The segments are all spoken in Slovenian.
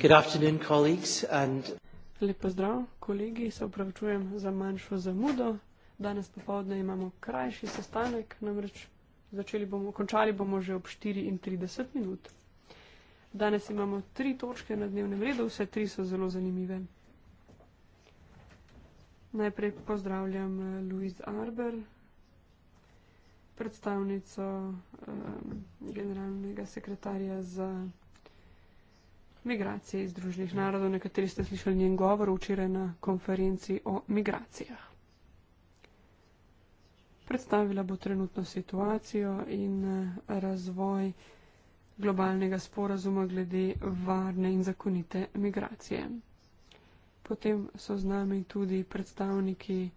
Good afternoon, colleagues, and... Lep pozdrav, kolegi, se upravičujem za manjšo zamudo. Danes popovdne imamo krajši sestanek, namreč začeli bomo, končali bomo že ob 34 minut. Danes imamo tri točke na dnevnem redu, vse tri so zelo zanimive. Najprej pozdravljam eh, Louise Arber, predstavnico um, generalnega sekretarja za migracije iz Združenih narodov. Nekateri ste slišali njen govor včeraj na konferenci o migracijah. Predstavila bo trenutno situacijo in eh, razvoj globalnega sporazuma glede varne in zakonite migracije. Potem so z nami tudi predstavniki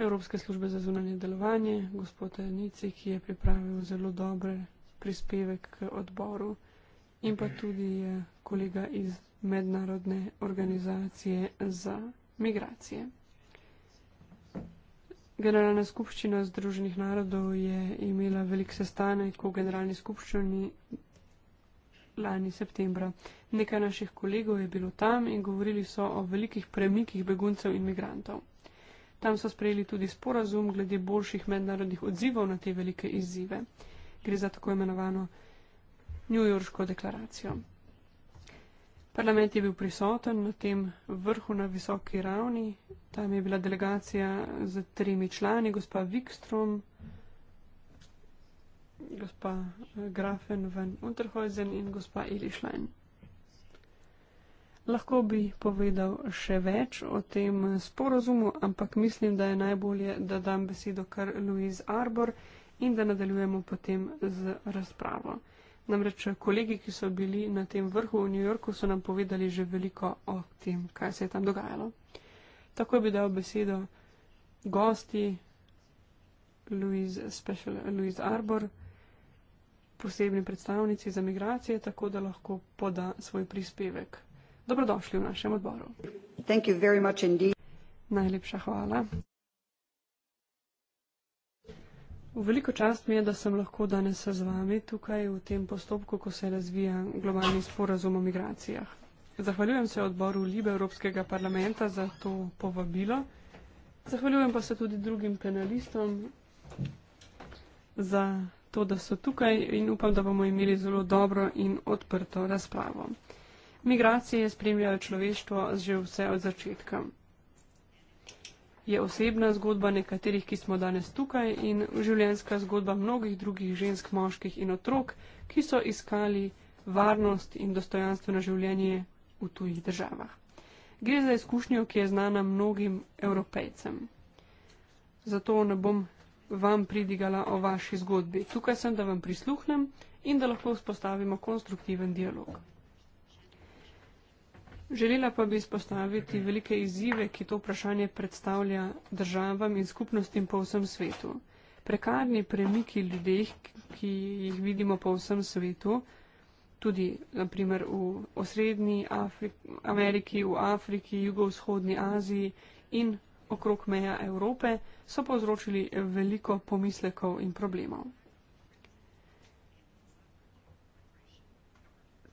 Evropske službe za zunanje delovanje, gospod Enici, ki je pripravil zelo dobre prispevek k odboru in pa tudi kolega iz mednarodne organizacije za migracije. Generalna skupščina Združenih narodov je imela velik sestanek v generalni skupščini lani septembra. Nekaj naših kolegov je bilo tam in govorili so o velikih premikih beguncev in migrantov. Tam so sprejeli tudi sporazum glede boljših mednarodnih odzivov na te velike izzive. Gre za tako imenovano Njujorško deklaracijo. Parlament je bil prisoten na tem vrhu na visoki ravni. Tam je bila delegacija z tremi člani, gospa Wikstrom, gospa eh, Grafen van Unterhäusen in gospa Elišlein. Lahko bi povedal še več o tem sporozumu, ampak mislim, da je najbolje, da dam besedo kar Louise Arbor in da nadaljujemo potem z razpravo. Namreč kolegi, ki so bili na tem vrhu v New Yorku, so nam povedali že veliko o tem, kaj se je tam dogajalo. Tako bi dal besedo gosti Louise, special, Louise Arbor, posebni predstavnici za migracije, tako da lahko poda svoj prispevek. Dobrodošli v našem odboru. Najlepša hvala. Veliko čast mi je, da sem lahko danes z vami tukaj v tem postopku, ko se razvija globalni sporazum o migracijah. Zahvaljujem se odboru Libe Evropskega parlamenta za to povabilo. Zahvaljujem pa se tudi drugim penalistom za to, da so tukaj in upam, da bomo imeli zelo dobro in odprto razpravo. Migracije spremljajo človeštvo že vse od začetka je osebna zgodba nekaterih, ki smo danes tukaj, in življenjska zgodba mnogih drugih žensk, moških in otrok, ki so iskali varnost in dostojanstveno življenje v tujih državah. Gre za izkušnjo, ki je znana mnogim evropejcem. Zato ne bom vam pridigala o vaši zgodbi. Tukaj sem, da vam prisluhnem in da lahko vzpostavimo konstruktiven dialog. Želela pa bi izpostaviti velike izzive, ki to vprašanje predstavlja državam in skupnostim po vsem svetu. Prekarni premiki ljudeh, ki jih vidimo po vsem svetu, tudi naprimer v osrednji Afri Ameriki, v Afriki, jugovzhodni Aziji in okrog meja Evrope, so povzročili veliko pomislekov in problemov.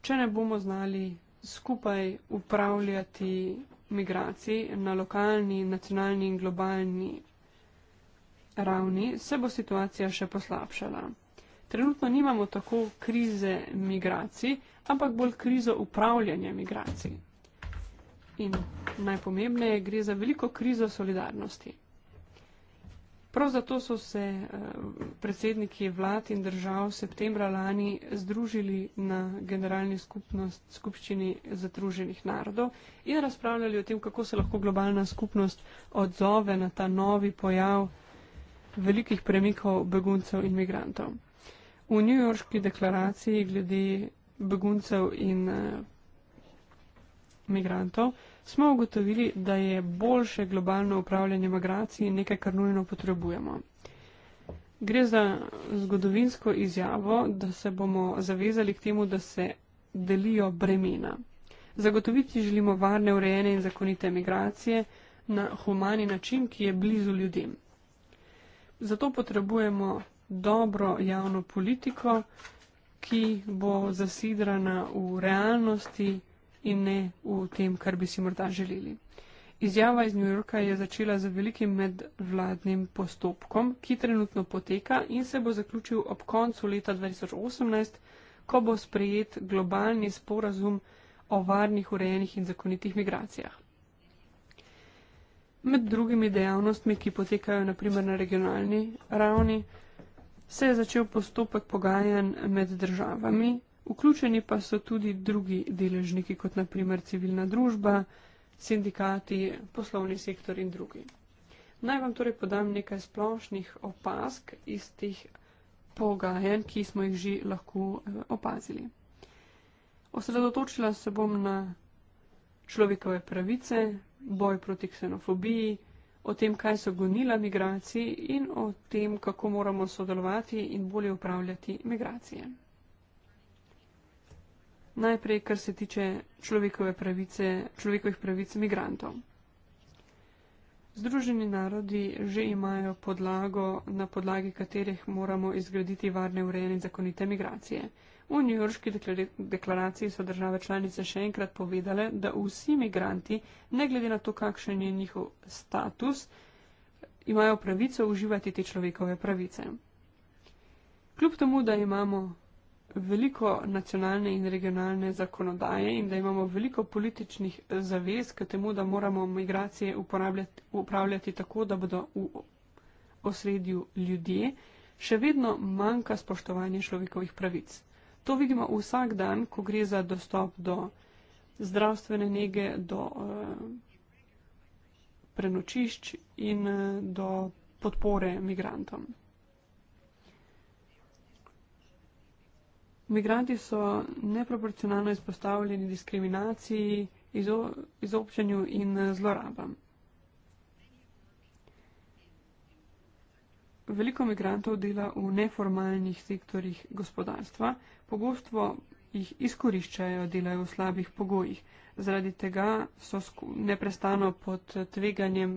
Če ne bomo znali skupaj upravljati migracij na lokalni, nacionalni in globalni ravni, se bo situacija še poslabšala. Trenutno nimamo tako krize migracij, ampak bolj krizo upravljanja migracij. In najpomembneje, gre za veliko krizo solidarnosti. Prav zato so se eh, predsedniki vlad in držav septembra lani združili na generalni skupnost, skupščini Združenih narodov in razpravljali o tem, kako se lahko globalna skupnost odzove na ta novi pojav velikih premikov beguncev in migrantov. V Njujorški deklaraciji glede beguncev in eh, migrantov smo ugotovili, da je boljše globalno upravljanje migracij nekaj, kar nujno potrebujemo. Gre za zgodovinsko izjavo, da se bomo zavezali k temu, da se delijo bremena. Zagotoviti želimo varne, urejene in zakonite migracije na humani način, ki je blizu ljudem. Zato potrebujemo dobro javno politiko, ki bo zasidrana v realnosti, in ne v tem, kar bi si morda želeli. Izjava iz New Yorka je začela z velikim medvladnim postopkom, ki trenutno poteka in se bo zaključil ob koncu leta 2018, ko bo sprejet globalni sporazum o varnih, urejenih in zakonitih migracijah. Med drugimi dejavnostmi, ki potekajo naprimer na regionalni ravni, se je začel postopek pogajanj med državami, Vključeni pa so tudi drugi deležniki, kot naprimer civilna družba, sindikati, poslovni sektor in drugi. Naj vam torej podam nekaj splošnih opask iz teh pogajanj, ki smo jih že lahko eh, opazili. Osredotočila se bom na človekove pravice, boj proti ksenofobiji, o tem, kaj so gonila migracij in o tem, kako moramo sodelovati in bolje upravljati migracije najprej kar se tiče človekove pravice, človekovih pravic migrantov. Združeni narodi že imajo podlago, na podlagi katerih moramo izgraditi varne, urejene in zakonite migracije. V New Yorkski deklaraciji so države članice še enkrat povedale, da vsi migranti, ne glede na to, kakšen je njihov status, imajo pravico uživati te človekove pravice. Kljub temu, da imamo veliko nacionalne in regionalne zakonodaje in da imamo veliko političnih zavez k temu, da moramo migracije upravljati tako, da bodo v osredju ljudje, še vedno manjka spoštovanje človekovih pravic. To vidimo vsak dan, ko gre za dostop do zdravstvene nege, do uh, prenočišč in uh, do podpore migrantom. Migranti so neproporcionalno izpostavljeni diskriminaciji, izo, izobčenju in zlorabam. Veliko migrantov dela v neformalnih sektorjih gospodarstva, pogosto jih izkoriščajo, delajo v slabih pogojih. Zaradi tega so neprestano pod tveganjem,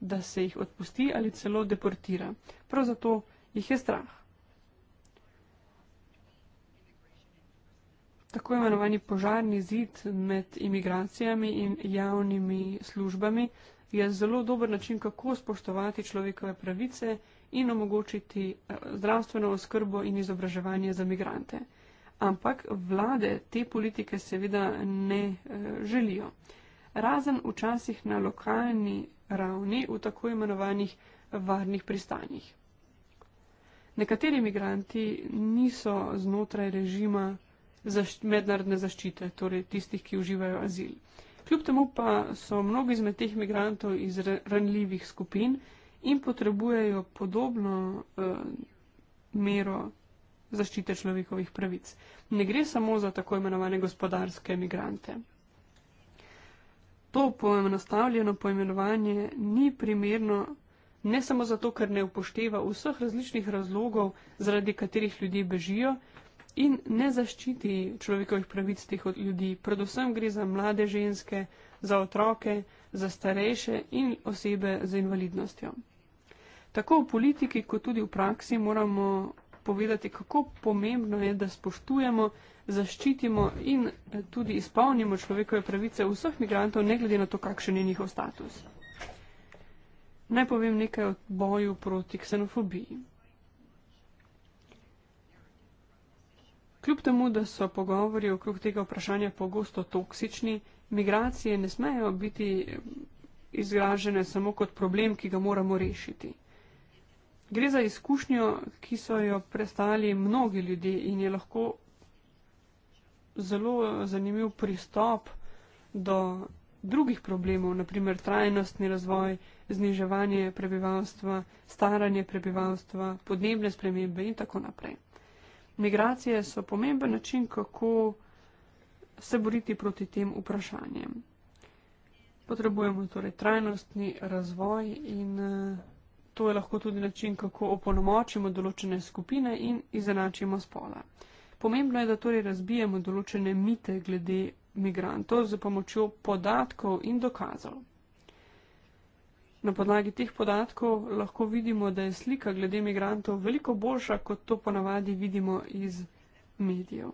da se jih odpusti ali celo deportira. Prav zato jih je strah. tako imenovani požarni zid med imigracijami in javnimi službami je zelo dober način, kako spoštovati človekove pravice in omogočiti eh, zdravstveno oskrbo in izobraževanje za migrante. Ampak vlade te politike seveda ne eh, želijo. Razen včasih na lokalni ravni v tako imenovanih eh, varnih pristanjih. Nekateri imigranti niso znotraj režima mednarodne zaščite, torej tistih, ki uživajo azil. Kljub temu pa so mnogi izmed teh migrantov iz ranljivih skupin in potrebujejo podobno eh, mero zaščite človekovih pravic. Ne gre samo za tako imenovane gospodarske migrante. To poenostavljeno poimenovanje ni primerno ne samo zato, ker ne upošteva vseh različnih razlogov, zaradi katerih ljudje bežijo, in ne zaščiti človekovih pravic teh od ljudi. Predvsem gre za mlade ženske, za otroke, za starejše in osebe z invalidnostjo. Tako v politiki, kot tudi v praksi moramo povedati, kako pomembno je, da spoštujemo, zaščitimo in eh, tudi izpolnimo človekove pravice vseh migrantov, ne glede na to, kakšen je njihov status. Naj povem nekaj o boju proti ksenofobiji. Kljub temu, da so pogovori okrog tega vprašanja pogosto toksični, migracije ne smejo biti izražene samo kot problem, ki ga moramo rešiti. Gre za izkušnjo, ki so jo prestali mnogi ljudje in je lahko zelo zanimiv pristop do drugih problemov, naprimer trajnostni razvoj, zniževanje prebivalstva, staranje prebivalstva, podnebne spremembe in tako naprej. Migracije so pomemben način, kako se boriti proti tem vprašanjem. Potrebujemo torej trajnostni razvoj in eh, to je lahko tudi način, kako oponomočimo določene skupine in izenačimo spola. Pomembno je, da torej razbijemo določene mite glede migrantov z pomočjo podatkov in dokazov. Na podlagi teh podatkov lahko vidimo, da je slika glede imigrantov veliko boljša, kot to ponavadi vidimo iz medijev.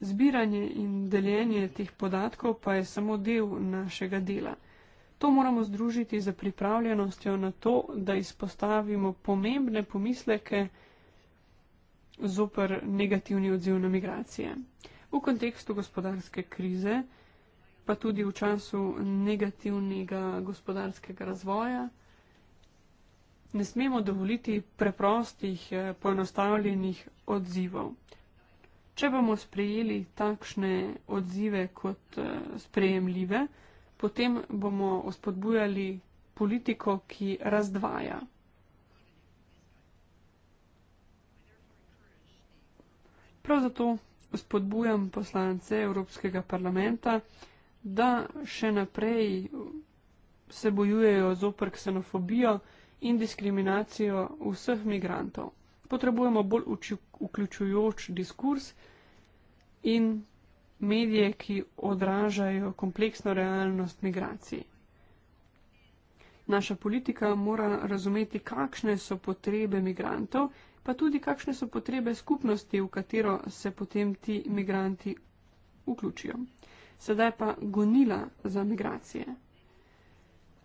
Zbiranje in deljenje teh podatkov pa je samo del našega dela. To moramo združiti za pripravljenostjo na to, da izpostavimo pomembne pomisleke zoper negativni odziv na migracije. V kontekstu gospodarske krize pa tudi v času negativnega gospodarskega razvoja. Ne smemo dovoliti preprostih, eh, poenostavljenih odzivov. Če bomo sprejeli takšne odzive kot eh, sprejemljive, potem bomo ospodbujali politiko, ki razdvaja. Prav zato spodbujam poslance Evropskega parlamenta, da še naprej se bojujejo zoper ksenofobijo in diskriminacijo vseh migrantov. Potrebujemo bolj vključujoč diskurs in medije, ki odražajo kompleksno realnost migracij. Naša politika mora razumeti, kakšne so potrebe migrantov, pa tudi kakšne so potrebe skupnosti, v katero se potem ti migranti vključijo sedaj pa gonila za migracije.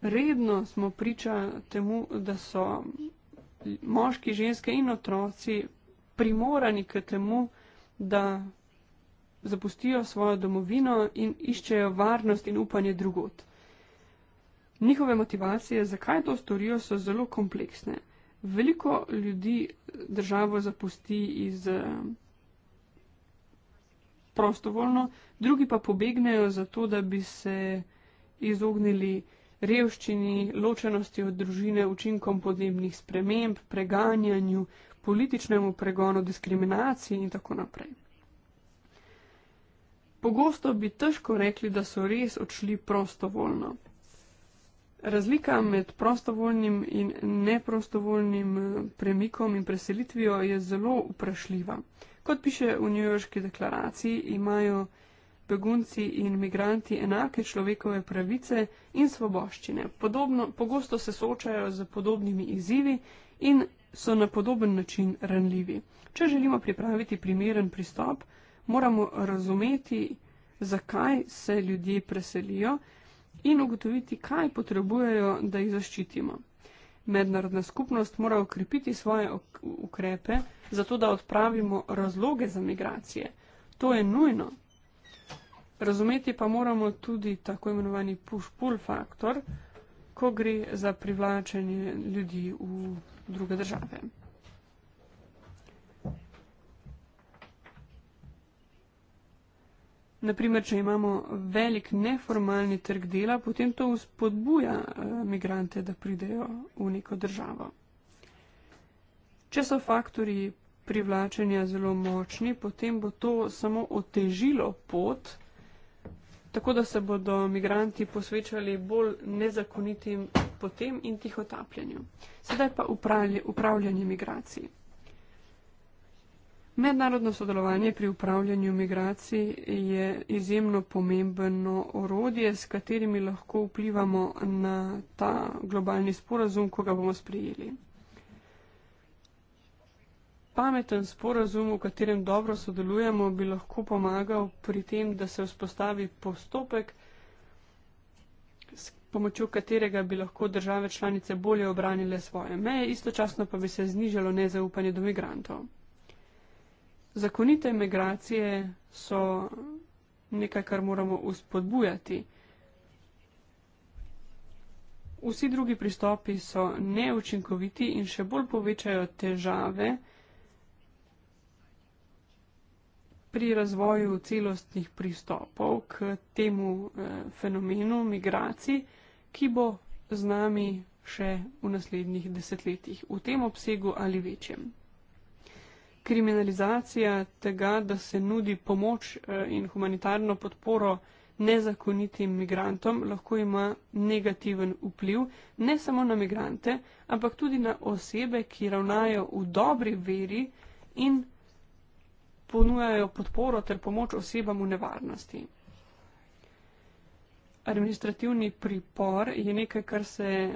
Redno smo priča temu, da so moški, ženske in otroci primorani k temu, da zapustijo svojo domovino in iščejo varnost in upanje drugot. Njihove motivacije, zakaj to storijo, so zelo kompleksne. Veliko ljudi državo zapusti iz. Uh, prostovoljno, drugi pa pobegnejo zato, da bi se izognili revščini, ločenosti od družine, učinkom podnebnih sprememb, preganjanju, političnemu pregonu, diskriminaciji in tako naprej. Pogosto bi težko rekli, da so res odšli prostovoljno. Razlika med prostovoljnim in neprostovoljnim eh, premikom in preselitvijo je zelo vprašljiva. Kot piše v Njujorški deklaraciji, imajo begunci in migranti enake človekove pravice in svoboščine. Podobno, pogosto se soočajo z podobnimi izzivi in so na podoben način ranljivi. Če želimo pripraviti primeren pristop, moramo razumeti, zakaj se ljudje preselijo in ugotoviti, kaj potrebujejo, da jih zaščitimo. Mednarodna skupnost mora okrepiti svoje ukrepe. Ok zato da odpravimo razloge za migracije. To je nujno. Razumeti pa moramo tudi tako imenovani push-pull faktor, ko gre za privlačenje ljudi v druge države. Naprimer, če imamo velik neformalni trg dela, potem to spodbuja eh, migrante, da pridejo v neko državo. Če so faktori privlačenja zelo močni, potem bo to samo otežilo pot, tako da se bodo migranti posvečali bolj nezakonitim potem in tihotapljanju. Sedaj pa upravljanje migracij. Mednarodno sodelovanje pri upravljanju migracij je izjemno pomembno orodje, s katerimi lahko vplivamo na ta globalni sporazum, ko ga bomo sprejeli. Pameten sporazum, v katerem dobro sodelujemo, bi lahko pomagal pri tem, da se vzpostavi postopek, s pomočjo katerega bi lahko države članice bolje obranile svoje meje, istočasno pa bi se znižalo nezaupanje do migrantov. Zakonite migracije so nekaj, kar moramo uspodbujati. Vsi drugi pristopi so neučinkoviti in še bolj povečajo težave, pri razvoju celostnih pristopov k temu eh, fenomenu migracij, ki bo z nami še v naslednjih desetletjih, v tem obsegu ali večjem. Kriminalizacija tega, da se nudi pomoč eh, in humanitarno podporo nezakonitim migrantom, lahko ima negativen vpliv ne samo na migrante, ampak tudi na osebe, ki ravnajo v dobri veri in ponujajo podporo ter pomoč osebam v nevarnosti. Administrativni pripor je nekaj, kar se eh,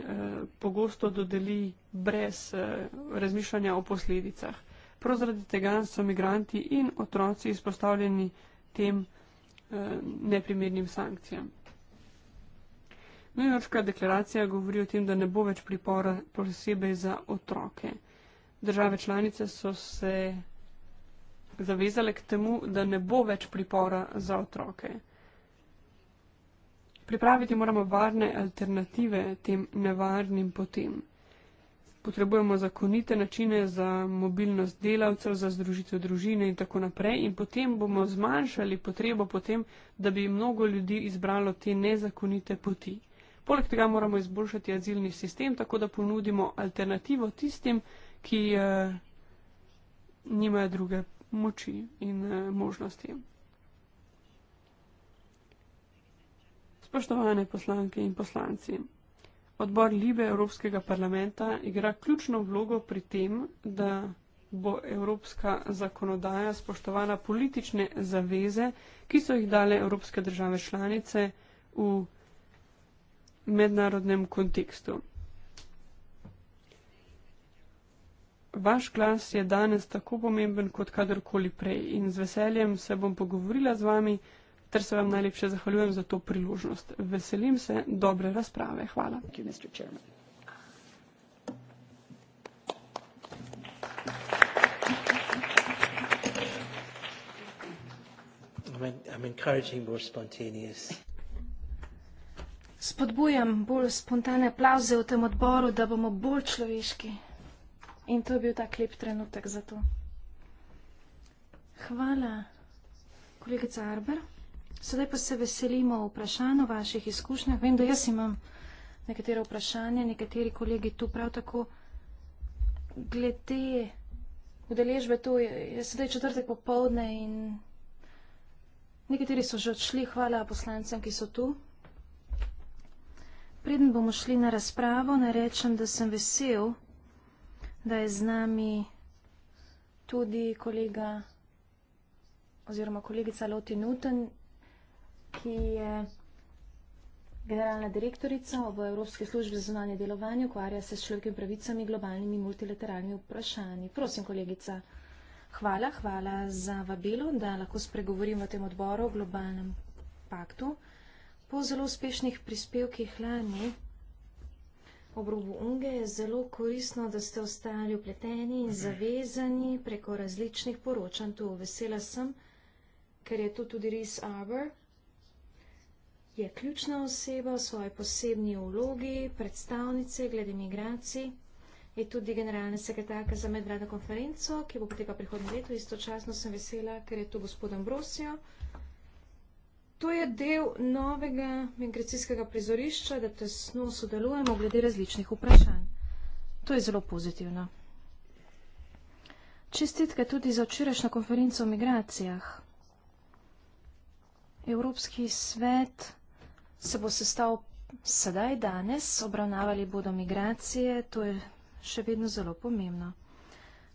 pogosto dodeli brez eh, razmišljanja o posledicah. Prav zaradi tega so migranti in otroci izpostavljeni tem eh, neprimernim sankcijam. Nujorška deklaracija govori o tem, da ne bo več pripora posebej za otroke. Države članice so se zavezale k temu, da ne bo več pripora za otroke. Pripraviti moramo varne alternative tem nevarnim potem. Potrebujemo zakonite načine za mobilnost delavcev, za združitev družine in tako naprej in potem bomo zmanjšali potrebo potem, da bi mnogo ljudi izbralo te nezakonite poti. Poleg tega moramo izboljšati azilni sistem, tako da ponudimo alternativo tistim, ki uh, nimajo druge moči in eh, možnosti. Spoštovane poslanke in poslanci, odbor Libe Evropskega parlamenta igra ključno vlogo pri tem, da bo evropska zakonodaja spoštovala politične zaveze, ki so jih dale evropske države članice v mednarodnem kontekstu. Vaš glas je danes tako pomemben kot kadarkoli prej in z veseljem se bom pogovorila z vami, ter se vam najlepše zahvaljujem za to priložnost. Veselim se dobre razprave. Hvala. Spodbujam bolj spontane aplauze v tem odboru, da bomo bolj človeški. In to je bil ta klep trenutek za to. Hvala, kolegica Arber. Sedaj pa se veselimo vprašanj o vaših izkušnjah. Vem, da jaz imam nekatere vprašanja, nekateri kolegi tu prav tako. Glede udeležbe tu je sedaj četrtek popovdne in nekateri so že odšli. Hvala poslancem, ki so tu. Preden bomo šli na razpravo, ne rečem, da sem vesel, da je z nami tudi kolega oziroma kolegica Loti Nuten, ki je generalna direktorica v Evropski službi za zunanje delovanje, ukvarja se s človekovimi pravicami, globalnimi in multilateralnimi vprašanji. Prosim, kolegica, hvala, hvala za vabilo, da lahko spregovorim v tem odboru o globalnem paktu. Po zelo uspešnih prispevkih lani Ob robu unge je zelo korisno, da ste ostali upleteni in zavezani preko različnih poročanj. Tu vesela sem, ker je to tudi Rhys Arbor. Je ključna oseba v svoji posebni vlogi, predstavnice glede migracij. Je tudi generalna sekretarka za medvrada konferenco, ki bo potekala prihodnje leto. Istočasno sem vesela, ker je tu gospod Ambrosio. To je del novega migracijskega prizorišča, da tesno sodelujemo glede različnih vprašanj. To je zelo pozitivno. Čestitke tudi za včerajšnjo konferenco o migracijah. Evropski svet se bo sestal sedaj, danes, obravnavali bodo migracije, to je še vedno zelo pomembno.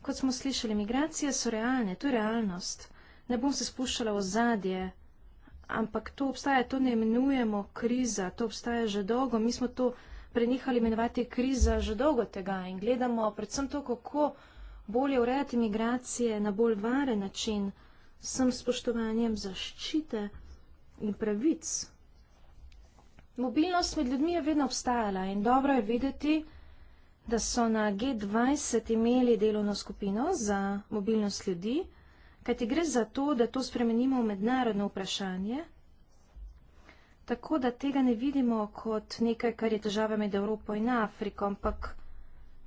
Kot smo slišali, migracije so realne, to je realnost. Ne bom se spuščala v zadje ampak to obstaja, to ne imenujemo kriza, to obstaja že dolgo. Mi smo to prenehali imenovati kriza že dolgo tega in gledamo predvsem to, kako bolje urejati migracije na bolj varen način, sem spoštovanjem zaščite in pravic. Mobilnost med ljudmi je vedno obstajala in dobro je videti, da so na G20 imeli delovno skupino za mobilnost ljudi kajti gre za to, da to spremenimo v mednarodno vprašanje, tako da tega ne vidimo kot nekaj, kar je težava med Evropo in Afriko, ampak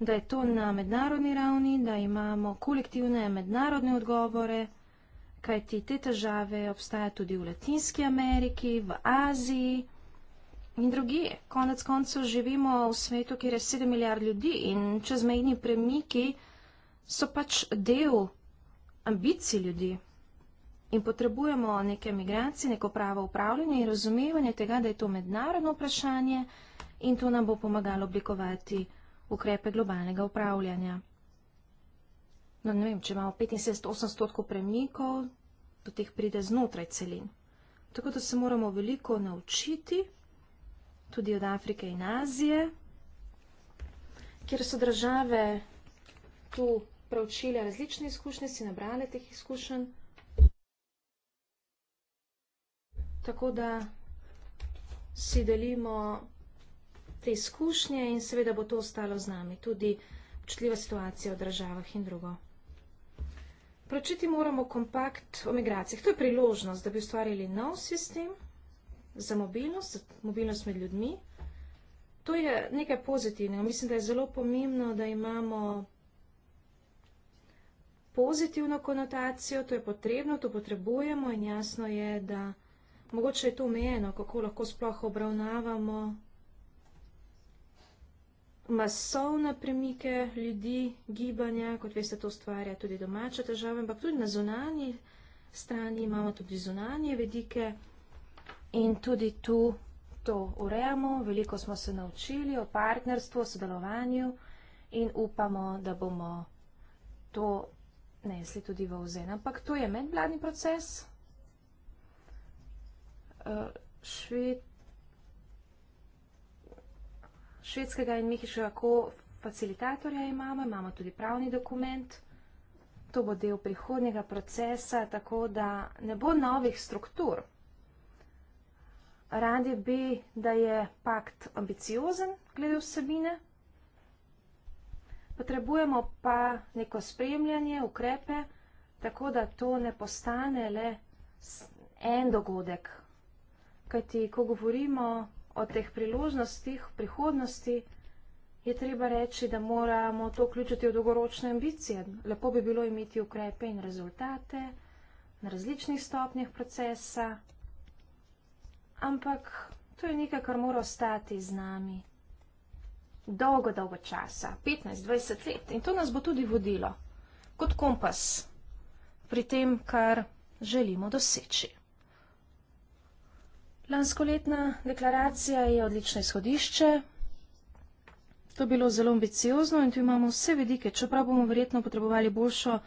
da je to na mednarodni ravni, da imamo kolektivne mednarodne odgovore, kajti te težave obstaja tudi v Latinski Ameriki, v Aziji in drugi. Konec koncev živimo v svetu, kjer je 7 milijard ljudi in čezmejni premiki so pač del ambicij ljudi. In potrebujemo neke migracije, neko pravo upravljanje in razumevanje tega, da je to mednarodno vprašanje in to nam bo pomagalo oblikovati ukrepe globalnega upravljanja. No, ne vem, če imamo 75-80 stotkov premikov, do teh pride znotraj celin. Tako da se moramo veliko naučiti, tudi od Afrike in Azije, kjer so države tu preučili različne izkušnje, si nabrali teh izkušenj. Tako da si delimo te izkušnje in seveda bo to ostalo z nami, tudi občutljiva situacija v državah in drugo. Pročiti moramo kompakt o migracijah. To je priložnost, da bi ustvarili nov sistem za mobilnost, za mobilnost med ljudmi. To je nekaj pozitivnega. Mislim, da je zelo pomembno, da imamo pozitivno konotacijo, to je potrebno, to potrebujemo in jasno je, da mogoče je to omejeno, kako lahko sploh obravnavamo masovne premike ljudi, gibanja, kot veste, to ustvarja tudi domače težave, ampak tudi na zunanji strani imamo tudi zunanje vedike in tudi tu to urejamo, veliko smo se naučili o partnerstvu, o sodelovanju in upamo, da bomo to nesli tudi v ozen. Ampak to je medvladni proces. Eh, šved... Švedskega in mehiškega ko facilitatorja imamo, imamo tudi pravni dokument. To bo del prihodnjega procesa, tako da ne bo novih struktur. Radi bi, da je pakt ambiciozen glede vsebine. Potrebujemo pa neko spremljanje, ukrepe, tako da to ne postane le en dogodek. Kajti, ko govorimo o teh priložnostih v prihodnosti, je treba reči, da moramo to vključiti v dolgoročne ambicije. Lepo bi bilo imeti ukrepe in rezultate na različnih stopnjah procesa, ampak to je nekaj, kar mora ostati z nami dolgo, dolgo časa, 15-20 let. In to nas bo tudi vodilo kot kompas pri tem, kar želimo doseči. Lanskoletna deklaracija je odlično izhodišče. To je bilo zelo ambiciozno in tu imamo vse vidike, čeprav bomo verjetno potrebovali boljšo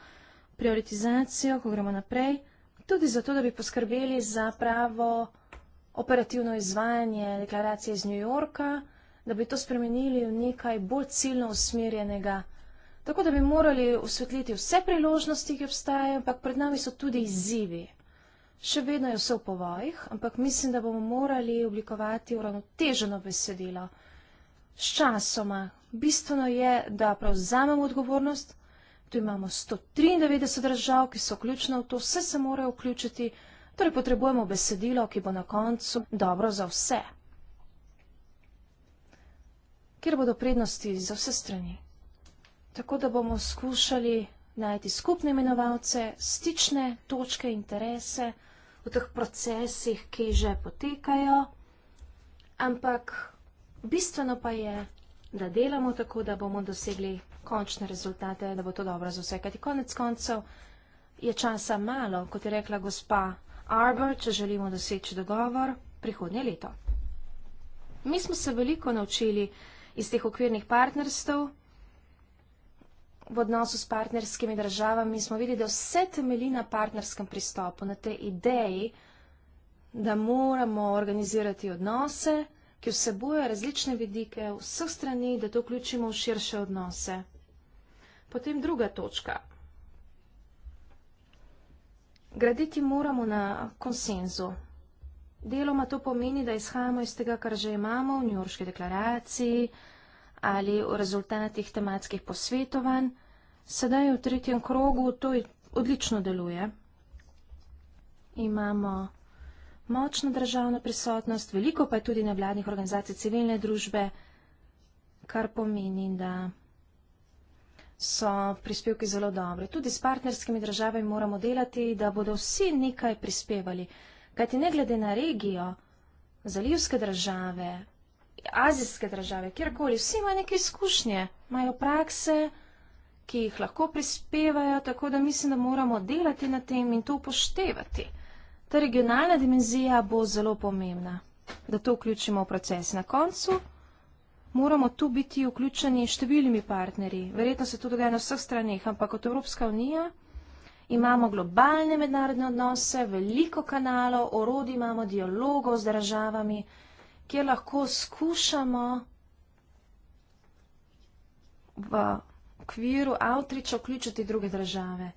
prioritizacijo, ko gremo naprej, tudi zato, da bi poskrbeli za pravo operativno izvajanje deklaracije iz New Yorka da bi to spremenili v nekaj bolj ciljno usmerjenega. Tako da bi morali osvetliti vse priložnosti, ki obstajajo, ampak pred nami so tudi izzivi. Še vedno je vse v povojih, ampak mislim, da bomo morali oblikovati uravnoteženo besedilo. S časoma. Bistveno je, da prevzamemo odgovornost. Tu imamo 193 držav, ki so ključno v to, vse se morajo vključiti, torej potrebujemo besedilo, ki bo na koncu dobro za vse kjer bodo prednosti za vse strani. Tako da bomo skušali najti skupne imenovalce, stične točke, interese v teh procesih, ki že potekajo, ampak bistveno pa je, da delamo tako, da bomo dosegli končne rezultate, da bo to dobro za vse, kajti konec koncev je časa malo, kot je rekla gospa Arbor, če želimo doseči dogovor prihodnje leto. Mi smo se veliko naučili, da iz teh okvirnih partnerstv v odnosu s partnerskimi državami, smo videli, da vse temelji na partnerskem pristopu, na tej ideji, da moramo organizirati odnose, ki vsebujejo različne vidike vseh strani, da to vključimo v širše odnose. Potem druga točka. Graditi moramo na konsenzu. Deloma to pomeni, da izhajamo iz tega, kar že imamo v njurški deklaraciji ali v rezultatih tematskih posvetovanj. Sedaj v tretjem krogu to odlično deluje. Imamo močno državno prisotnost, veliko pa je tudi nevladnih organizacij civilne družbe, kar pomeni, da so prispevki zelo dobri. Tudi s partnerskimi državami moramo delati, da bodo vsi nekaj prispevali kajti ne glede na regijo, zalivske države, azijske države, kjerkoli, vsi imajo neke izkušnje, imajo prakse, ki jih lahko prispevajo, tako da mislim, da moramo delati na tem in to upoštevati. Ta regionalna dimenzija bo zelo pomembna, da to vključimo v proces. Na koncu moramo tu biti vključeni številnimi partnerji. Verjetno se to dogaja na vseh stranih, ampak kot Evropska unija imamo globalne mednarodne odnose, veliko kanalov, orodi imamo dialogov z državami, kjer lahko skušamo v okviru outreach vključiti druge države.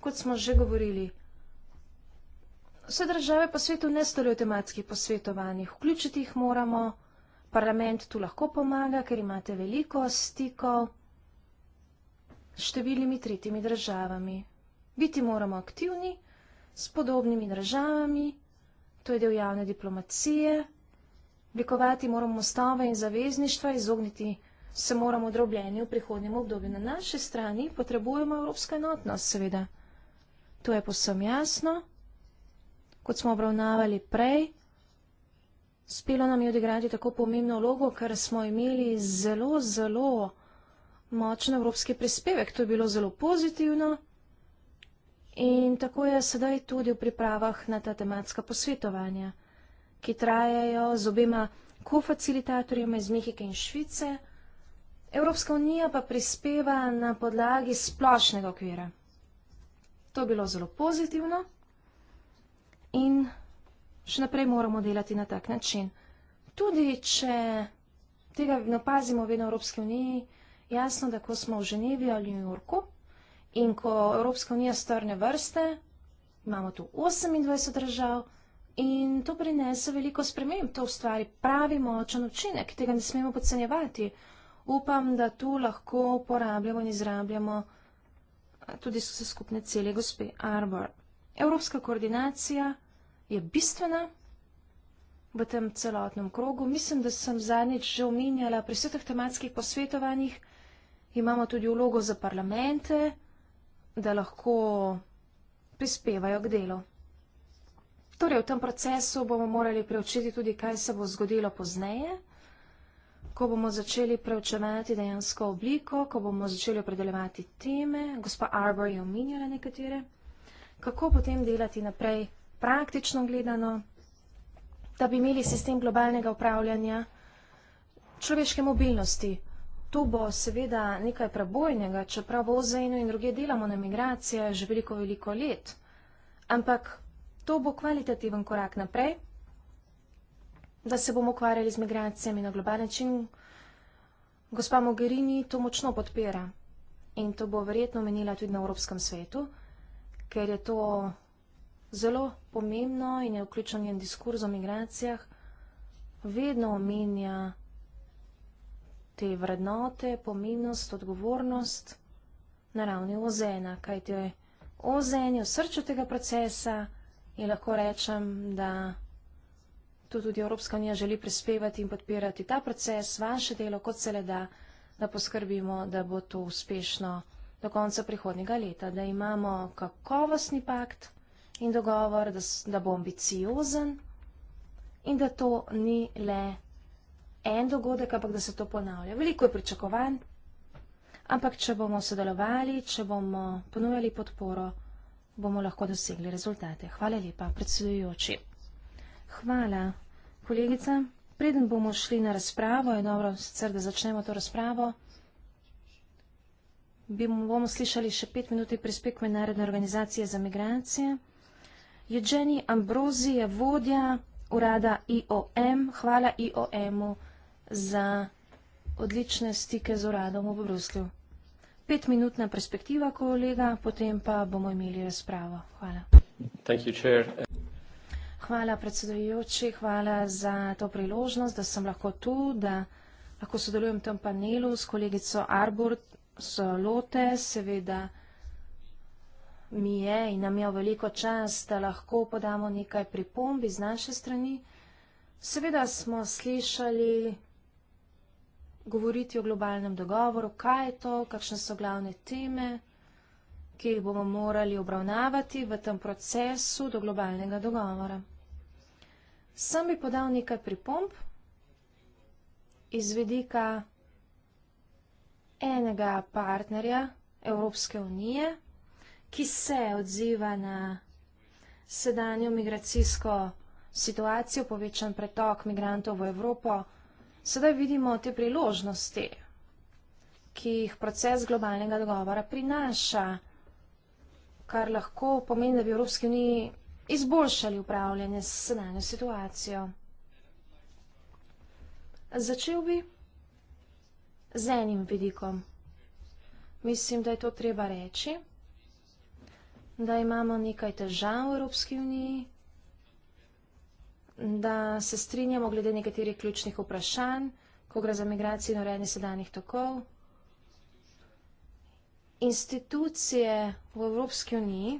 Kot smo že govorili, vse države po svetu ne storijo tematskih posvetovanjih, vključiti jih moramo, parlament tu lahko pomaga, ker imate veliko stikov s številnimi tretjimi državami biti moramo aktivni s podobnimi državami, to je del javne diplomacije, oblikovati moramo mostove in zavezništva, izogniti se moramo drobljenju v prihodnjem obdobju. Na naši strani potrebujemo evropska enotnost, seveda. To je posem jasno, kot smo obravnavali prej. Spelo nam je odigrati tako pomembno vlogo, ker smo imeli zelo, zelo močen evropski prispevek. To je bilo zelo pozitivno. In tako je sedaj tudi v pripravah na ta tematska posvetovanja, ki trajajo z obema kofacilitatorjema iz Mehike in Švice, Evropska unija pa prispeva na podlagi splošnega okvira. To je bilo zelo pozitivno in še naprej moramo delati na tak način. Tudi, če tega ne opazimo v Evropski uniji, jasno, da ko smo v Ženevi ali v New Yorku, In ko Evropska unija strne vrste, imamo tu 28 držav in to prinese veliko sprememb, to ustvari pravi močen učinek, tega ne smemo podcenjevati. Upam, da tu lahko uporabljamo in izrabljamo eh, tudi vse skupne cele gospe Arbor. Evropska koordinacija je bistvena v tem celotnem krogu. Mislim, da sem zadnjič že omenjala pri vseh teh tematskih posvetovanjih, imamo tudi vlogo za parlamente, da lahko prispevajo k delu. Torej, v tem procesu bomo morali preučiti tudi, kaj se bo zgodilo pozneje, ko bomo začeli preučevati dejansko obliko, ko bomo začeli opredeljevati teme, gospa Arbor je omenjala nekatere, kako potem delati naprej praktično gledano, da bi imeli sistem globalnega upravljanja človeške mobilnosti Tu bo seveda nekaj prebojnega, čeprav v OZN-u in druge delamo na migracije že veliko, veliko let. Ampak to bo kvalitativen korak naprej, da se bomo ukvarjali z migracijami na globalen način. Gospa Mogherini to močno podpira in to bo verjetno menila tudi na Evropskem svetu, ker je to zelo pomembno in je vključen v diskurz o migracijah, vedno omenja te vrednote, pomembnost, odgovornost na ravni ozena, kajte ozen je v srču tega procesa in lahko rečem, da tu tudi Evropska unija želi prispevati in podpirati ta proces, vaše delo, kot se le da, da poskrbimo, da bo to uspešno do konca prihodnjega leta, da imamo kakovostni pakt in dogovor, da, da bo ambiciozen in da to ni le en dogodek, ampak da se to ponavlja. Veliko je pričakovanj, ampak če bomo sodelovali, če bomo ponujali podporo, bomo lahko dosegli rezultate. Hvala lepa, predsedujoči. Hvala, kolegica. Preden bomo šli na razpravo, je dobro sicer, da začnemo to razpravo, bomo slišali še pet minut prispek Mednarodne organizacije za migracije. Jeđeni Ambrozi je vodja urada IOM. Hvala IOM-u za odlične stike z uradom v Bruslju. Petminutna perspektiva, kolega, potem pa bomo imeli razpravo. Hvala. You, hvala, predsedujoči, hvala za to priložnost, da sem lahko tu, da lahko sodelujem v tem panelu s kolegico Arbor Solote. Seveda mi je in nam je v veliko čas, da lahko podamo nekaj pripomb iz naše strani. Seveda smo slišali govoriti o globalnem dogovoru, kaj je to, kakšne so glavne teme, ki jih bomo morali obravnavati v tem procesu do globalnega dogovora. Sam bi podal nekaj pripomp iz vedika enega partnerja Evropske unije, ki se odziva na sedanjo migracijsko situacijo, povečan pretok migrantov v Evropo, sedaj vidimo te priložnosti, ki jih proces globalnega dogovora prinaša, kar lahko pomeni, da bi Evropski uniji izboljšali upravljanje s sedanjo situacijo. Začel bi z enim vidikom. Mislim, da je to treba reči, da imamo nekaj težav v Evropski uniji, da se strinjamo glede nekaterih ključnih vprašanj, ko gre za migracijo in urejanje sedanjih tokov. Institucije v Evropski uniji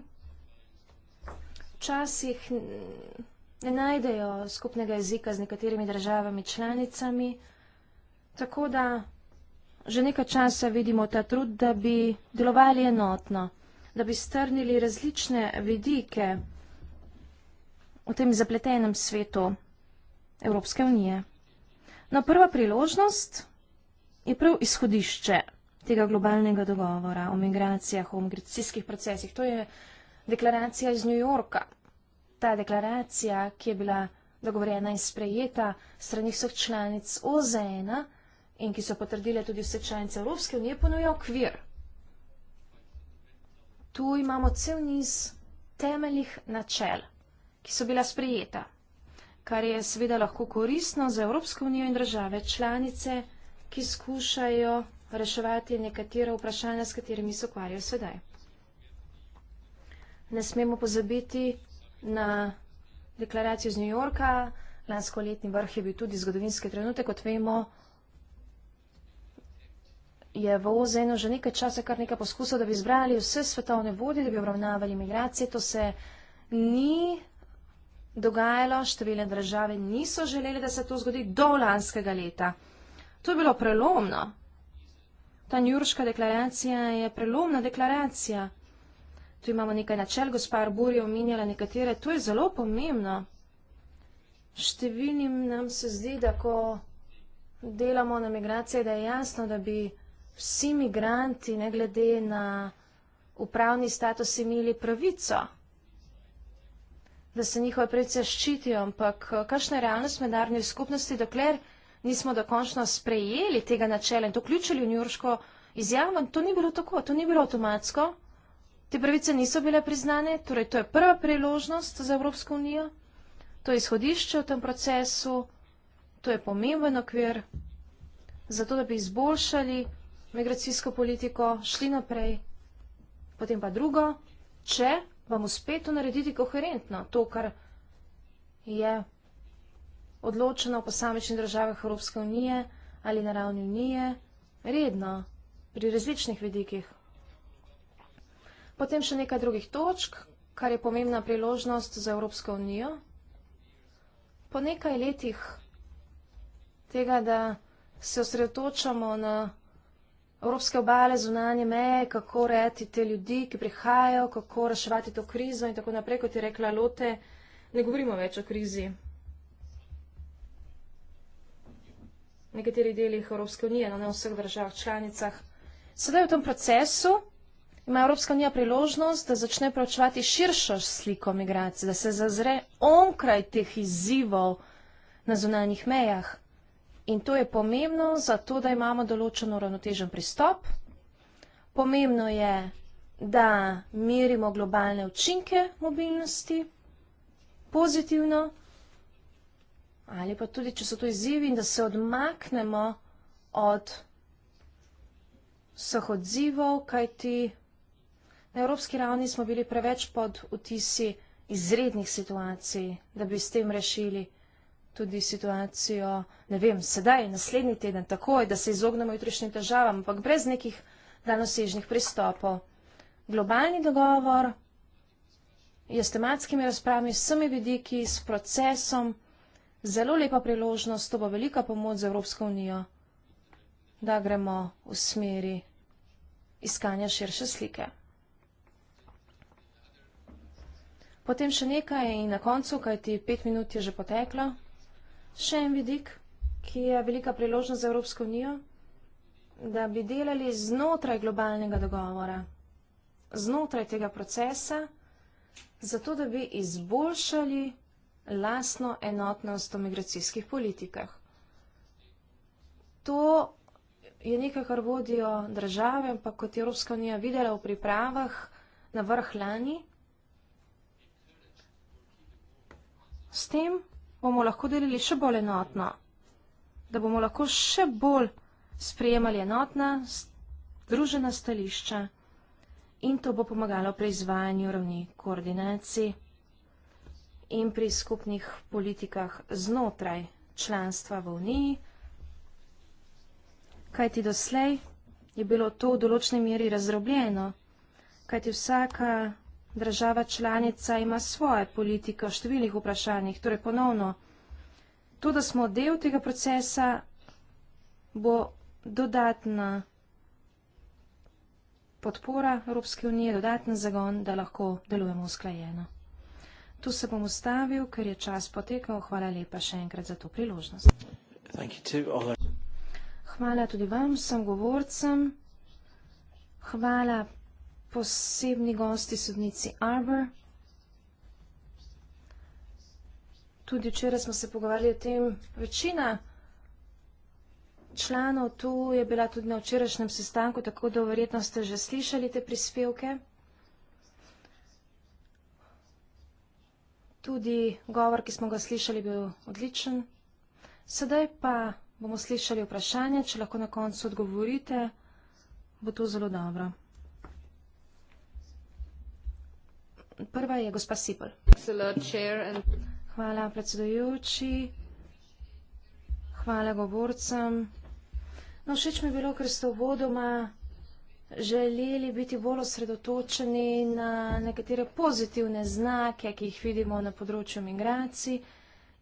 včasih ne najdejo skupnega jezika z nekaterimi državami članicami, tako da že nekaj časa vidimo ta trud, da bi delovali enotno, da bi strnili različne vidike v tem zapletenem svetu Evropske unije. No, prva priložnost je prav izhodišče tega globalnega dogovora o migracijah, o migracijskih procesih. To je deklaracija iz New Yorka. Ta deklaracija, ki je bila dogovorjena in sprejeta strani vseh članic OZN in ki so potrdile tudi vse članice Evropske unije, ponuja okvir. Tu imamo cel niz temeljih načel ki so bila sprejeta, kar je seveda lahko koristno za Evropsko unijo in države članice, ki skušajo reševati nekatera vprašanja, s katerimi se ukvarjajo sedaj. Ne smemo pozabiti na deklaracijo iz New Yorka, lansko letni vrh je bil tudi zgodovinski trenutek, kot vemo, je v OZN-u že nekaj časa kar nekaj poskusov, da bi izbrali vse svetovne vodi, da bi obravnavali migracije. To se ni dogajalo, številne države niso želeli, da se to zgodi do lanskega leta. To je bilo prelomno. Ta njurška deklaracija je prelomna deklaracija. Tu imamo nekaj načel, gospa Arbur je omenjala nekatere, to je zelo pomembno. Številnim nam se zdi, da ko delamo na migracije, da je jasno, da bi vsi migranti, ne glede na upravni status, imeli pravico da se njihove pravice ščitijo, ampak eh, kakšna je realnost mednarodne skupnosti, dokler nismo dokončno sprejeli tega načela in to vključili v njurško izjavo, to ni bilo tako, to ni bilo avtomatsko. Te pravice niso bile priznane, torej to je prva priložnost za Evropsko unijo, to je izhodišče v tem procesu, to je pomemben okvir, zato da bi izboljšali migracijsko politiko, šli naprej, potem pa drugo, če vam uspeti narediti koherentno to, kar je odločeno v posamečnih državah Evropske unije ali na ravni unije, redno, pri različnih vidikih. Potem še nekaj drugih točk, kar je pomembna priložnost za Evropsko unijo. Po nekaj letih tega, da se osredotočamo na vsega, evropske obale, zunanje meje, kako reči te ljudi, ki prihajajo, kako reševati to krizo in tako naprej, kot je rekla Lote, ne govorimo več o krizi. V nekaterih delih Evropske unije, na no, ne vseh državah članicah. Sedaj v tem procesu ima Evropska unija priložnost, da začne pravčevati širšo sliko migracije, da se zazre onkraj teh izzivov na zunanjih mejah. In to je pomembno zato, da imamo določeno ravnotežen pristop. Pomembno je, da merimo globalne učinke mobilnosti pozitivno ali pa tudi, če so to izzivi in da se odmaknemo od vseh odzivov, kajti na evropski ravni smo bili preveč pod vtisi izrednih situacij, da bi s tem rešili problem tudi situacijo, ne vem, sedaj, naslednji teden, takoj, da se izognemo jutrišnjim težavam, ampak brez nekih danosežnih pristopov. Globalni dogovor je s tematskimi razpravami, s vsemi vidiki, s procesom, zelo lepa priložnost, to bo velika pomoč za Evropsko unijo, da gremo v smeri iskanja širše slike. Potem še nekaj in na koncu, kajti pet minut je že poteklo še en vidik, ki je velika priložnost za Evropsko unijo, da bi delali znotraj globalnega dogovora, znotraj tega procesa, zato da bi izboljšali lasno enotnost o migracijskih politikah. To je nekaj, kar vodijo države, ampak kot je Evropska unija videla v pripravah na vrh lani, s tem, bomo lahko delili še bolj enotno, da bomo lahko še bolj sprejemali enotna, združena stališča in to bo pomagalo pri izvajanju ravni koordinacij in pri skupnih politikah znotraj članstva v Uniji, kajti doslej je bilo to v določni meri razrobljeno, kajti vsaka Država članica ima svoje politike o številnih vprašanjih, torej ponovno, to, da smo del tega procesa, bo dodatna podpora Evropske unije, dodatni zagon, da lahko delujemo usklajeno. Tu se bom ustavil, ker je čas potekal. Hvala lepa še enkrat za to priložnost. Hvala tudi vam, vsem govorcem. Hvala posebni gosti sodnici Arbor. Tudi včeraj smo se pogovarjali o tem. Večina članov tu je bila tudi na včerajšnjem sestanku, tako da verjetno ste že slišali te prispevke. Tudi govor, ki smo ga slišali, bil odličen. Sedaj pa bomo slišali vprašanje, če lahko na koncu odgovorite, bo to zelo dobro. Prva je gospa Sipol. Hvala predsedujoči, hvala govorcem. No, všeč mi je bilo, ker ste v vodoma želeli biti bolj osredotočeni na nekatere pozitivne znake, ki jih vidimo na področju migracij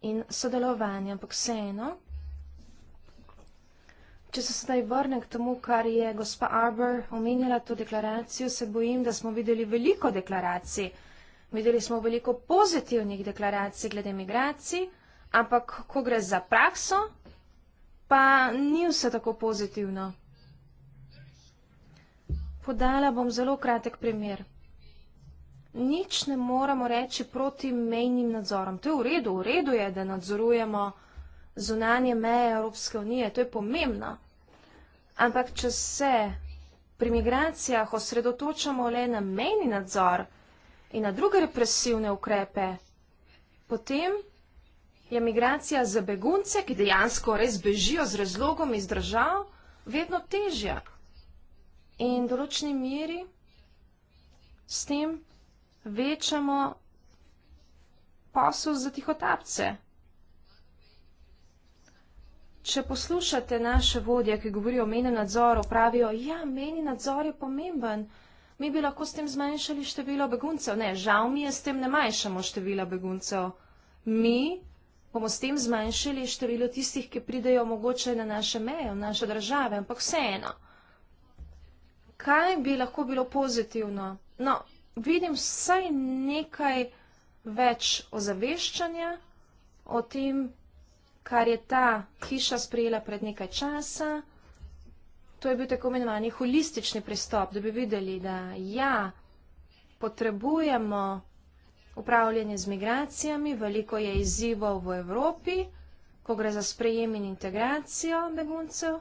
in sodelovanja. Ampak vseeno, če se sedaj vrnem k temu, kar je gospa Arbor omenjala, to deklaracijo, se bojim, da smo videli veliko deklaracij. Videli smo veliko pozitivnih deklaracij glede migracij, ampak ko gre za prakso, pa ni vse tako pozitivno. Podala bom zelo kratek primer. Nič ne moramo reči proti mejnim nadzorom. To je v redu, v redu je, da nadzorujemo zunanje meje Evropske unije, to je pomembno. Ampak, če se pri migracijah osredotočamo le na mejni nadzor, in na druge represivne ukrepe, potem je migracija za begunce, ki dejansko res bežijo z razlogom iz držav, vedno težja. In v določni meri s tem večamo posel za tihotapce. Če poslušate naše vodje, ki govorijo o meni nadzoru, pravijo, ja, meni nadzor je pomemben, mi bi lahko s tem zmanjšali število beguncev. Ne, žal mi je, s tem ne manjšamo števila beguncev. Mi bomo s tem zmanjšali število tistih, ki pridejo mogoče na naše meje, v naše države, ampak vseeno. Kaj bi lahko bilo pozitivno? No, vidim vsaj nekaj več ozaveščanja o tem, kar je ta hiša sprejela pred nekaj časa to je bil tako imenovani holistični pristop, da bi videli, da ja, potrebujemo upravljanje z migracijami, veliko je izzivov v Evropi, ko gre za sprejem in integracijo beguncev,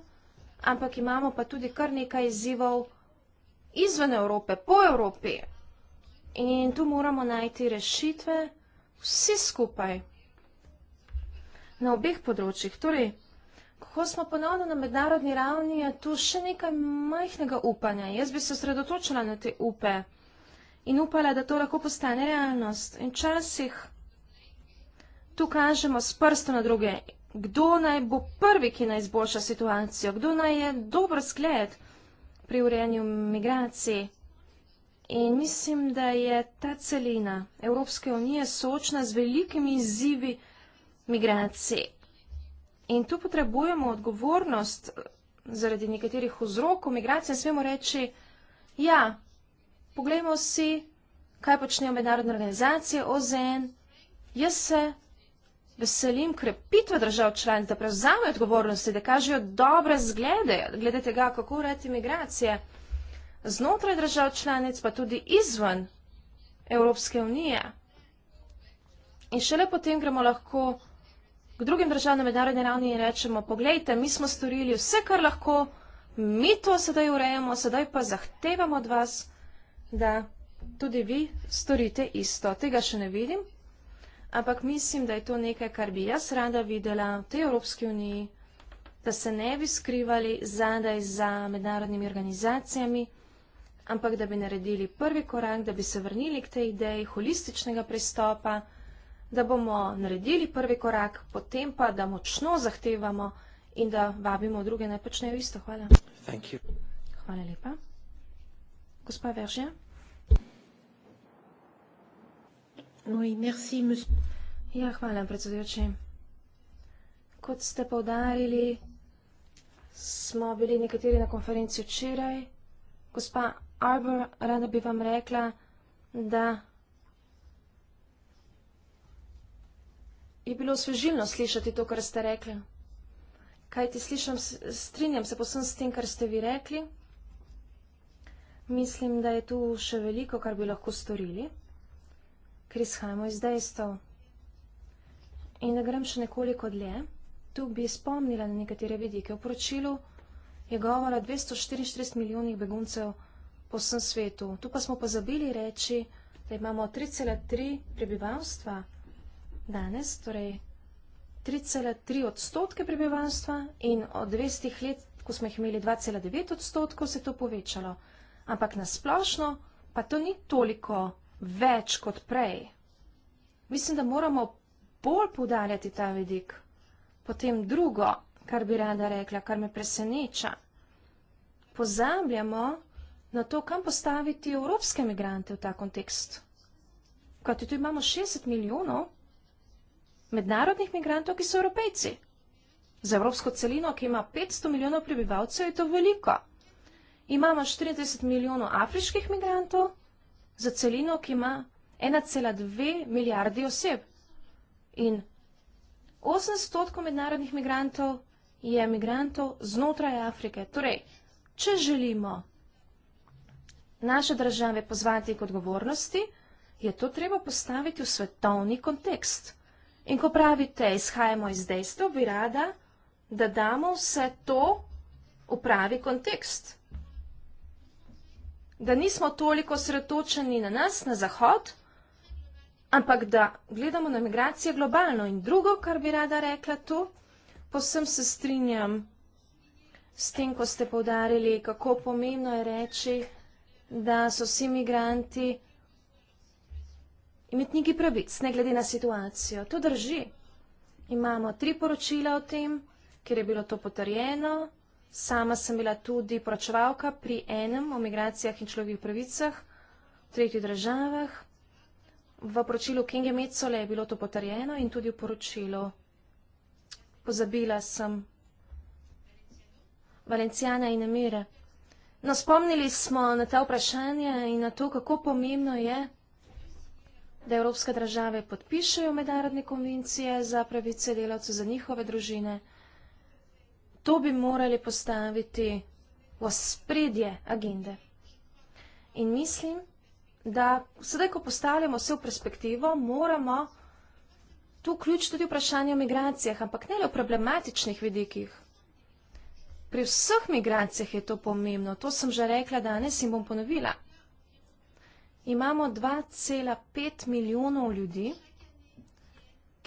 ampak imamo pa tudi kar nekaj izzivov izven Evrope, po Evropi. In tu moramo najti rešitve vsi skupaj na obeh področjih. Torej, Ko smo ponovno na mednarodni ravni, je tu še nekaj majhnega upanja. Jaz bi se osredotočila na te upe in upala, da to lahko postane realnost. In časih tu kažemo s prstom na druge, kdo naj bo prvi, ki naj izboljša situacijo, kdo naj je dober zgled pri urejanju migracij. In mislim, da je ta celina Evropske unije sočna z velikimi izzivi migracij. In tu potrebujemo odgovornost eh, zaradi nekaterih vzrokov migracije. Smemo reči, ja, poglejmo si, kaj počnejo mednarodne organizacije, OZN. Jaz se veselim krepitve držav članic, da prevzamejo odgovornosti, da kažejo dobre zglede glede tega, kako urediti migracije znotraj držav članic, pa tudi izven Evropske unije. In šele potem gremo lahko k drugim državam na mednarodni ravni in rečemo, poglejte, mi smo storili vse, kar lahko, mi to sedaj urejamo, sedaj pa zahtevamo od vas, da tudi vi storite isto. Tega še ne vidim, ampak mislim, da je to nekaj, kar bi jaz rada videla v tej Evropski uniji, da se ne bi skrivali zadaj za mednarodnimi organizacijami, ampak da bi naredili prvi korak, da bi se vrnili k tej ideji holističnega pristopa, da bomo naredili prvi korak, potem pa, da močno zahtevamo in da vabimo druge naj počnejo isto. Hvala. Hvala lepa. Gospa Veržja. Ja, hvala, predsedujoči. Kot ste poudarili, smo bili nekateri na konferenci včeraj. Gospa Arbor, rada bi vam rekla, da je bilo osvežilno slišati to, kar ste rekli. Kaj ti slišam, strinjam se posem s tem, kar ste vi rekli. Mislim, da je tu še veliko, kar bi lahko storili, ker izhajamo iz dejstev. In da grem še nekoliko dlje, tu bi spomnila na nekatere vidike. V poročilu je govora 244 milijonih beguncev po vsem svetu. Tu pa smo pozabili reči, da imamo 3,3 prebivalstva danes, torej 3,3 odstotke prebivalstva in od 200 let, ko smo jih imeli 2,9 odstotkov, se je to povečalo. Ampak nasplošno pa to ni toliko več kot prej. Mislim, da moramo bolj poudarjati ta vidik. Potem drugo, kar bi rada rekla, kar me preseneča. Pozabljamo na to, kam postaviti evropske migrante v ta kontekst. Kajti tu imamo 60 milijonov mednarodnih migrantov, ki so evropejci. Za evropsko celino, ki ima 500 milijonov prebivalcev, je to veliko. Imamo 40 milijonov afriških migrantov za celino, ki ima 1,2 milijardi oseb. In 800 mednarodnih migrantov je migrantov znotraj Afrike. Torej, če želimo naše države pozvati k odgovornosti, je to treba postaviti v svetovni kontekst. In ko pravite, izhajamo iz dejstva, bi rada, da damo vse to v pravi kontekst. Da nismo toliko sretočeni na nas, na zahod, ampak da gledamo na migracije globalno. In drugo, kar bi rada rekla tu, posem se strinjam s tem, ko ste povdarili, kako pomembno je reči, da so vsi migranti imetniki pravic, ne glede na situacijo. To drži. Imamo tri poročila o tem, kjer je bilo to potrjeno. Sama sem bila tudi poročevalka pri enem o migracijah in človekovih pravicah v tretjih državah. V poročilu Kinge Mecole je bilo to potrjeno in tudi v poročilu. Pozabila sem Valencijana in Emira. No, spomnili smo na ta vprašanja in na to, kako pomembno je da evropske države podpišejo mednarodne konvencije za pravice delavcev, za njihove družine. To bi morali postaviti v spredje agende. In mislim, da sedaj, ko postavljamo vse v perspektivo, moramo tu ključ tudi vprašanje o migracijah, ampak ne le o problematičnih vidikih. Pri vseh migracijah je to pomembno, to sem že rekla danes in bom ponovila imamo 2,5 milijonov ljudi,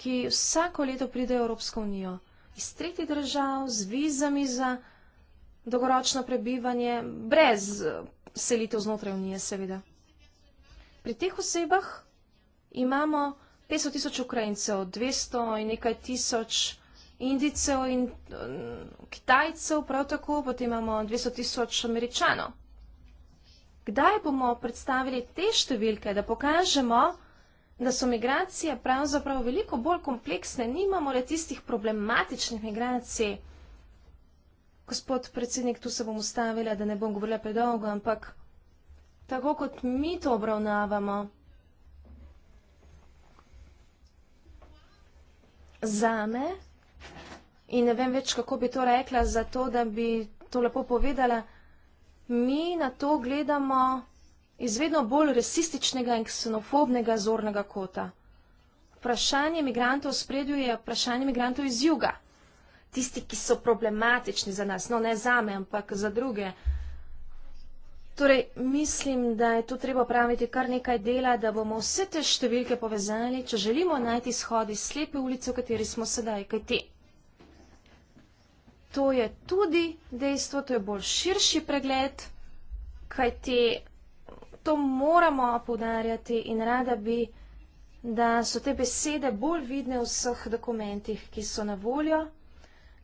ki vsako leto pridejo v Evropsko unijo iz tretjih držav z vizami za dolgoročno prebivanje, brez eh, selitev znotraj unije, seveda. Pri teh osebah imamo 500 tisoč Ukrajincev, 200 in nekaj tisoč Indicev in eh, Kitajcev, prav tako potem imamo 200 tisoč Američanov kdaj bomo predstavili te številke, da pokažemo, da so migracije pravzaprav veliko bolj kompleksne, nimamo le tistih problematičnih migracij. Gospod predsednik, tu se bom ustavila, da ne bom govorila predolgo, ampak tako kot mi to obravnavamo, zame in ne vem več, kako bi to rekla, zato da bi to lepo povedala mi na to gledamo iz vedno bolj rasističnega in ksenofobnega zornega kota. Vprašanje imigrantov v spredju je vprašanje imigrantov iz juga. Tisti, ki so problematični za nas, no ne za me, ampak za druge. Torej, mislim, da je tu treba praviti kar nekaj dela, da bomo vse te številke povezali, če želimo najti izhod iz slepe ulice, v kateri smo sedaj, kaj te to je tudi dejstvo, to je bolj širši pregled, kajti to moramo poudarjati in rada bi, da so te besede bolj vidne v vseh dokumentih, ki so na voljo,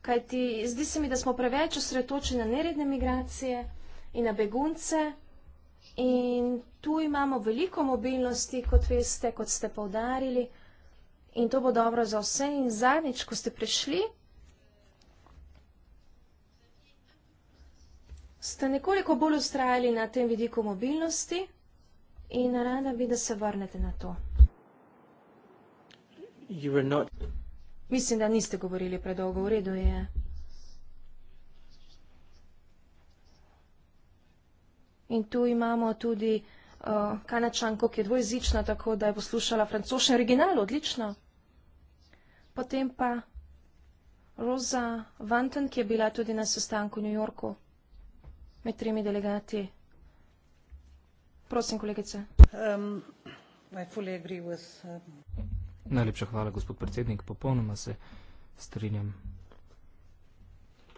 kajti zdi se mi, da smo preveč osredotočeni na neredne migracije in na begunce. In tu imamo veliko mobilnosti, kot veste, kot ste povdarili. In to bo dobro za vse. In zadnjič, ko ste prišli, ste nekoliko bolj ustrajali na tem vidiku mobilnosti in rada bi, da se vrnete na to. Not... Mislim, da niste govorili predolgo, v redu je. In tu imamo tudi uh, kanačanko, ki je dvojezična, tako da je poslušala francoščen original, odlično. Potem pa Roza Vanten, ki je bila tudi na sestanku v New Yorku med tremi delegati. Prosim, kolegice. Um, I fully agree with, um... Najlepša hvala, gospod predsednik. Popolnoma se strinjam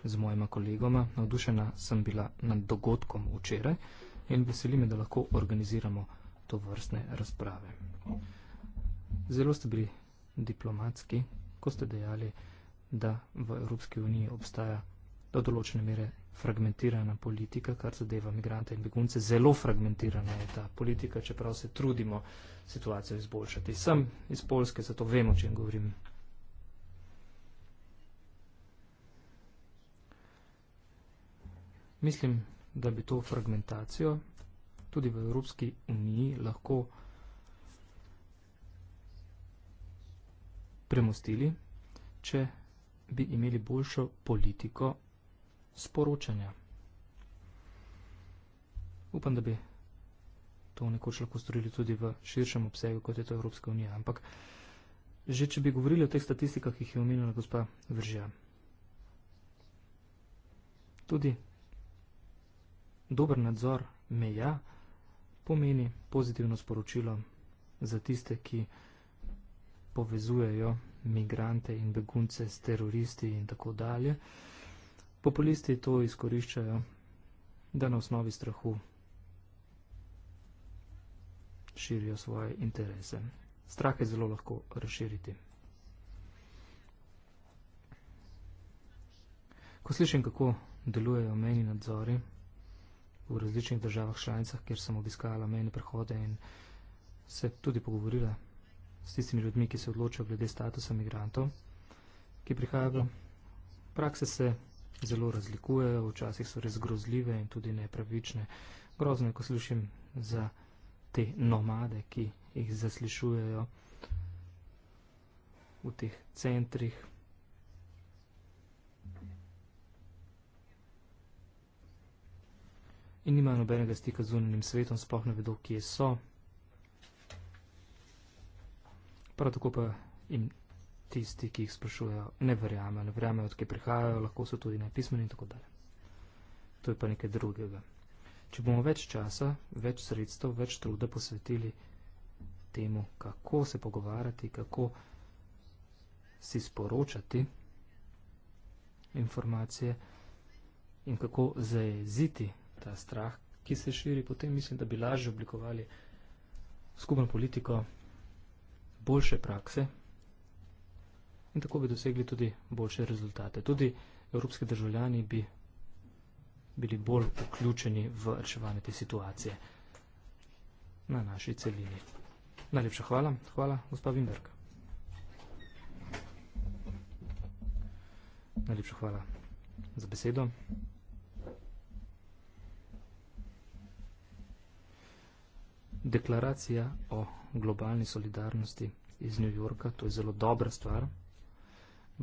z mojima kolegoma. Navdušena sem bila nad dogodkom včeraj in veseli me, da lahko organiziramo to vrstne razprave. Zelo ste bili diplomatski, ko ste dejali, da v Evropski uniji obstaja do določene mere fragmentirana politika, kar zadeva migrante in begunce. Zelo fragmentirana je ta politika, čeprav se trudimo situacijo izboljšati. Sem iz Polske, zato vem, o čem govorim. Mislim, da bi to fragmentacijo tudi v Evropski uniji lahko premostili, če bi imeli boljšo politiko sporočanja. Upam, da bi to nekoč lahko storili tudi v širšem obsegu, kot je to Evropska unija. Ampak že, če bi govorili o teh statistikah, ki jih je omenila gospa Vržja, tudi dober nadzor meja pomeni pozitivno sporočilo za tiste, ki povezujejo migrante in begunce s teroristi in tako dalje. Populisti to izkoriščajo, da na osnovi strahu širijo svoje interese. Strah je zelo lahko razširiti. Ko slišim, kako delujejo meni nadzori v različnih državah članicah, kjer sem obiskala meni prehode in se tudi pogovorila s tistimi ljudmi, ki se odločajo glede statusa migrantov, ki prihajajo, prakse se zelo razlikujejo, včasih so res grozljive in tudi nepravične. Grozno je, ko slišim za te nomade, ki jih zaslišujejo v teh centrih. In nimajo nobenega stika z unim svetom, sploh ne vedo, kje so. Prav tako pa jim tisti, ki jih sprašujejo, ne verjamejo, ne verjamejo, odkje prihajajo, lahko so tudi nepismeni in tako dalje. To je pa nekaj drugega. Če bomo več časa, več sredstev, več truda posvetili temu, kako se pogovarjati, kako si sporočati informacije in kako zajeziti ta strah, ki se širi, potem mislim, da bi lažje oblikovali skupno politiko, boljše prakse, in tako bi dosegli tudi boljše rezultate. Tudi evropski državljani bi bili bolj vključeni v reševanje te situacije na naši celini. Najlepša hvala. Hvala, gospa Vinberg. Najlepša hvala za besedo. Deklaracija o globalni solidarnosti iz New Yorka, to je zelo dobra stvar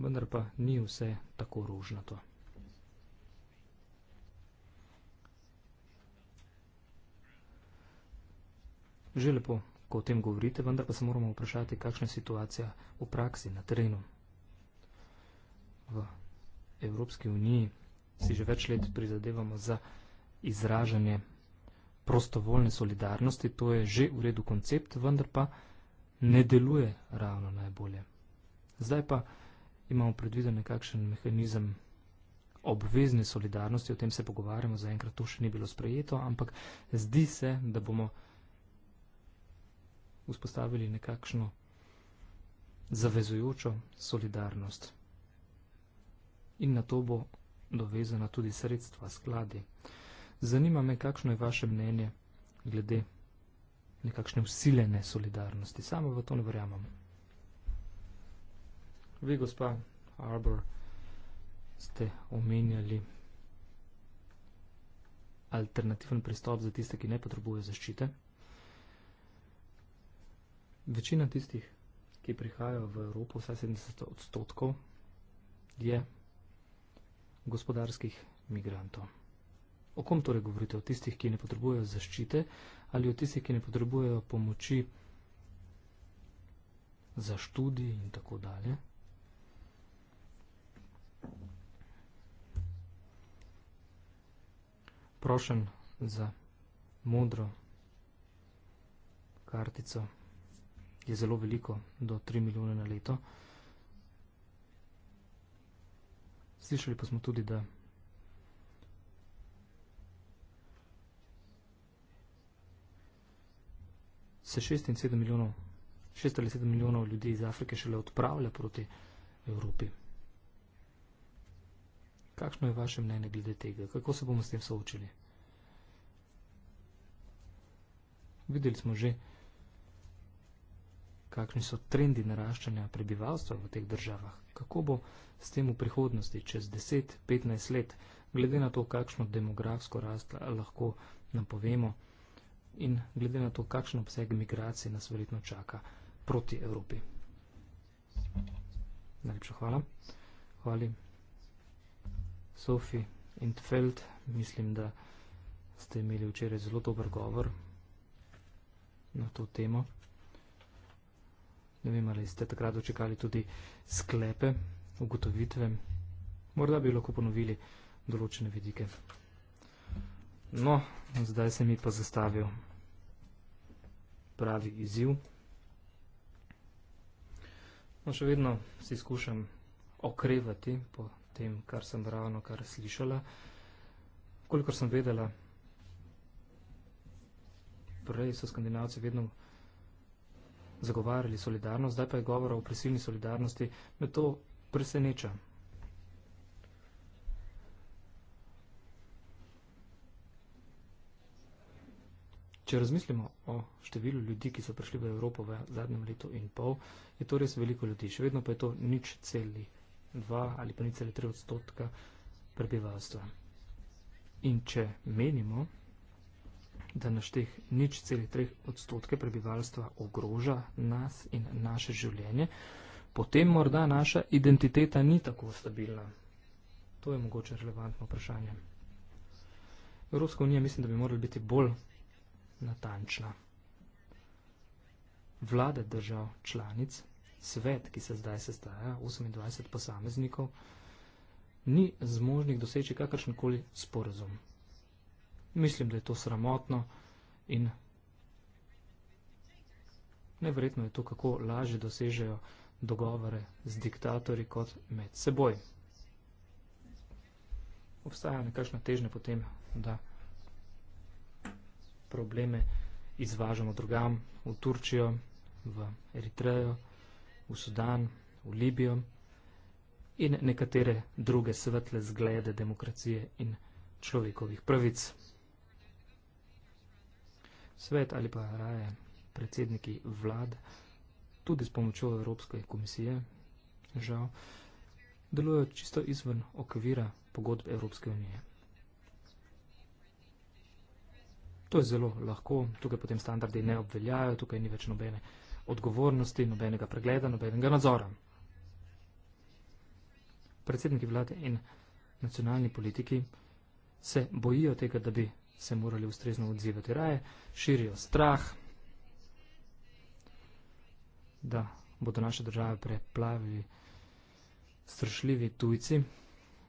vendar pa ni vse tako rožnato. Že lepo, ko o tem govorite, vendar pa se moramo vprašati, kakšna je situacija v praksi, na terenu. V Evropski uniji si že več let prizadevamo za izražanje prostovoljne solidarnosti, to je že v redu koncept, vendar pa ne deluje ravno najbolje. Zdaj pa imamo predviden nekakšen mehanizem obvezne solidarnosti, o tem se pogovarjamo, zaenkrat to še ni bilo sprejeto, ampak zdi se, da bomo vzpostavili nekakšno zavezujočo solidarnost. In na to bo dovezana tudi sredstva, skladi. Zanima me, kakšno je vaše mnenje glede nekakšne usiljene solidarnosti. Samo v to ne verjamem. Vi, gospa Arbor, ste omenjali alternativen pristop za tiste, ki ne potrebuje zaščite. Večina tistih, ki prihajajo v Evropo, vsaj 70 odstotkov, je gospodarskih migrantov. O kom torej govorite? O tistih, ki ne potrebujejo zaščite ali o tistih, ki ne potrebujejo pomoči za študij in tako dalje? prošen za modro kartico, ki je zelo veliko, do 3 milijone na leto. Slišali pa smo tudi, da se 6, 7 milijonov, 6 ali 7 milijonov ljudi iz Afrike šele odpravlja proti Evropi. Kakšno je vaše mnenje glede tega? Kako se bomo s tem soočili? Videli smo že, kakšni so trendi naraščanja prebivalstva v teh državah. Kako bo s tem v prihodnosti, čez 10-15 let, glede na to, kakšno demografsko rast lahko napovemo in glede na to, kakšen obseg migracije nas verjetno čaka proti Evropi. Najlepša hvala. Hvala. Sofi Intfeld, mislim, da ste imeli včeraj zelo dober govor na to temo. Ne vem, ali ste takrat očekali tudi sklepe, ugotovitve. Morda bi lahko ponovili določene vidike. No, zdaj se mi pa zastavil pravi izziv. No, še vedno si skušam okrevati po tem, kar sem ravno kar slišala. Kolikor sem vedela, prej so skandinavci vedno zagovarjali solidarnost, zdaj pa je govora o prisilni solidarnosti, me to preseneča. Če razmislimo o številu ljudi, ki so prišli v Evropo v zadnjem letu in pol, je to res veliko ljudi, še vedno pa je to nič celih dva ali pa nič ali tri odstotka prebivalstva. In če menimo, da naš teh nič celi tri odstotke prebivalstva ogroža nas in naše življenje, potem morda naša identiteta ni tako stabilna. To je mogoče relevantno vprašanje. Evropska unija mislim, da bi morala biti bolj natančna. Vlade držav članic svet, ki se zdaj sestaja, 28 posameznikov, ni zmožnih doseči kakršenkoli sporazum. Mislim, da je to sramotno in nevredno je to, kako lažje dosežejo dogovore z diktatori kot med seboj. Obstajajo nekakšne težne potem, da probleme izvažamo drugam v Turčijo, v Eritrejo v Sudan, v Libijo in nekatere druge svetle zglede demokracije in človekovih pravic. Svet ali pa raje predsedniki vlad, tudi s pomočjo Evropske komisije, žal, delujejo čisto izven okvira pogodb Evropske unije. To je zelo lahko, tukaj potem standardi ne obveljajo, tukaj ni več nobene uh, odgovornosti, nobenega pregleda, nobenega nadzora. Predsedniki vlade in nacionalni politiki se bojijo tega, da bi se morali ustrezno odzivati raje, širijo strah, da bodo naše države preplavili strašljivi tujci,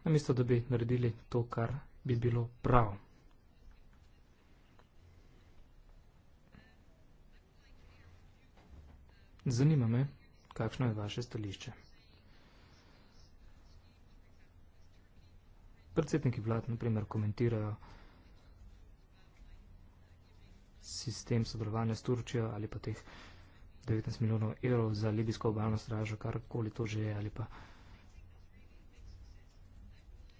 namesto da bi naredili to, kar bi bilo pravo. Zanima me, kakšno je vaše stališče. Predsedniki vlad, naprimer, komentirajo sistem sodelovanja s Turčijo ali pa teh 19 milijonov evrov za libijsko obalno stražo, karkoli to že je, ali pa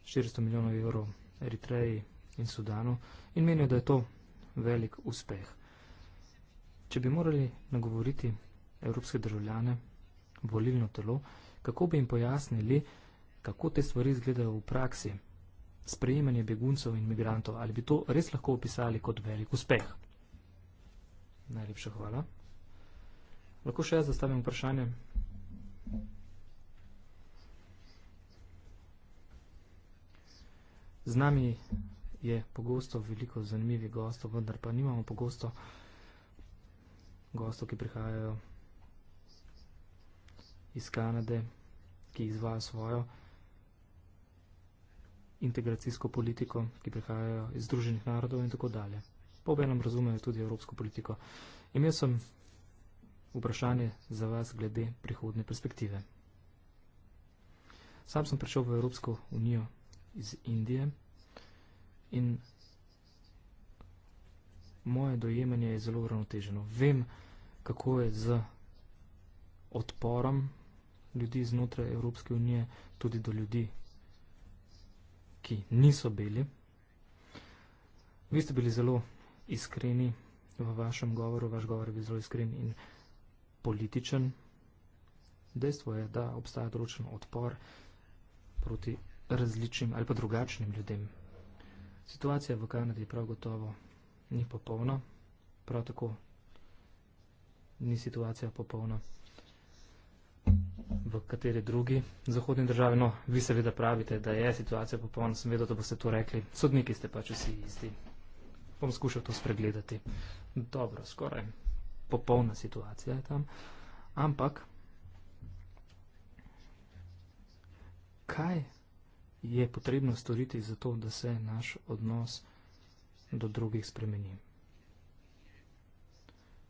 400 milijonov evrov Eritreji in Sudanu in menijo, da je to velik uspeh. Če bi morali nagovoriti evropske državljane, volilno telo, kako bi jim pojasnili, kako te stvari izgledajo v praksi, sprejemanje beguncev in imigrantov, ali bi to res lahko opisali kot velik uspeh? Najlepša hvala. Lahko še jaz zastavim vprašanje. Z nami je pogosto veliko zanimivih gostov, vendar pa nimamo pogosto gostov, ki prihajajo iz Kanade, ki izvaja svojo integracijsko politiko, ki prihajajo iz Združenih narodov in tako dalje. Po obenem razumejo tudi evropsko politiko. Imel sem vprašanje za vas glede prihodne perspektive. Sam sem prišel v Evropsko unijo iz Indije in moje dojemanje je zelo uravnoteženo. Vem, kako je z odporom ljudi znotraj Evropske unije tudi do ljudi, ki niso beli. Vi ste bili zelo iskreni v vašem govoru, vaš govor je bil zelo iskren in političen. Dejstvo je, da obstaja določen odpor proti različnim ali pa drugačnim ljudem. Situacija v Kanadi prav gotovo ni popolna, prav tako ni situacija popolna v kateri drugi zahodni državi. No, vi seveda pravite, da je situacija popolna, sem vedel, da boste to rekli. Sodniki ste pač vsi isti. Bom skušal to spregledati. Dobro, skoraj popolna situacija je tam. Ampak, kaj je potrebno storiti za to, da se naš odnos do drugih spremeni?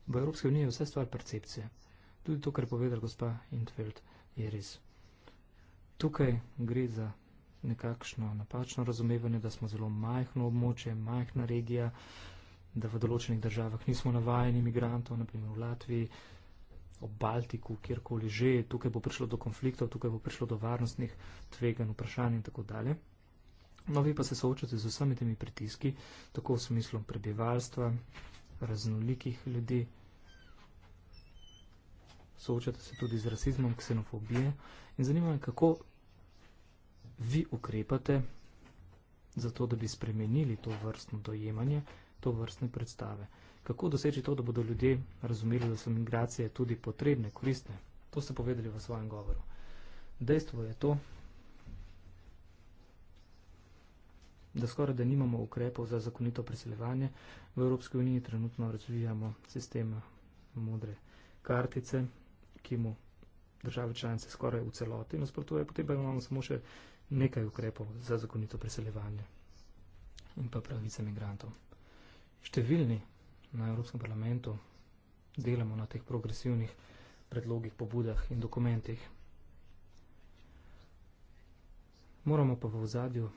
V Evropske unije je vse stvar percepcije. Tudi to, kar je povedal gospa Intveld je res. Tukaj gre za nekakšno napačno razumevanje, da smo zelo majhno območje, majhna regija, da v določenih državah nismo navajeni imigrantov, naprimer v Latviji, ob Baltiku, kjerkoli že, tukaj bo prišlo do konfliktov, tukaj bo prišlo do varnostnih tvegan, vprašanj in tako dalje. No, vi pa se soočate z vsemi temi pritiski, tako v smislu prebivalstva, raznolikih ljudi, soočate se tudi z rasizmom, ksenofobije in zanima me, kako vi ukrepate za to, da bi spremenili to vrstno dojemanje, to vrstne predstave. Kako doseči to, da bodo ljudje razumeli, da so migracije tudi potrebne, koristne? To ste povedali v svojem govoru. Dejstvo je to, da skoraj da nimamo ukrepov za zakonito preseljevanje. V Evropski uniji trenutno razvijamo sistem modre kartice, ki mu države članice skoraj v celoti nasprotuje, potem pa imamo samo še nekaj ukrepov za zakonito preseljevanje in pa pravice migrantov. Številni na Evropskem parlamentu delamo na teh progresivnih predlogih, pobudah in dokumentih. Moramo pa v ozadju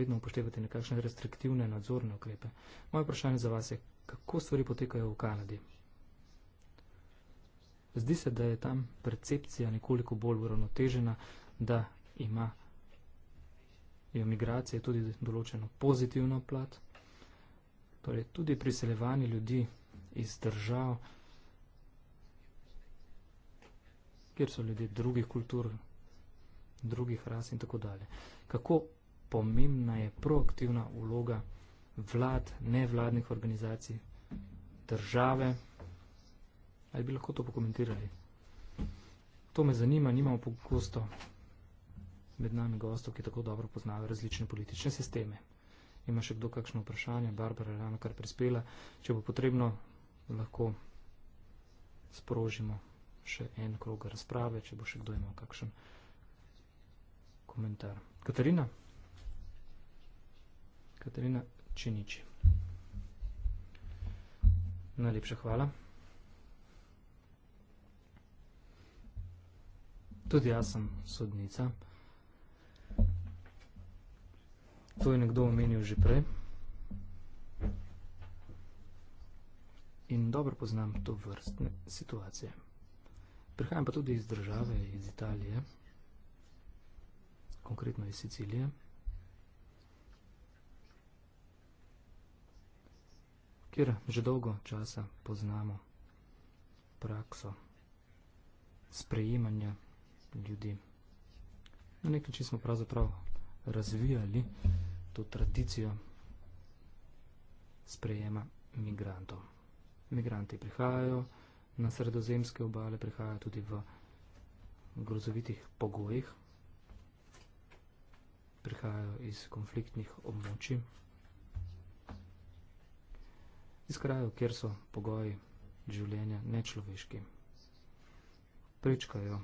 vedno upoštevati nekakšne restriktivne nadzorne ukrepe. Moje vprašanje za vas je, kako stvari potekajo v Kanadi? Zdi se, da je tam percepcija nekoliko bolj uravnotežena, da ima migracija tudi določeno pozitivno plat. Torej, tudi priseljevanje ljudi iz držav, kjer so ljudje drugih kultur, drugih ras in tako dalje. Kako pomembna je proaktivna vloga vlad, nevladnih organizacij, države, Ali bi lahko to pokomentirali? To me zanima, nimamo pogosto med nami gostov, ki tako dobro poznajo različne politične sisteme. Ima še kdo kakšno vprašanje? Barbara je ravno kar prispela. Če bo potrebno, lahko sprožimo še en krog razprave, če bo še kdo imel kakšen komentar. Katarina? Katarina Činiči. Najlepša hvala. Tudi jaz sem sodnica. To je nekdo omenil že prej. In dobro poznam to vrstne situacije. Prihajam pa tudi iz države, iz Italije, konkretno iz Sicilije. kjer že dolgo časa poznamo prakso sprejemanja ljudi. Na nek način smo pravzaprav razvijali to tradicijo sprejema migrantov. Migranti prihajajo na sredozemske obale, prihajajo tudi v grozovitih pogojih, prihajajo iz konfliktnih območij, iz krajev, kjer so pogoji življenja nečloveški. Prečkajo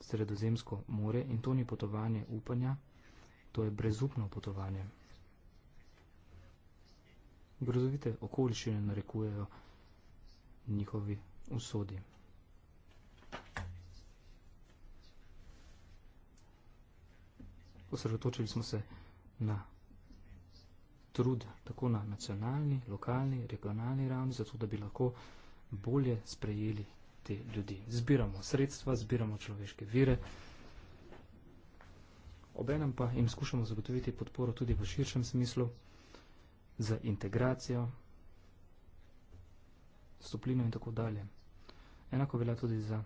sredozemsko more in to ni potovanje upanja, to je brezupno potovanje. Grozovite okoliščine narekujejo njihovi usodi. Osredotočili smo se na trud, tako na nacionalni, lokalni, regionalni ravni, zato da bi lahko bolje sprejeli te ljudi. Zbiramo sredstva, zbiramo človeške vire, obenem pa jim skušamo zagotoviti podporo tudi v širšem smislu za integracijo, stoplino in tako dalje. Enako velja tudi za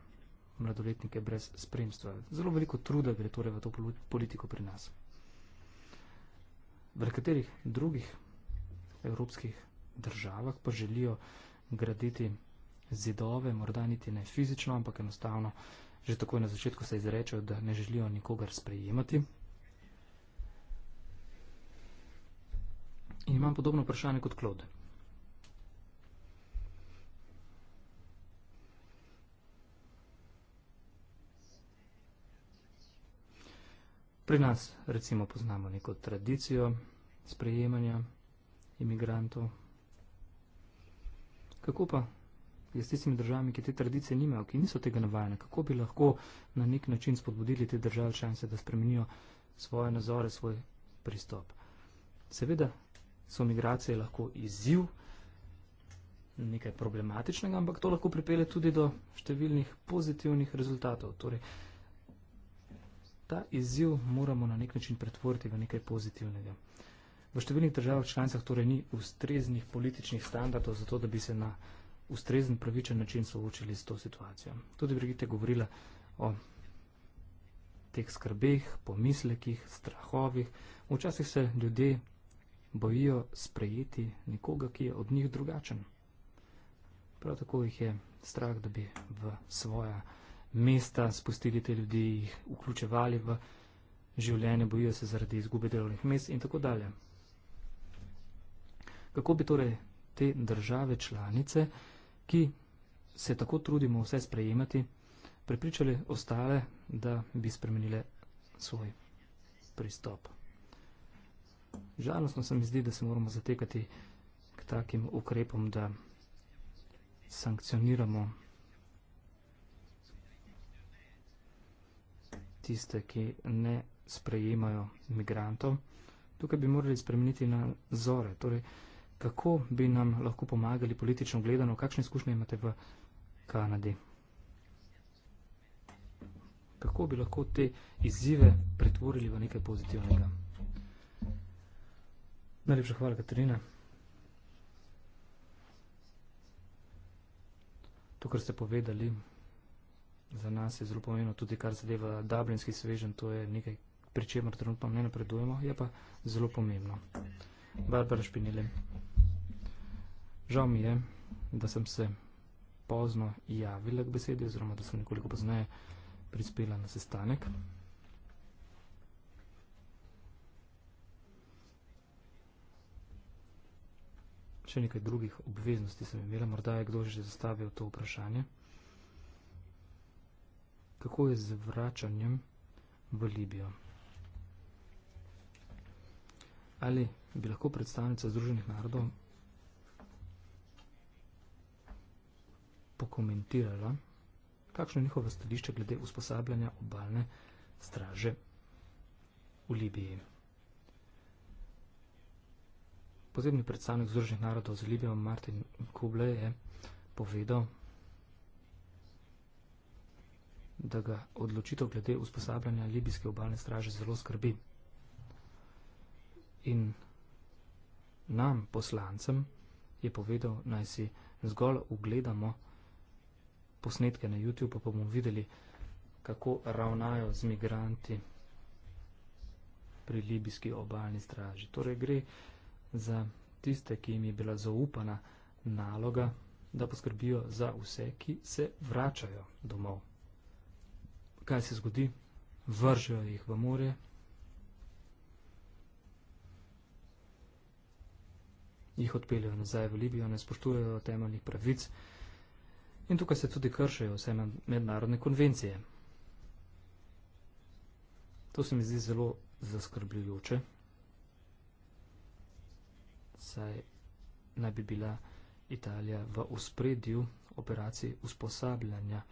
mladoletnike brez spremstva. Zelo veliko truda gre torej v to politiko pri nas. V nekaterih drugih evropskih državah pa želijo graditi zidove, morda niti ne fizično, ampak enostavno že takoj na začetku se izrečejo, da ne želijo nikogar sprejemati. In imam podobno vprašanje kot Klode. Pri nas recimo poznamo neko tradicijo sprejemanja imigrantov. Kako pa s tistimi državami, ki te tradicije nimajo, ki niso tega navajene? Kako bi lahko na nek način spodbudili te države članice, da spremenijo svoje nazore, svoj pristop? Seveda so migracije lahko izziv, nekaj problematičnega, ampak to lahko pripelje tudi do številnih pozitivnih rezultatov. Torej, ta izziv moramo na nek način pretvoriti v nekaj pozitivnega. V številnih državah članicah torej ni ustreznih političnih standardov za to, da bi se na ustrezen, pravičen način soočili s to situacijo. Tudi Brigitte je govorila o teh skrbeh, pomislekih, strahovih. Včasih se ljudje bojijo sprejeti nekoga, ki je od njih drugačen. Prav tako jih je strah, da bi v svoja mesta spustili te ljudi, jih vključevali v življenje, bojijo se zaradi izgube delovnih mest in tako dalje. Kako bi torej te države članice ki se tako trudimo vse sprejemati, prepričali ostale, da bi spremenile svoj pristop. Žalostno se mi zdi, da se moramo zatekati k takim ukrepom, da sankcioniramo tiste, ki ne sprejemajo migrantov. Tukaj bi morali spremeniti na zore. Torej, kako bi nam lahko pomagali politično gledano, kakšne izkušnje imate v Kanadi? Kako bi lahko te izzive pretvorili v nekaj pozitivnega? Najlepša hvala, Katarina. To, kar ste povedali, za nas je zelo pomembno tudi, kar se deva dublinski svežen, to je nekaj, pri čemer trenutno ne napredujemo, je pa zelo pomembno. Barbara Špinile. Hvala. Žal mi je, da sem se pozno javila k besedi, oziroma da sem nekoliko pozneje prispela na sestanek. Še nekaj drugih obveznosti sem imela, morda je kdo že zastavil to vprašanje. Kako je z vračanjem v Libijo? Ali bi lahko predstavnica Združenih narodov pokomentirala, kakšno je njihovo stališče glede usposabljanja obalne straže v Libiji. Pozemni predstavnik Združenih narodov za Libijo Martin Kuble je povedal, da ga odločitev glede usposabljanja libijske obalne straže zelo skrbi. In nam, poslancem, je povedal, naj si zgolj ugledamo, posnetke na YouTube, pa bomo videli, kako ravnajo z migranti pri libijski obaljni straži. Torej gre za tiste, ki jim je bila zaupana naloga, da poskrbijo za vse, ki se vračajo domov. Kaj se zgodi? Vržajo jih v morje. Jih odpeljajo nazaj v Libijo, ne spoštujejo temeljnih pravic in tukaj se tudi kršijo vse mednarodne konvencije. To se mi zdi zelo zaskrbljujoče, saj naj bi bila Italija v uspredju operacij usposabljanja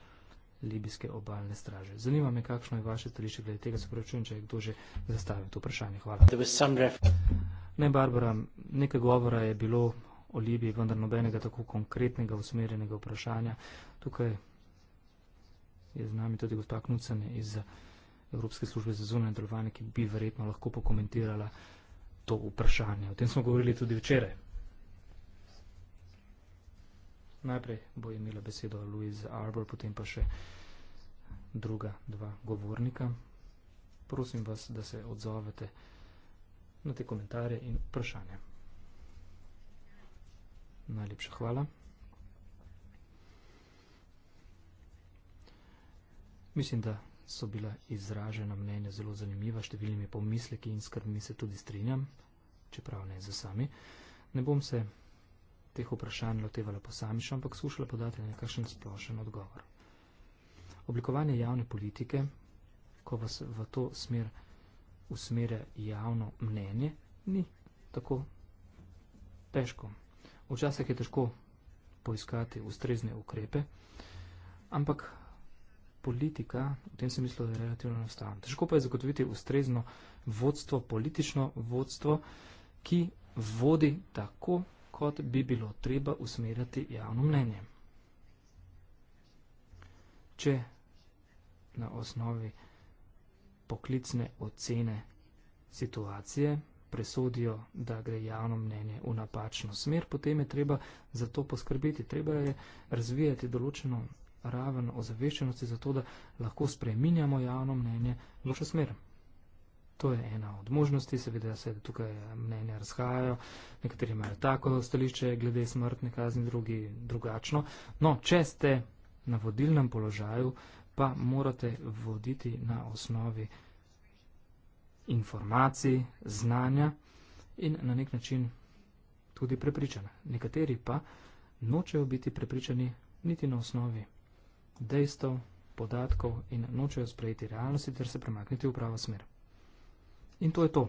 libijske obalne straže. Zanima me, kakšno je vaše stališče glede tega, se pravičujem, če je kdo že zastavil to vprašanje. Hvala. Ne, Barbara, nekaj govora je bilo o Libiji, vendar nobenega tako konkretnega usmerjenega vprašanja. Tukaj je z nami tudi gospod Knucen iz Evropske službe za zunanje delovanje, ki bi verjetno lahko pokomentirala to vprašanje. O tem smo govorili tudi včeraj. Najprej bo imela besedo Louise Arbor, potem pa še druga dva govornika. Prosim vas, da se odzovete na te komentarje in vprašanje. Najlepša hvala. Mislim, da so bila izražena mnenja zelo zanimiva, številnimi pomisleki in skrbmi se tudi strinjam, čeprav ne za sami. Ne bom se teh vprašanj lotevala posamično, ampak skušala podati nekakšen splošen odgovor. Oblikovanje javne politike, ko vas v to smer usmerja javno mnenje, ni tako težko včasih je težko poiskati ustrezne ukrepe, ampak politika, v tem sem mislil, da je relativno enostavna. Težko pa je zagotoviti ustrezno vodstvo, politično vodstvo, ki vodi tako, kot bi bilo treba usmerjati javno mnenje. Če na osnovi poklicne ocene situacije presodijo, da gre javno mnenje v napačno smer, potem je treba za to poskrbeti. Treba je razvijati določeno raven ozaveščenosti za to, da lahko spreminjamo javno mnenje v lošo smer. To je ena od možnosti, seveda se tukaj mnenja razhajajo, nekateri imajo tako stališče glede smrtne kazni, drugi drugačno. No, če ste na vodilnem položaju, pa morate voditi na osnovi informacij, znanja in na nek način tudi prepričanja. Nekateri pa nočejo biti prepričani niti na osnovi dejstev, podatkov in nočejo sprejeti realnosti ter se premakniti v pravo smer. In to je to.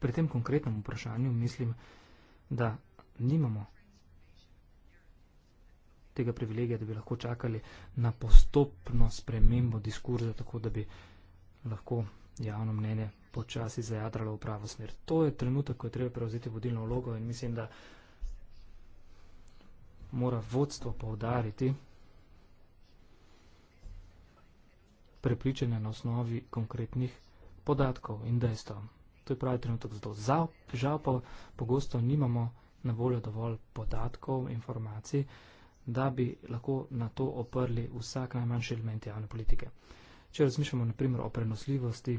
Pri tem konkretnem vprašanju mislim, da nimamo tega privilegija, da bi lahko čakali na postopno spremembo diskurza, tako da bi uh, lahko javno mnenje počasi zajadralo v pravo smer. To je trenutek, ko je treba prevzeti vodilno vlogo in mislim, da mora vodstvo povdariti prepričanje na osnovi konkretnih podatkov in dejstev. To je pravi trenutek za to. Žal pa pogosto nimamo na voljo dovolj podatkov, informacij, da bi lahko na to oprli vsak najmanjši element javne politike. Če razmišljamo naprimer o prenosljivosti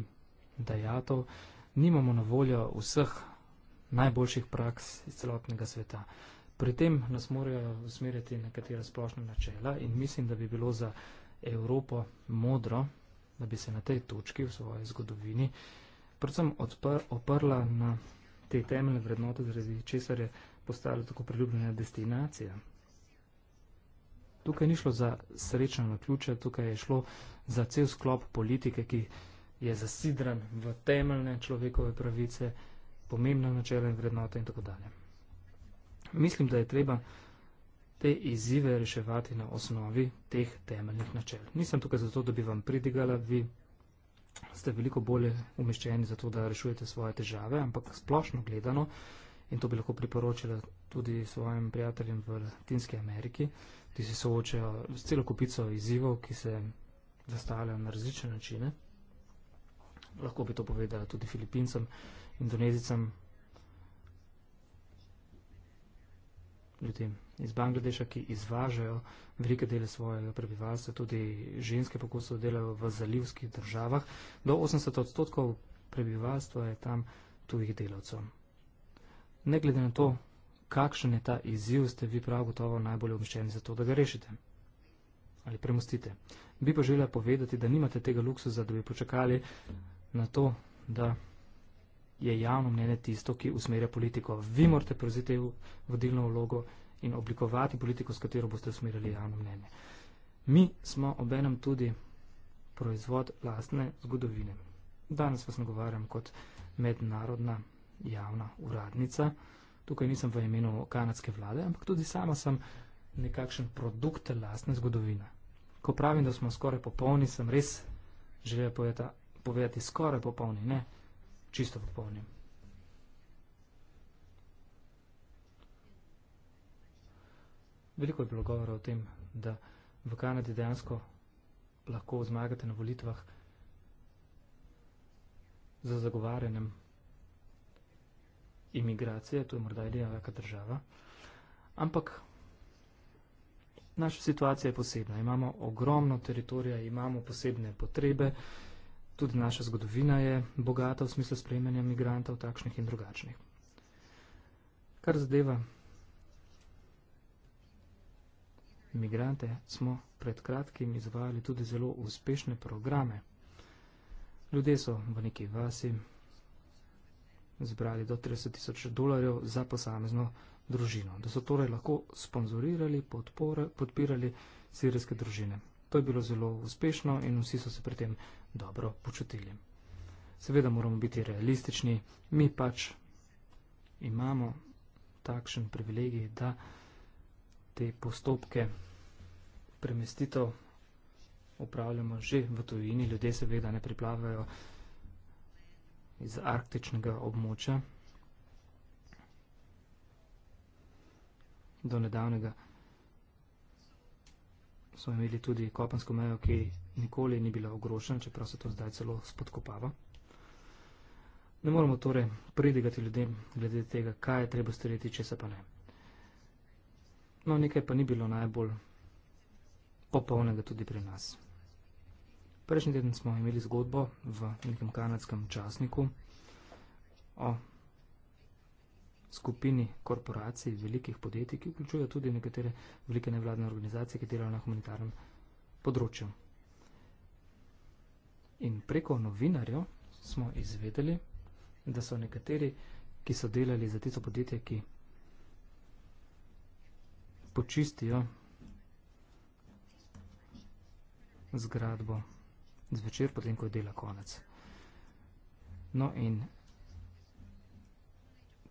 dejatov, nimamo na voljo vseh najboljših praks iz celotnega sveta. Pri tem nas morajo usmeriti nekatera splošna načela in mislim, da bi bilo za Evropo modro, da bi se na tej točki v svoji zgodovini predvsem odpr, oprla na te temeljne vrednote, zaradi česar je postala tako priljubljena destinacija. Tukaj ni šlo za srečno na ključe, tukaj je šlo za cel sklop politike, ki je zasidran v temeljne človekove pravice, pomembne načele in vrednote in tako dalje. Mislim, da je treba te izzive reševati na osnovi teh temeljnih načel. Nisem tukaj zato, da bi vam pridigala, vi ste veliko bolje umeščeni za to, da rešujete svoje težave, ampak splošno gledano, in to bi lahko priporočila tudi svojim prijateljem v Latinski Ameriki, ti se soočajo s celo kupico izzivov, ki se zastavljajo na različne načine. Lahko bi to povedala tudi Filipincem, Indonezicam, ljudem iz Bangladeša, ki izvažajo velike dele svojega prebivalstva, tudi ženske pokusov delajo v zalivskih državah. Do 80 odstotkov prebivalstva je tam tujih delavcev. Ne glede na to, kakšen je ta izziv, ste vi prav gotovo najbolje umeščeni za to, da ga rešite ali premustite. Bi pa želela povedati, da nimate tega luksuza, da bi počakali na to, da je javno mnenje tisto, ki usmerja politiko. Vi morate prevzeti vodilno vlogo in oblikovati politiko, s katero boste usmerjali javno mnenje. Mi smo obenem tudi proizvod lastne zgodovine. Danes vas nagovarjam kot mednarodna javna uradnica tukaj nisem v imenu kanadske vlade, ampak tudi sama sem nekakšen produkt lastne zgodovine. Ko pravim, da smo skoraj popolni, sem res želel povedati skoraj popolni, ne čisto popolni. Veliko je bilo govora o tem, da v Kanadi dejansko lahko zmagate na volitvah za zagovarjanjem imigracije, to je morda edina taka država. Ampak naša situacija je posebna. Imamo ogromno teritorija, imamo posebne potrebe, tudi naša zgodovina je bogata v smislu sprejemanja migrantov, takšnih in drugačnih. Kar zadeva migrante, smo pred kratkim izvajali tudi zelo uspešne programe. Ljudje so v neki vasi, zbrali do 30 tisoč dolarjev za posamezno družino, da so torej lahko sponzorirali, podpore, podpirali sirijske družine. To je bilo zelo uspešno in vsi so se pri tem dobro počutili. Seveda moramo biti realistični, mi pač imamo takšen privilegij, da te postopke premestitev upravljamo že v tujini, ljudje seveda ne priplavajo iz arktičnega območja. Do nedavnega so imeli tudi kopensko mejo, ki nikoli ni bila ogrožena, čeprav se to zdaj celo spodkopava. Ne moramo torej pridigati ljudem glede tega, kaj je treba storiti, če se pa ne. No, nekaj pa ni bilo najbolj popolnega tudi pri nas. Prejšnji teden smo imeli zgodbo v nekem kanadskem časniku o skupini korporacij, velikih podjetij, ki vključujejo tudi nekatere velike nevladne organizacije, ki delajo na humanitarnem področju. In preko novinarjev smo izvedeli, da so nekateri, ki so delali za tisto podjetje, ki počistijo zgradbo zvečer, potem ko je dela konec. No in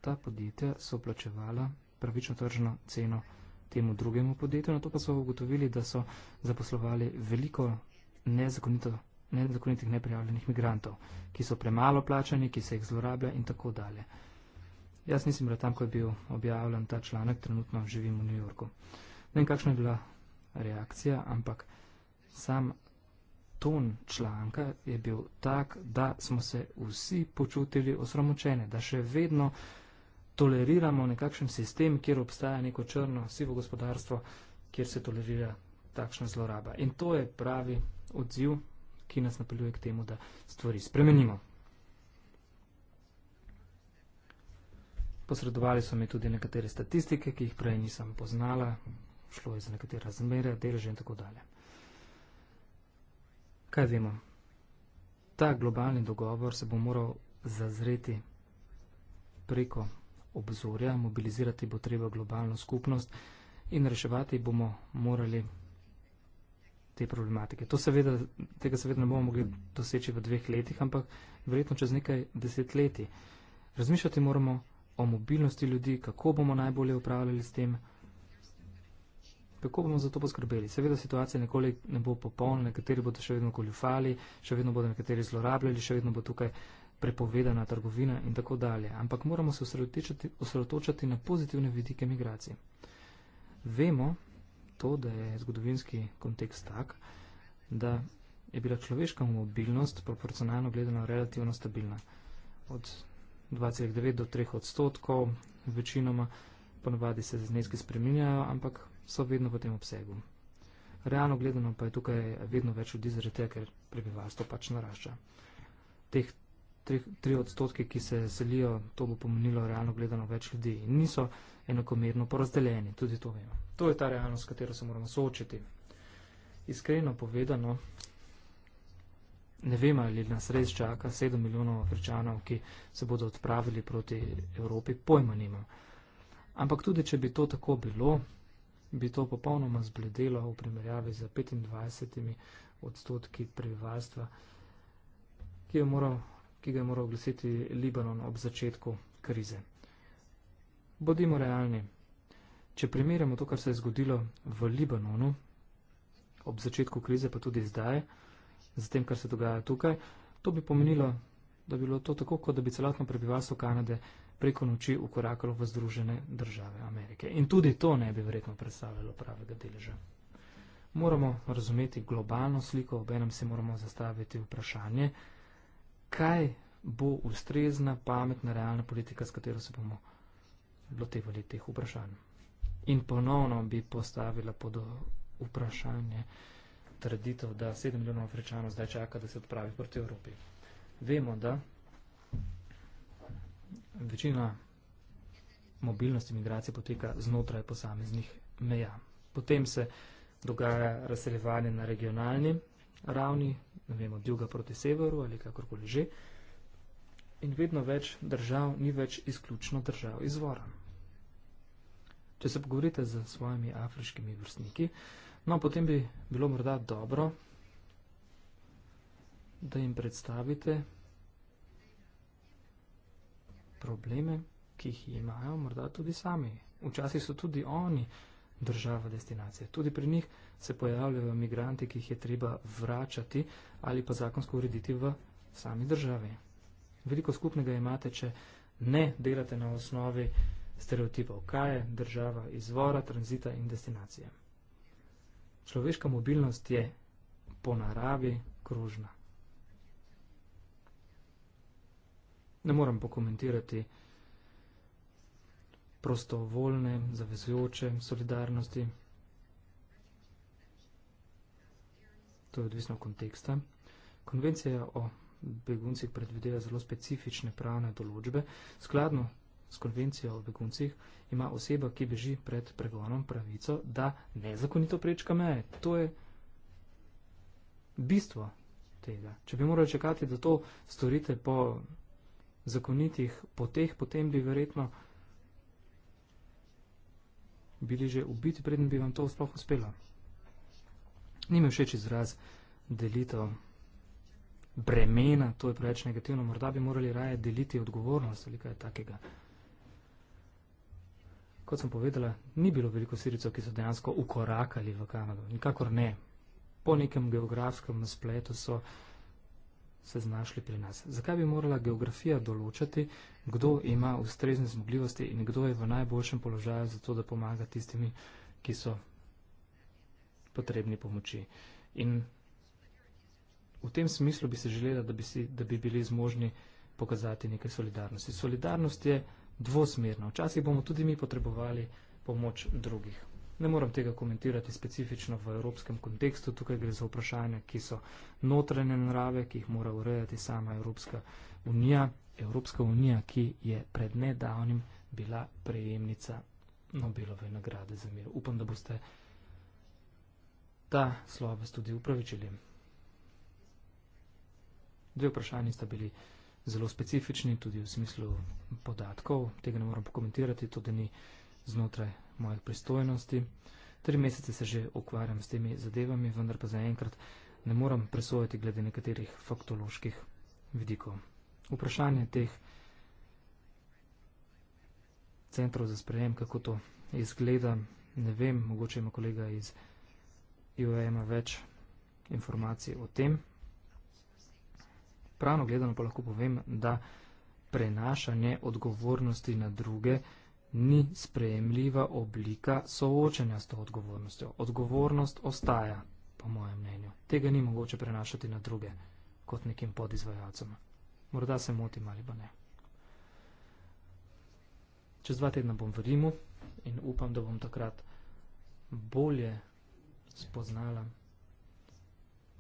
ta podjetja so plačevala pravično tržno ceno temu drugemu podjetju, na to pa so ugotovili, da so zaposlovali veliko nezakonito, nezakonitih neprijavljenih migrantov, ki so premalo plačani, ki se jih zlorablja in tako dalje. Jaz nisem bila tam, ko je bil objavljen ta članek, trenutno živim v New Yorku. Ne vem, kakšna je bila reakcija, ampak sam ton članka je bil tak, da smo se vsi počutili osramočene, da še vedno toleriramo nekakšen sistem, kjer obstaja neko črno, sivo gospodarstvo, kjer se tolerira takšna zloraba. In to je pravi odziv, ki nas napeljuje k temu, da stvari spremenimo. Posredovali so mi tudi nekatere statistike, ki jih prej nisem poznala, šlo je za nekatera zmere, delže in tako dalje. Kaj vemo? Ta globalni dogovor se bo moral zazreti preko obzorja, mobilizirati bo treba globalno skupnost in reševati bomo morali te problematike. To seveda, tega seveda ne bomo mogli doseči v dveh letih, ampak verjetno čez nekaj desetletij. Razmišljati moramo o mobilnosti ljudi, kako bomo najbolje upravljali s tem kako bomo za to poskrbeli? Seveda situacija nekoli ne bo popolna, nekateri bodo še vedno goljufali, še vedno bodo nekateri zlorabljali, še vedno bo tukaj prepovedana trgovina in tako dalje. Ampak moramo se osredotočati na pozitivne vidike migracije. Vemo to, da je zgodovinski kontekst tak, da je bila človeška mobilnost proporcionalno gledano relativno stabilna. Od 2,9 do 3 odstotkov večinoma ponavadi se zneski spreminjajo, ampak so vedno v tem obsegu. Realno gledano pa je tukaj vedno več ljudi zaradi tega, ker prebivalstvo pač narašča. Teh tri, tri odstotke, ki se selijo, to bo pomenilo realno gledano več ljudi in niso enakomerno porazdeljeni, tudi to vemo. To je ta realnost, s katero se moramo soočiti. Iskreno povedano, ne vem, ali nas res čaka 7 milijonov afričanov, ki se bodo odpravili proti Evropi, pojma nimam. Ampak tudi, če bi to tako bilo, bi to popolnoma zbledelo v primerjavi z 25 odstotki prebivalstva, ki, ki ga je moral oglasiti Libanon ob začetku krize. Bodimo realni. Če primerjamo to, kar se je zgodilo v Libanonu ob začetku krize, pa tudi zdaj, z tem, kar se dogaja tukaj, to bi pomenilo, da bi bilo to tako, kot da bi celotno prebivalstvo Kanade preko noči ukorakalo v Združene države Amerike. In tudi to ne bi verjetno predstavljalo pravega deleža. Moramo razumeti globalno sliko, obenem se moramo zastaviti vprašanje, kaj bo ustrezna, pametna, realna politika, s katero se bomo lotevali teh vprašanj. In ponovno bi postavila pod vprašanje traditev, da 7 milijonov afričanov zdaj čaka, da se odpravi proti Evropi. Vemo, da večina mobilnosti migracije poteka znotraj posameznih meja. Potem se dogaja razseljevanje na regionalni ravni, ne vem, od juga proti severu ali kakorkoli že. In vedno več držav ni več izključno držav izvora. Če se pogovorite z svojimi afriškimi vrstniki, no potem bi bilo morda dobro, da jim predstavite probleme, ki jih imajo morda tudi sami. Včasih so tudi oni država destinacije. Tudi pri njih se pojavljajo migranti, ki jih je treba vračati ali pa zakonsko urediti v sami državi. Veliko skupnega imate, če ne delate na osnovi stereotipov, kaj je država izvora, tranzita in destinacije. Človeška mobilnost je po naravi kružna. ne morem pokomentirati prostovoljne, zavezujoče solidarnosti. To je odvisno od konteksta. Konvencija o beguncih predvideva zelo specifične pravne določbe. Skladno s konvencijo o beguncih ima oseba, ki beži pred pregonom, pravico, da nezakonito prečka meje. To je bistvo tega. Če bi morali čakati, da to storite po zakonitih poteh, potem bi verjetno bili že ubiti, preden bi vam to sploh uspelo. Ni mi všeč izraz delitev bremena, to je preveč negativno, morda bi morali raje deliti odgovornost ali kaj takega. Kot sem povedala, ni bilo veliko siricov, ki so dejansko ukorakali v Kanado. Nikakor ne. Po nekem geografskem spletu so se znašli pri nas. Zakaj bi morala geografija določati, kdo ima ustrezne zmogljivosti in kdo je v najboljšem položaju za to, da pomaga tistimi, ki so potrebni pomoči. In v tem smislu bi se želela, da bi, si, da bi bili zmožni pokazati nekaj solidarnosti. Solidarnost je dvosmerna. Včasih bomo tudi mi potrebovali pomoč drugih ne moram tega komentirati specifično v evropskem kontekstu. Tukaj gre za vprašanja, ki so notranje narave, ki jih mora urejati sama Evropska unija. Evropska unija, ki je pred nedavnim bila prejemnica Nobelove nagrade za mir. Upam, da boste ta sloves tudi upravičili. Dve vprašanji sta bili zelo specifični, tudi v smislu podatkov. Tega ne moram pokomentirati, to da ni znotraj mojih pristojnosti. Tri mesece se že ukvarjam s temi zadevami, vendar pa zaenkrat ne moram presojati glede nekaterih faktoloških vidikov. Vprašanje teh centrov za sprejem, kako to izgleda, ne vem, mogoče ima kolega iz IOM več informacij o tem. Pravno gledano pa lahko povem, da prenašanje odgovornosti na druge ni sprejemljiva oblika soočanja s to odgovornostjo. Odgovornost ostaja, po mojem mnenju. Tega ni mogoče prenašati na druge, kot nekim podizvajalcem. Morda se motim ali pa ne. Čez dva tedna bom v Rimu in upam, da bom takrat bolje spoznala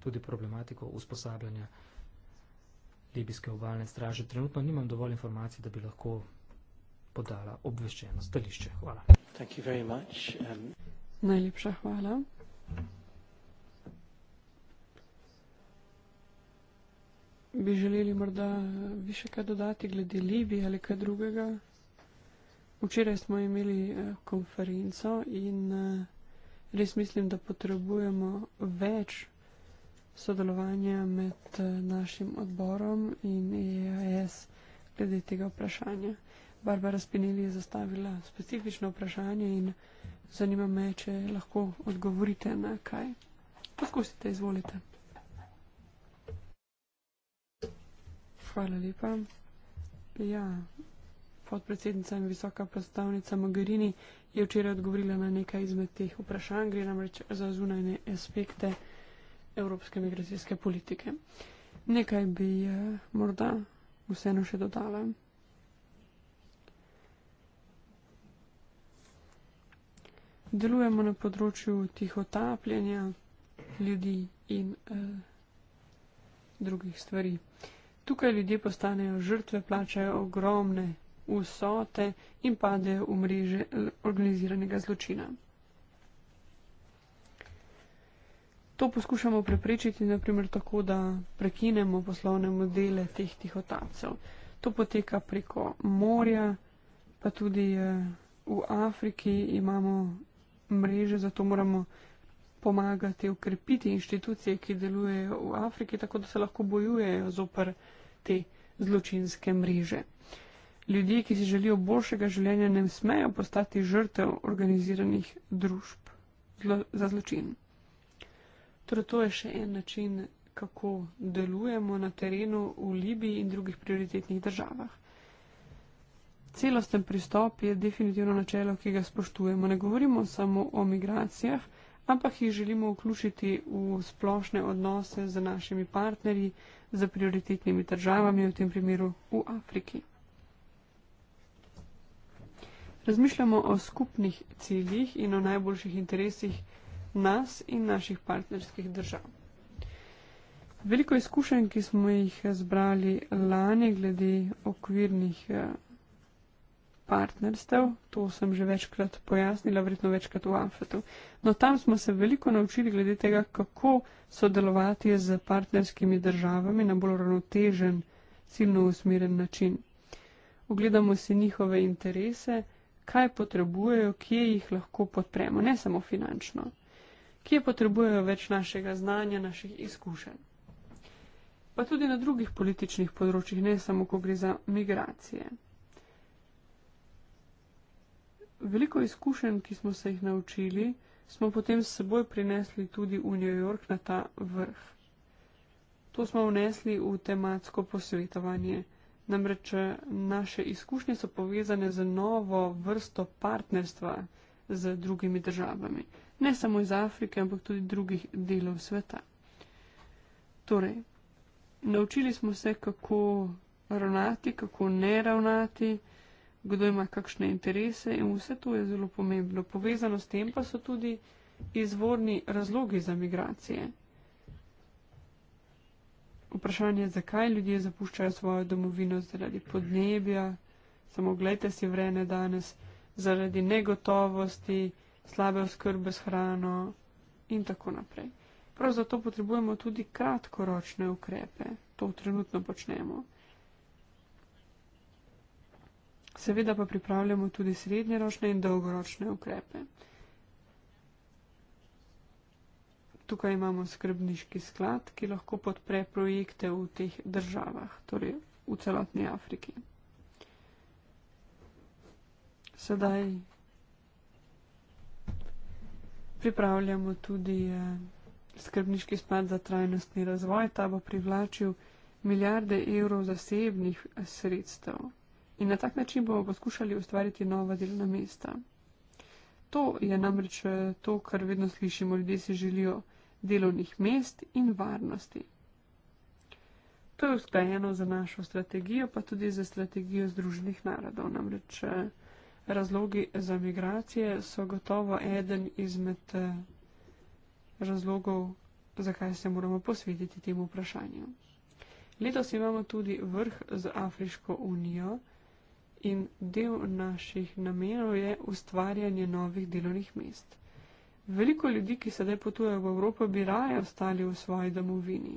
tudi problematiko usposabljanja libijske obalne straže. Trenutno nimam dovolj informacij, da bi lahko podala obveščeno stališče. Hvala. Thank you very much. Um... Najlepša hvala. Bi želeli morda eh, vi še kaj dodati glede Libije ali kaj drugega? Včeraj smo imeli eh, konferenco in eh, res mislim, da potrebujemo več sodelovanja med našim odborom in EAS glede tega vprašanja. Barbara Spinelli je zastavila specifično vprašanje in zanima me, če lahko odgovorite na kaj. Poskusite, izvolite. Hvala lepa. Ja, podpredsednica in visoka predstavnica Mogherini je včeraj odgovorila na nekaj izmed teh vprašanj, gre namreč za zunajne aspekte evropske migracijske politike. Nekaj bi eh, morda vseeno še dodala. delujemo na področju tihotapljenja ljudi in eh, drugih stvari. Tukaj ljudje postanejo žrtve, plačajo ogromne vsote in padejo v mreže eh, organiziranega zločina. To poskušamo preprečiti, naprimer tako, da prekinemo poslovne modele teh tihotapcev. To poteka preko morja, pa tudi eh, v Afriki imamo mreže, zato moramo pomagati ukrepiti inštitucije, ki delujejo v Afriki, tako da se lahko bojujejo zopr te zločinske mreže. Ljudje, ki si želijo boljšega življenja, ne smejo postati žrtev organiziranih družb zlo za zločin. Torej, to je še en način, kako delujemo na terenu v Libiji in drugih prioritetnih državah celosten pristop je definitivno načelo, ki ga spoštujemo. Ne govorimo samo o migracijah, ampak jih želimo vključiti v splošne odnose z našimi partnerji, z prioritetnimi državami, v tem primeru v Afriki. Razmišljamo o skupnih ciljih in o najboljših interesih nas in naših partnerskih držav. Veliko izkušenj, ki smo jih zbrali lani glede okvirnih eh, partnerstev, to sem že večkrat pojasnila, verjetno večkrat v Amfetu. No, tam smo se veliko naučili glede tega, kako sodelovati z partnerskimi državami na bolj ravnotežen, silno usmeren način. Ogledamo si njihove interese, kaj potrebujejo, kje jih lahko podpremo, ne samo finančno, kje potrebujejo več našega znanja, naših izkušenj. Pa tudi na drugih političnih področjih, ne samo, ko gre za migracije. Veliko izkušenj, ki smo se jih naučili, smo potem s seboj prinesli tudi v New York na ta vrh. To smo vnesli v tematsko posvetovanje. Namreč naše izkušnje so povezane z novo vrsto partnerstva z drugimi državami. Ne samo iz Afrike, ampak tudi drugih delov sveta. Torej, naučili smo se, kako ravnati, kako ne ravnati kdo ima kakšne interese in vse to je zelo pomembno. Povezano s tem pa so tudi izvorni razlogi za migracije. Vprašanje, zakaj ljudje zapuščajo svojo domovino zaradi podnebja, samo gledajte si vreme danes, zaradi negotovosti, slabe oskrbe s hrano in tako naprej. Prav zato potrebujemo tudi kratkoročne ukrepe, to trenutno počnemo. Seveda pa pripravljamo tudi srednjeročne in dolgoročne ukrepe. Tukaj imamo skrbniški sklad, ki lahko podpre projekte v teh državah, torej v celotni Afriki. Sedaj pripravljamo tudi eh, skrbniški sklad za trajnostni razvoj, ta bo privlačil milijarde evrov zasebnih sredstev in na tak način bomo poskušali ustvariti nova delovna mesta. To je namreč eh, to, kar vedno slišimo, ljudje si želijo delovnih mest in varnosti. To je usklajeno za našo strategijo, pa tudi za strategijo Združenih narodov. Namreč eh, razlogi za migracije so gotovo eden izmed eh, razlogov, zakaj se moramo posvetiti temu vprašanju. Letos imamo tudi vrh z Afriško unijo in del naših namenov je ustvarjanje novih delovnih mest. Veliko ljudi, ki sedaj potujejo v Evropo, bi raje ostali v svoji domovini.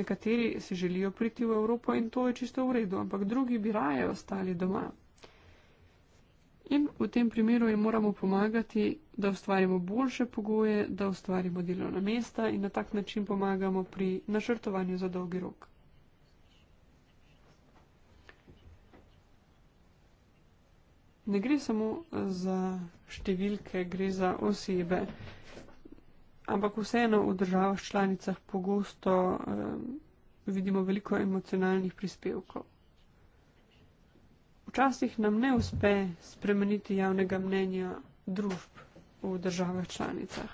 Nekateri si želijo priti v Evropo in to je čisto v redu, ampak drugi bi raje ostali doma. In v tem primeru jim moramo pomagati, da ustvarimo boljše pogoje, da ustvarimo delovna mesta in na tak način pomagamo pri načrtovanju za dolgi rok. ne gre samo za številke, gre za osebe. Ampak vseeno v državah članicah pogosto eh, vidimo veliko emocionalnih prispevkov. Včasih nam ne uspe spremeniti javnega mnenja družb v državah članicah.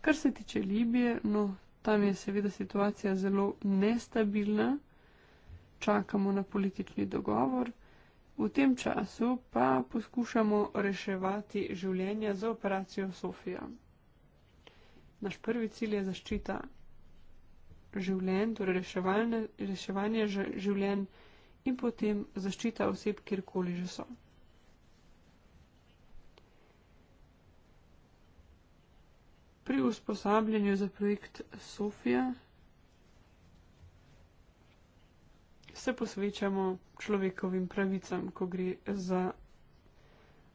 Kar se tiče Libije, no, tam je seveda situacija zelo nestabilna. Čakamo na politični dogovor, V tem času pa poskušamo reševati življenja z operacijo Sofija. Naš prvi cilj je zaščita življenj, torej reševanje življenj in potem zaščita oseb, kjerkoli že so. Pri usposabljanju za projekt Sofija se posvečamo človekovim pravicam, ko gre za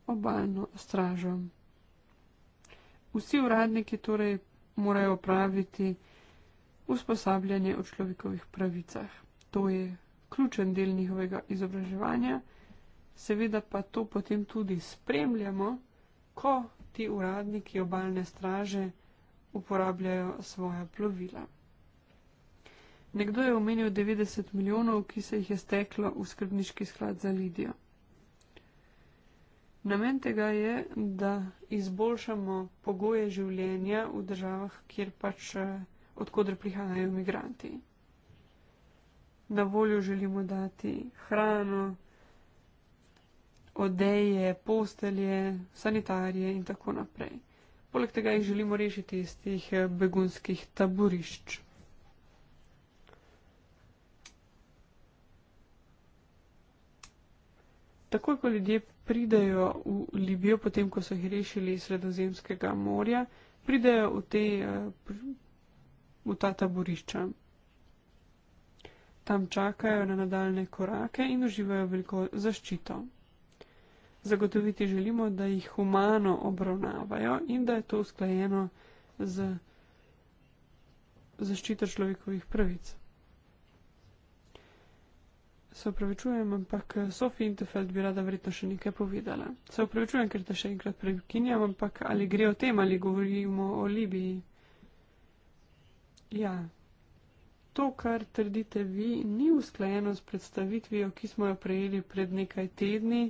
obaljno stražo. Vsi uradniki torej morajo praviti usposabljanje o človekovih pravicah. To je ključen del njihovega izobraževanja, seveda pa to potem tudi spremljamo, ko ti uradniki obaljne straže uporabljajo svoja plovila. Nekdo je omenil 90 milijonov, ki se jih je steklo v skrbniški sklad za Lidijo. Namen tega je, da izboljšamo pogoje življenja v državah, kjer pač eh, odkudr prihajajo imigranti. Na voljo želimo dati hrano, odeje, postelje, sanitarije in tako naprej. Poleg tega jih želimo rešiti iz teh eh, begunskih taborišč. Takoj, ko ljudje pridejo v Libijo, potem, ko so jih rešili iz sredozemskega morja, pridejo v, te, eh, v ta taborišča. Tam čakajo na nadaljne korake in uživajo veliko zaščito. Zagotoviti želimo, da jih humano obravnavajo in da je to usklajeno z zaščito človekovih pravic. Se upravičujem, ampak eh, Sofi Intefeld bi rada verjetno še nekaj povedala. Se upravičujem, ker te še enkrat prekinjam, ampak ali gre o tem, ali govorimo o Libiji? Ja, to, kar trdite vi, ni usklajeno s predstavitvijo, ki smo jo prejeli pred nekaj tedni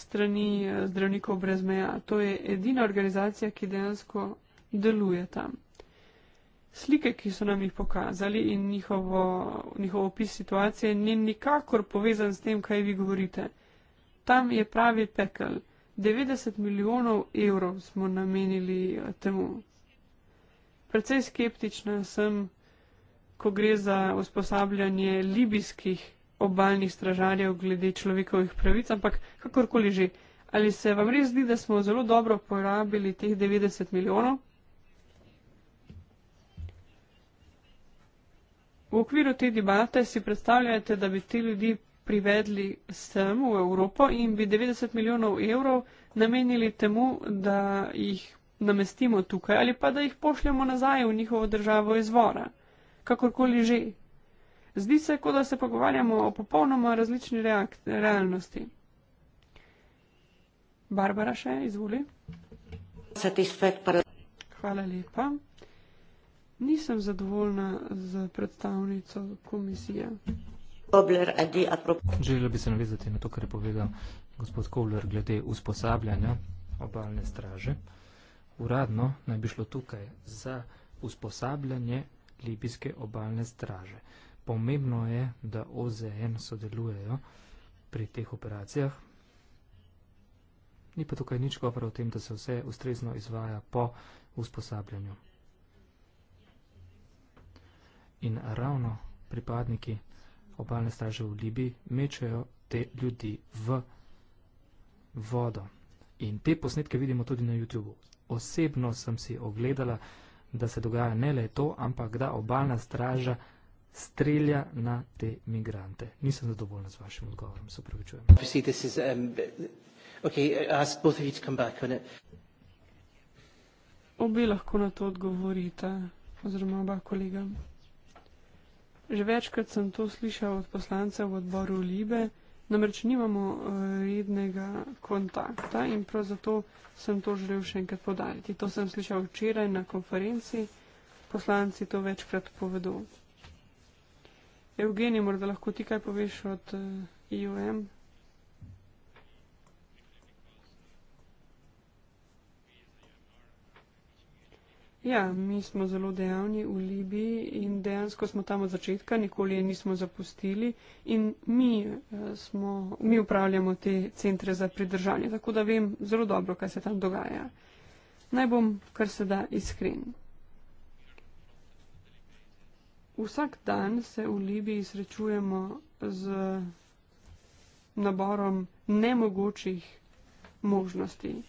strani eh, zdravnikov brez meja. To je edina organizacija, ki dejansko deluje tam slike, ki so nam jih pokazali in njihovo, njihov opis situacije ni nikakor povezan s tem, kaj vi govorite. Tam je pravi pekel. 90 milijonov evrov smo namenili eh, temu. Predvsej skeptična sem, ko gre za usposabljanje libijskih obaljnih stražarjev glede človekovih pravic, ampak kakorkoli že. Ali se vam res zdi, da smo zelo dobro porabili teh 90 milijonov? V okviru te debate si predstavljate, da bi te ljudi privedli sem v Evropo in bi 90 milijonov evrov namenili temu, da jih namestimo tukaj ali pa da jih pošljemo nazaj v njihovo državo izvora. Kakorkoli že. Zdi se, kot da se pogovarjamo o popolnoma različni reak realnosti. Barbara še, izvoli. Hvala lepa nisem zadovoljna z predstavnico komisije. Želela bi se navezati na to, kar je povedal gospod Kovler glede usposabljanja obalne straže. Uradno naj bi šlo tukaj za usposabljanje libijske obalne straže. Pomembno je, da OZN sodelujejo pri teh operacijah. Ni pa tukaj nič govora o tem, da se vse ustrezno izvaja po usposabljanju in ravno pripadniki obalne straže v Libiji mečejo te ljudi v vodo. In te posnetke vidimo tudi na YouTube. Osebno sem si ogledala, da se dogaja ne le to, ampak da obalna straža strelja na te migrante. Nisem zadovoljna z vašim odgovorom, se upravičujem. Um, Obe lahko na to odgovorite, oziroma oba kolega. Že večkrat sem to slišal od poslancev v odboru Libe, namreč nimamo eh, rednega kontakta in prav zato sem to želel še enkrat podariti. To sem slišal včeraj na konferenci, poslanci to večkrat povedo. Evgeni, morda lahko ti kaj poveš od eh, IOM? Ja, mi smo zelo dejavni v Libiji in dejansko smo tam od začetka, nikoli je nismo zapustili in mi, eh, smo, mi upravljamo te centre za pridržanje, tako da vem zelo dobro, kaj se tam dogaja. Naj bom kar se da iskren. Vsak dan se v Libiji srečujemo z naborom nemogočih možnosti,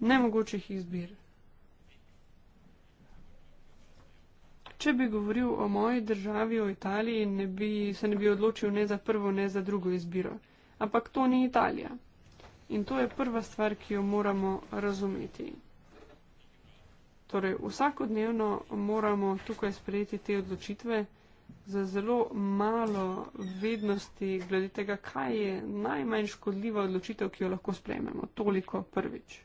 nemogočih izbir. Če bi govoril o moji državi, o Italiji, ne bi, se ne bi odločil ne za prvo, ne za drugo izbiro. Ampak to ni Italija. In to je prva stvar, ki jo moramo razumeti. Torej, vsakodnevno moramo tukaj sprejeti te odločitve za zelo malo vednosti glede tega, kaj je najmanj škodljiva odločitev, ki jo lahko sprejmemo. Toliko prvič.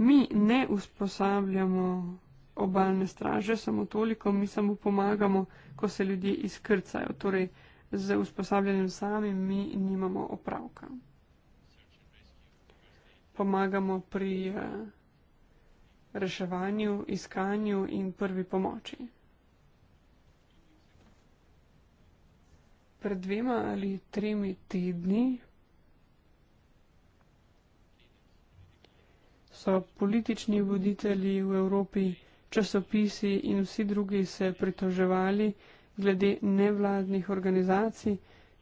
Mi ne usposabljamo obalne straže, samo toliko, mi samo pomagamo, ko se ljudje izkrcajo. Torej, z usposabljanjem sami mi nimamo opravka. Pomagamo pri eh, reševanju, iskanju in prvi pomoči. Pred dvema ali tremi tedni so politični voditelji v Evropi, časopisi in vsi drugi se pritoževali glede nevladnih organizacij,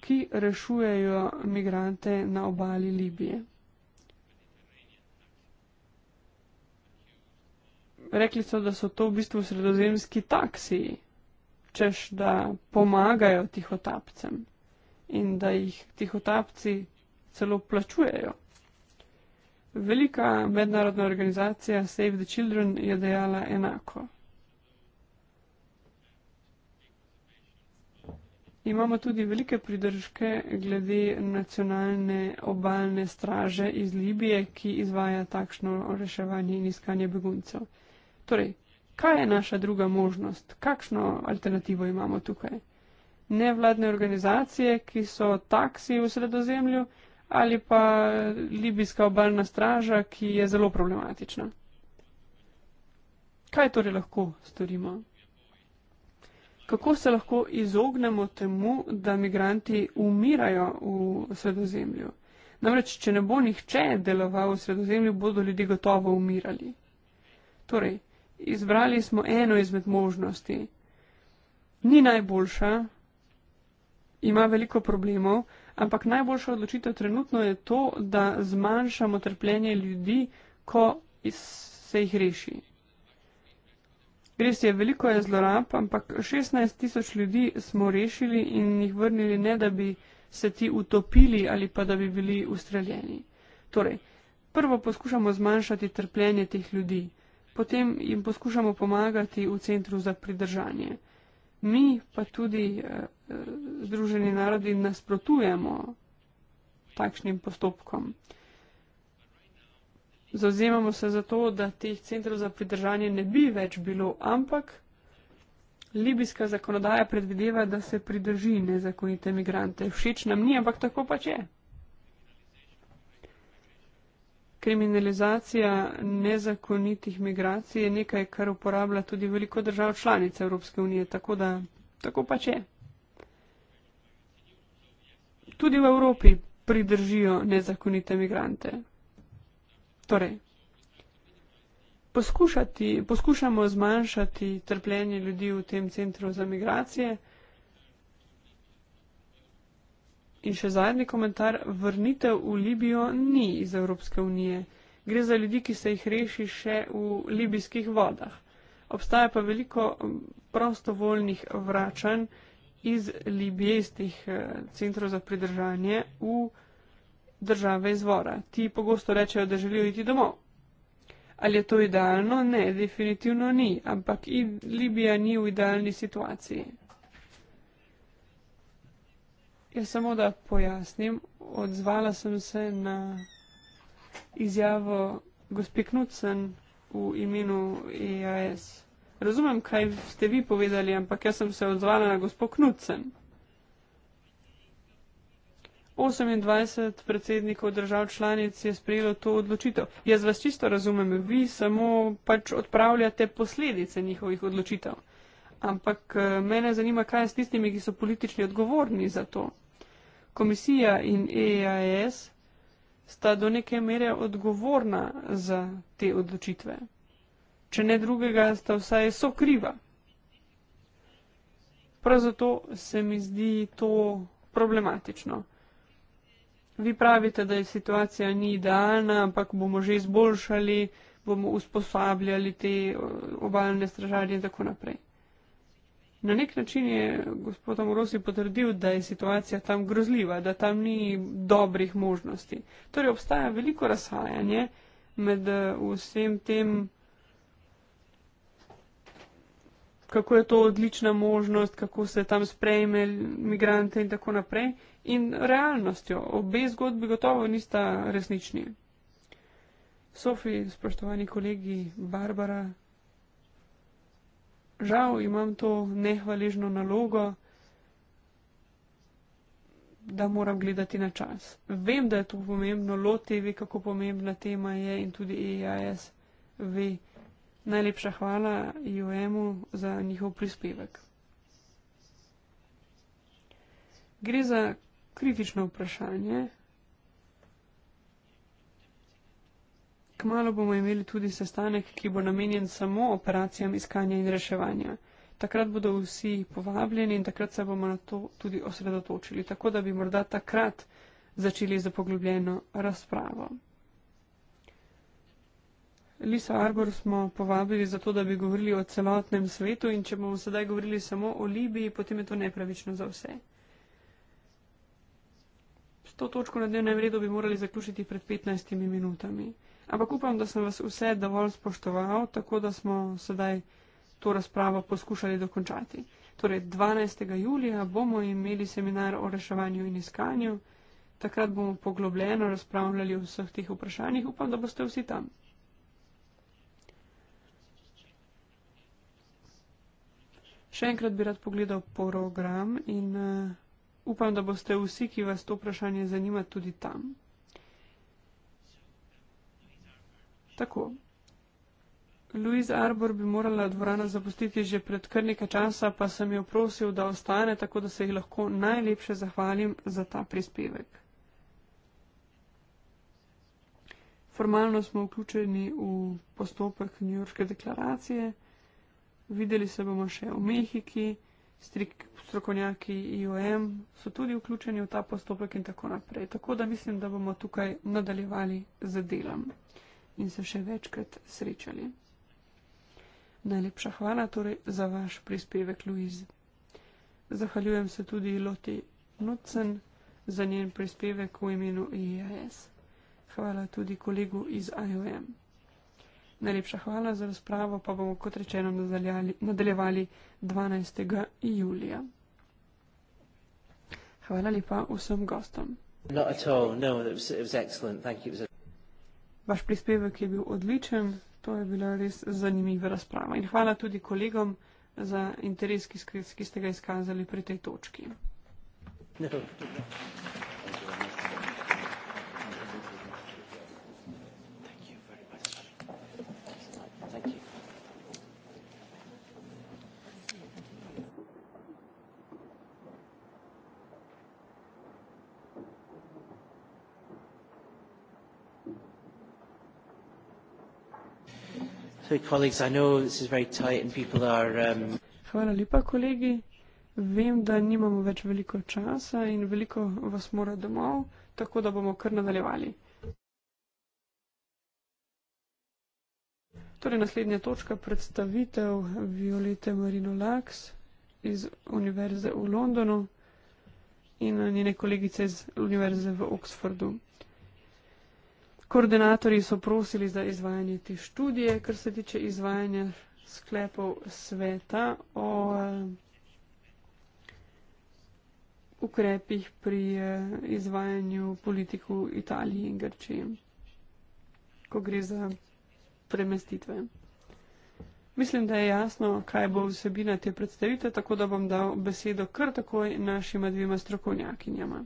ki rešujejo migrante na obali Libije. Rekli so, da so to v bistvu sredozemski taksiji, češ da pomagajo tihotapcem in da jih tihotapci celo plačujejo. Velika mednarodna organizacija Save the Children je dejala enako. Imamo tudi velike pridržke glede nacionalne obalne straže iz Libije, ki izvaja takšno reševanje in iskanje beguncev. Torej, kaj je naša druga možnost? Kakšno alternativo imamo tukaj? Nevladne organizacije, ki so taksi v sredozemlju, ali pa libijska obaljna straža, ki je zelo problematična. Kaj torej lahko storimo? Kako se lahko izognemo temu, da migranti umirajo v sredozemlju? Namreč, če ne bo nihče deloval v sredozemlju, bodo ljudje gotovo umirali. Torej, izbrali smo eno izmed možnosti. Ni najboljša, ima veliko problemov, ampak najboljša odločitev trenutno je to, da zmanjšamo trpljenje ljudi, ko se jih reši. Res je, veliko je zlorab, ampak 16 tisoč ljudi smo rešili in jih vrnili, ne da bi se ti utopili ali pa da bi bili ustreljeni. Torej, prvo poskušamo zmanjšati trpljenje teh ljudi, potem jim poskušamo pomagati v centru za pridržanje mi pa tudi eh, Združeni narodi nasprotujemo takšnim postopkom. Zauzemamo se za to, da teh centrov za pridržanje ne bi več bilo, ampak libijska zakonodaja predvideva, da se pridrži nezakonite migrante. Všeč nam ni, ampak tako pač je. Kriminalizacija nezakonitih migracij je nekaj, kar uporablja tudi veliko držav članic Evropske unije, tako da tako pač je. Tudi v Evropi pridržijo nezakonite migrante. Torej, poskušati, poskušamo zmanjšati trpljenje ljudi v tem centru za migracije. In še zadnji komentar, vrnitev v Libijo ni iz Evropske unije. Gre za ljudi, ki se jih reši še v libijskih vodah. Obstaja pa veliko prostovoljnih vračanj iz Libije, iz teh eh, centrov za pridržanje v države izvora. Ti pogosto rečejo, da želijo iti domov. Ali je to idealno? Ne, definitivno ni, ampak Libija ni v idealni situaciji. Jaz samo da pojasnim, odzvala sem se na izjavo gospe Knudsen v imenu EAS. Razumem, kaj ste vi povedali, ampak jaz sem se odzvala na gospo Knudsen. 28 predsednikov držav članic je sprejelo to odločitev. Jaz vas čisto razumem, vi samo pač odpravljate posledice njihovih odločitev. Ampak eh, mene zanima, kaj je s tistimi, ki so politični odgovorni za to komisija in EAS sta do neke mere odgovorna za te odločitve. Če ne drugega, sta vsaj sokriva. Prav zato se mi zdi to problematično. Vi pravite, da je situacija ni idealna, ampak bomo že izboljšali, bomo usposabljali te eh, obaljne stražarje in tako naprej. Na nek način je gospod Amorosi potrdil, da je situacija tam grozljiva, da tam ni dobrih možnosti. Torej obstaja veliko razhajanje med eh, vsem tem, kako je to odlična možnost, kako se tam sprejme migrante in tako naprej, in realnostjo. Obe zgodbi gotovo nista resnični. Sofi, spoštovani kolegi, Barbara, žal imam to nehvaližno nalogo, da moram gledati na čas. Vem, da je to pomembno, loti ve, kako pomembna tema je in tudi EIS ve. Najlepša hvala IOM-u za njihov prispevek. Gre za kritično vprašanje. Kmalo bomo imeli tudi sestanek, ki bo namenjen samo operacijam iskanja in reševanja. Takrat bodo vsi povabljeni in takrat se bomo na to tudi osredotočili, tako da bi morda takrat začeli za poglobljeno razpravo. Lisa Arbor smo povabili zato, da bi govorili o celotnem svetu in če bomo sedaj govorili samo o Libiji, potem je to nepravično za vse. S to točko na dnevnem redu bi morali zaključiti pred 15 minutami. Ampak upam, da sem vas vse dovolj spoštoval, tako da smo sedaj to razpravo poskušali dokončati. Torej, 12. julija bomo imeli seminar o reševanju in iskanju. Takrat bomo poglobljeno razpravljali o vseh teh vprašanjih. Upam, da boste vsi tam. Še enkrat bi rad pogledal program in uh, upam, da boste vsi, ki vas to vprašanje zanima, tudi tam. Tako. Louise Arbor bi morala dvorano zapustiti že pred kar nekaj časa, pa sem jo prosil, da ostane, tako da se jih lahko najlepše zahvalim za ta prispevek. Formalno smo vključeni v postopek New Yorkske deklaracije, videli se bomo še v Mehiki, strokovnjaki IOM so tudi vključeni v ta postopek in tako naprej. Tako da mislim, da bomo tukaj nadaljevali z delom in se še večkrat srečali. Najlepša hvala torej za vaš prispevek, Luiz. Zahvaljujem se tudi Loti Nucen za njen prispevek v imenu e IAS. Hvala tudi kolegu iz IOM. Najlepša hvala za razpravo, pa bomo kot rečeno nadaljevali 12. julija. Hvala lepa vsem gostom. Not at all. No, it was, it was excellent. Thank you. It was a Vaš prispevek je bil odličen, to je bila res zanimiva razprava. In hvala tudi kolegom za interes, ki ste ga izkazali pri tej točki. Ne, ne, ne. Um, Hvala lepa, kolegi. Vem, da nimamo več veliko časa in veliko vas mora domov, tako da bomo kar nadaljevali. Torej, naslednja točka predstavitev Violete Marino Lax iz Univerze v Londonu in njene kolegice iz Univerze v Oxfordu. Koordinatorji so prosili za izvajanje te študije, kar se tiče izvajanja sklepov sveta o eh, ukrepih pri eh, izvajanju politiku Italiji in Grčiji, ko gre za premestitve. Mislim, da je jasno, kaj bo vsebina te predstavitve, tako da bom dal besedo kar takoj našima dvima strokovnjakinjama.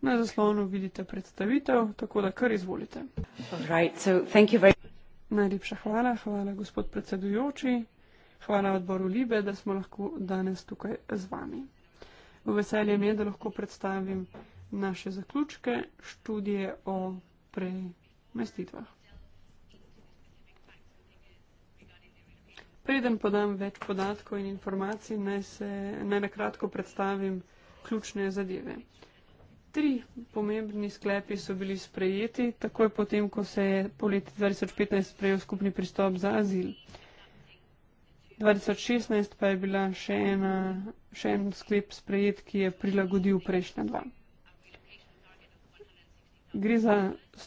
Na zaslonu vidite predstavitev, tako da kar izvolite. Right, so, very... Najlepša hvala, hvala gospod predsedujoči, hvala odboru Libe, da smo lahko danes tukaj z vami. V veselje mi je, da lahko predstavim naše zaključke študije o premestitvah. Preden podam več podatkov in informacij, naj, se, naj nakratko predstavim ključne zadeve. Tri pomembni sklepi so bili sprejeti takoj potem, ko se je po leti 2015 sprejel skupni pristop za azil. 2016 pa je bila še, ena, še en sklep sprejet, ki je prilagodil prejšnja dva. Gre za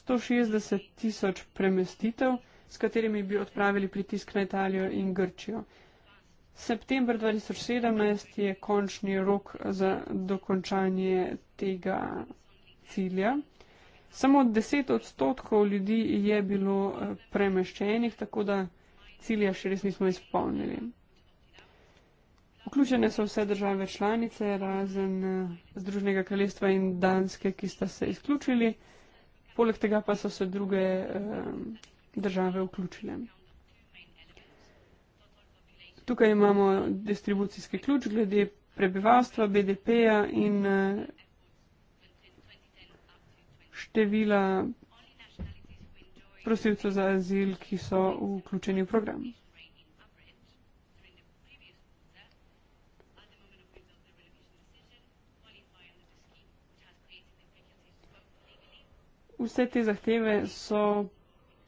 160 tisoč premestitev, s katerimi bi odpravili pritisk na Italijo in Grčijo. September 2017 je končni rok za dokončanje tega cilja. Samo 10 odstotkov ljudi je bilo eh, premeščenih, tako da cilja še res nismo izpolnili. Vključene so vse države članice, razen eh, Združnega kraljestva in Danske, ki sta se izključili, poleg tega pa so se druge eh, države vključile. Tukaj imamo distribucijski ključ glede prebivalstva, BDP-ja in eh, števila prosilcev za azil, ki so vključeni v program. Vse te zahteve so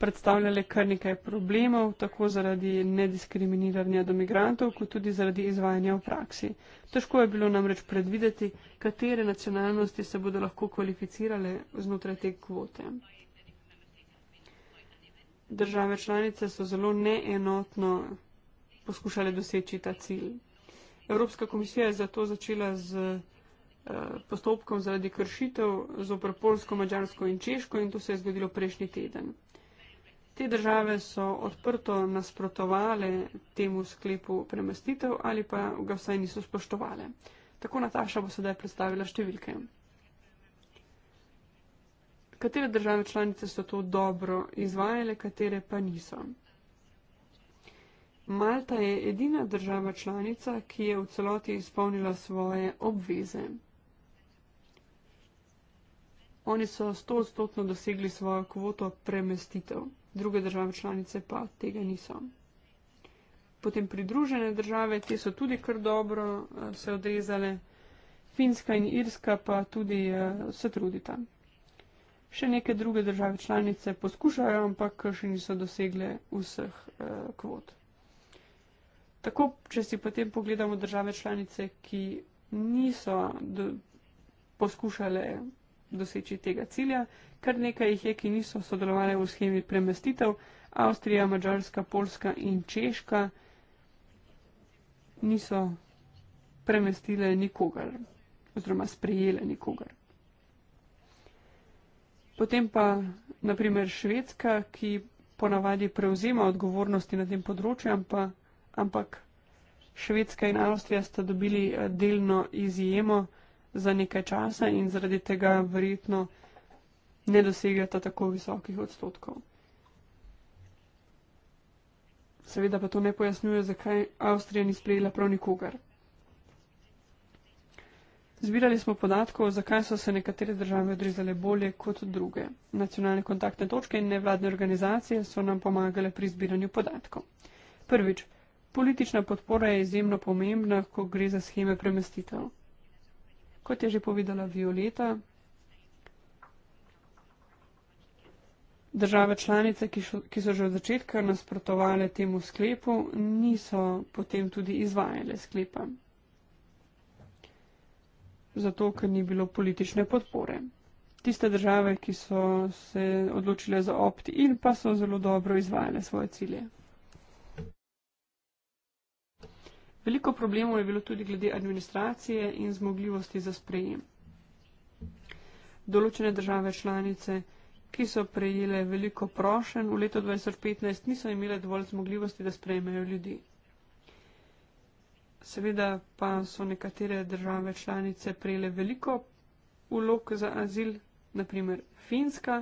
predstavljale kar nekaj problemov, tako zaradi nediskriminiranja do migrantov, kot tudi zaradi izvajanja v praksi. Težko je bilo namreč predvideti, katere nacionalnosti se bodo lahko kvalificirale znotraj te kvote. Države članice so zelo neenotno poskušale doseči ta cilj. Evropska komisija je zato začela z eh, postopkom zaradi kršitev z opropolsko, mađarsko in češko in to se je zgodilo prejšnji teden. Te države so odprto nasprotovale temu sklepu premestitev ali pa ga vsaj niso spoštovale. Tako Nataša bo sedaj predstavila številke. Katere države članice so to dobro izvajale, katere pa niso? Malta je edina država članica, ki je v celoti izpolnila svoje obveze. Oni so 100-odstotno dosegli svojo kvoto premestitev druge države članice pa tega niso. Potem pridružene države, te so tudi kar dobro eh, se odrezale, Finska in Irska pa tudi eh, se trudita. Še neke druge države članice poskušajo, ampak še niso dosegle vseh eh, kvot. Tako, če si potem pogledamo države članice, ki niso poskušale doseči tega cilja, kar nekaj jih je, ki niso sodelovali v schemi premestitev, Avstrija, Mačarska, Polska in Češka niso premestile nikogar oziroma sprejele nikogar. Potem pa naprimer Švedska, ki ponavadi prevzema odgovornosti na tem področju, ampak Švedska in Avstrija sta dobili eh, delno izjemo, za nekaj časa in zaradi tega verjetno ne dosegata tako visokih odstotkov. Seveda pa to ne pojasnjuje, zakaj Avstrija ni sprejela prav nikogar. Zbirali smo podatkov, zakaj so se nekatere države odrezale bolje kot druge. Nacionalne kontaktne točke in nevladne organizacije so nam pomagale pri zbiranju podatkov. Prvič, politična podpora je izjemno pomembna, ko gre za scheme premestitev kot je že povedala Violeta, države članice, ki, šo, ki so že od začetka nasprotovale temu sklepu, niso potem tudi izvajale sklepa. Zato, ker ni bilo politične podpore. Tiste države, ki so se odločile za opt-in, pa so zelo dobro izvajale svoje cilje. Veliko problemov je bilo tudi glede administracije in zmogljivosti za sprejem. Določene države članice, ki so prejele veliko prošen v letu 2015, niso imele dovolj zmogljivosti, da sprejmejo ljudi. Seveda pa so nekatere države članice prejele veliko ulog za azil, naprimer Finska,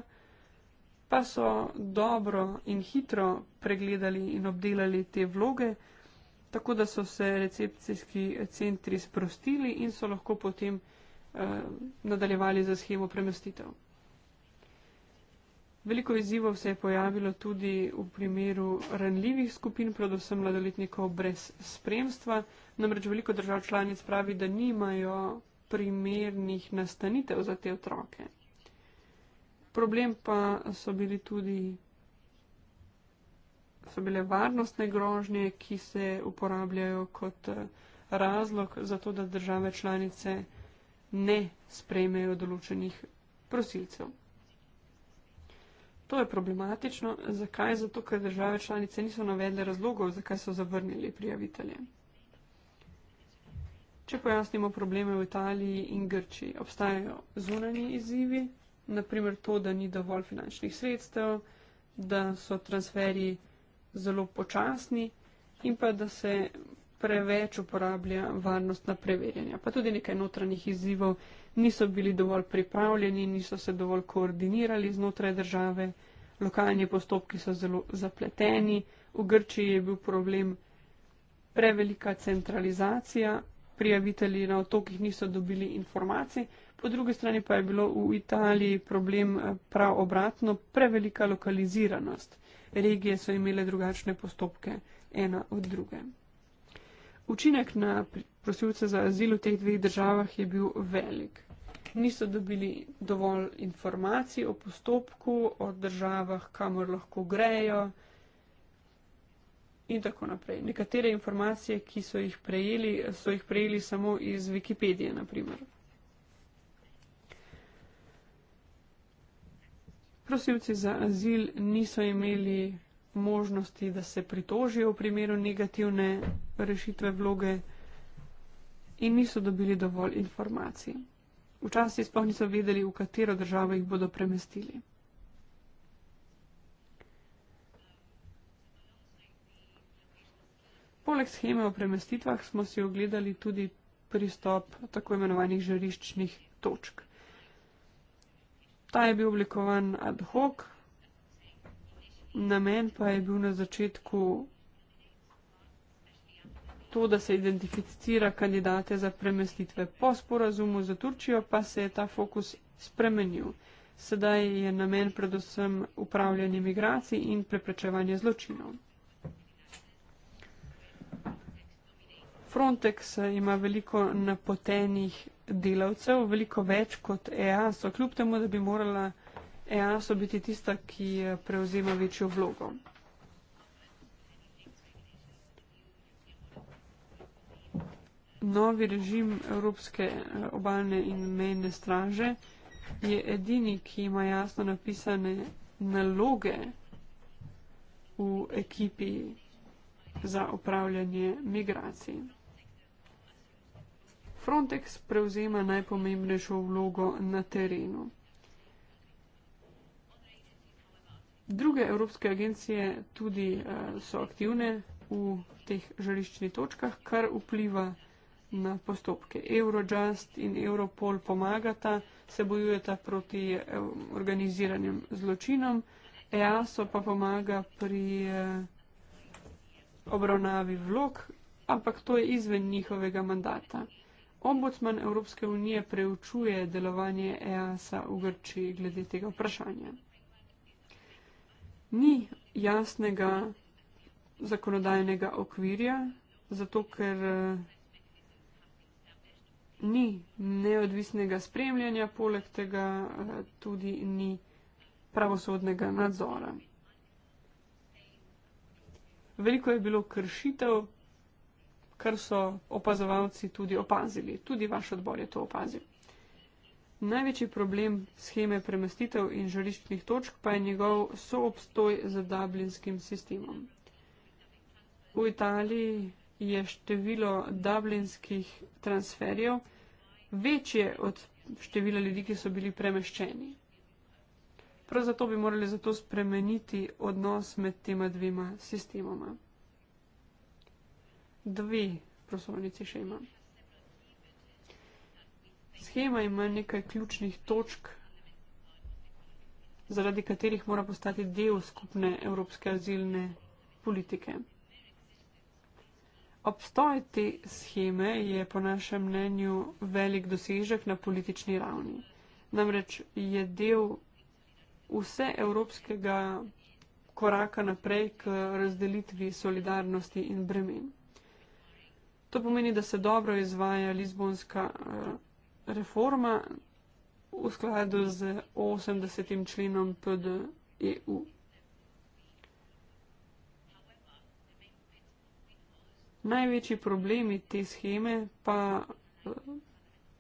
pa so dobro in hitro pregledali in obdelali te vloge tako da so se recepcijski centri sprostili in so lahko potem eh, nadaljevali za schemo premestitev. Veliko izzivov se je pojavilo tudi v primeru ranljivih skupin, predvsem mladoletnikov brez spremstva. Namreč veliko držav članic pravi, da nimajo primernih nastanitev za te otroke. Problem pa so bili tudi so bile varnostne grožnje, ki se uporabljajo kot eh, razlog za to, da države članice ne sprejmejo določenih prosilcev. To je problematično. Zakaj? Zato, ker države članice niso navedle razlogov, zakaj so zavrnili prijavitelje. Če pojasnimo probleme v Italiji in Grčiji, obstajajo zunanji izzivi, naprimer to, da ni dovolj finančnih sredstev, da so transferji zelo počasni in pa da se preveč uporablja varnostna preverjanja. Pa tudi nekaj notranjih izzivov niso bili dovolj pripravljeni, niso se dovolj koordinirali znotraj države, lokalni postopki so zelo zapleteni, v Grčiji je bil problem prevelika centralizacija, prijavitelji na otokih niso dobili informacij, po drugi strani pa je bilo v Italiji problem eh, prav obratno, prevelika lokaliziranost regije so imele drugačne postopke ena od druge. Učinek na prosilce za azil v teh dveh državah je bil velik. Niso dobili dovolj informacij o postopku, o državah, kamor lahko grejo in tako naprej. Nekatere informacije, ki so jih prejeli, so jih prejeli samo iz Wikipedije, naprimer. prosilci za azil niso imeli možnosti, da se pritožijo v primeru negativne rešitve vloge in niso dobili dovolj informacij. Včasih sploh niso vedeli, v katero državo jih bodo premestili. Poleg scheme o premestitvah smo si ogledali tudi pristop tako imenovanih žariščnih točk. Ta je bil oblikovan ad hoc, namen pa je bil na začetku to, da se identificira kandidate za premestitve. Po sporazumu za Turčijo pa se je ta fokus spremenil. Sedaj je namen predvsem upravljanje migracij in preprečevanje zločinov. Frontex eh, ima veliko napotenih delavcev, veliko več kot EASO, kljub temu, da bi morala EASO biti tista, ki eh, prevzema večjo vlogo. Novi režim Evropske eh, obalne in mejne straže je edini, ki ima jasno napisane naloge v ekipi za upravljanje migracij. Frontex prevzema najpomembnejšo vlogo na terenu. Druge evropske agencije tudi uh, so aktivne v teh žariščnih točkah, kar vpliva na postopke. Eurojust in Europol pomagata, se bojujeta proti um, organiziranim zločinom, EASO pa pomaga pri uh, obravnavi vlog, ampak to je izven njihovega mandata. Ombudsman Evropske unije preučuje delovanje EASA v Grčiji glede tega vprašanja. Ni jasnega zakonodajnega okvirja, zato ker eh, ni neodvisnega spremljanja, poleg tega eh, tudi ni pravosodnega nadzora. Veliko je bilo kršitev, kar so opazovalci tudi opazili. Tudi vaš odbor je to opazil. Največji problem scheme premestitev in žariščnih točk pa je njegov soobstoj z dublinskim sistemom. V Italiji je število dublinskih transferjev večje od števila ljudi, ki so bili premeščeni. Prav zato bi morali zato spremeniti odnos med tema dvema sistemoma dve prosojnici še imam. Schema ima nekaj ključnih točk, zaradi katerih mora postati del skupne evropske azilne politike. Obstoj te scheme je po našem mnenju velik dosežek na politični ravni. Namreč je del vse evropskega koraka naprej k razdelitvi solidarnosti in bremen. To pomeni, da se dobro izvaja Lizbonska eh, reforma v skladu z 80. členom PDEU. Največji problemi te scheme pa eh,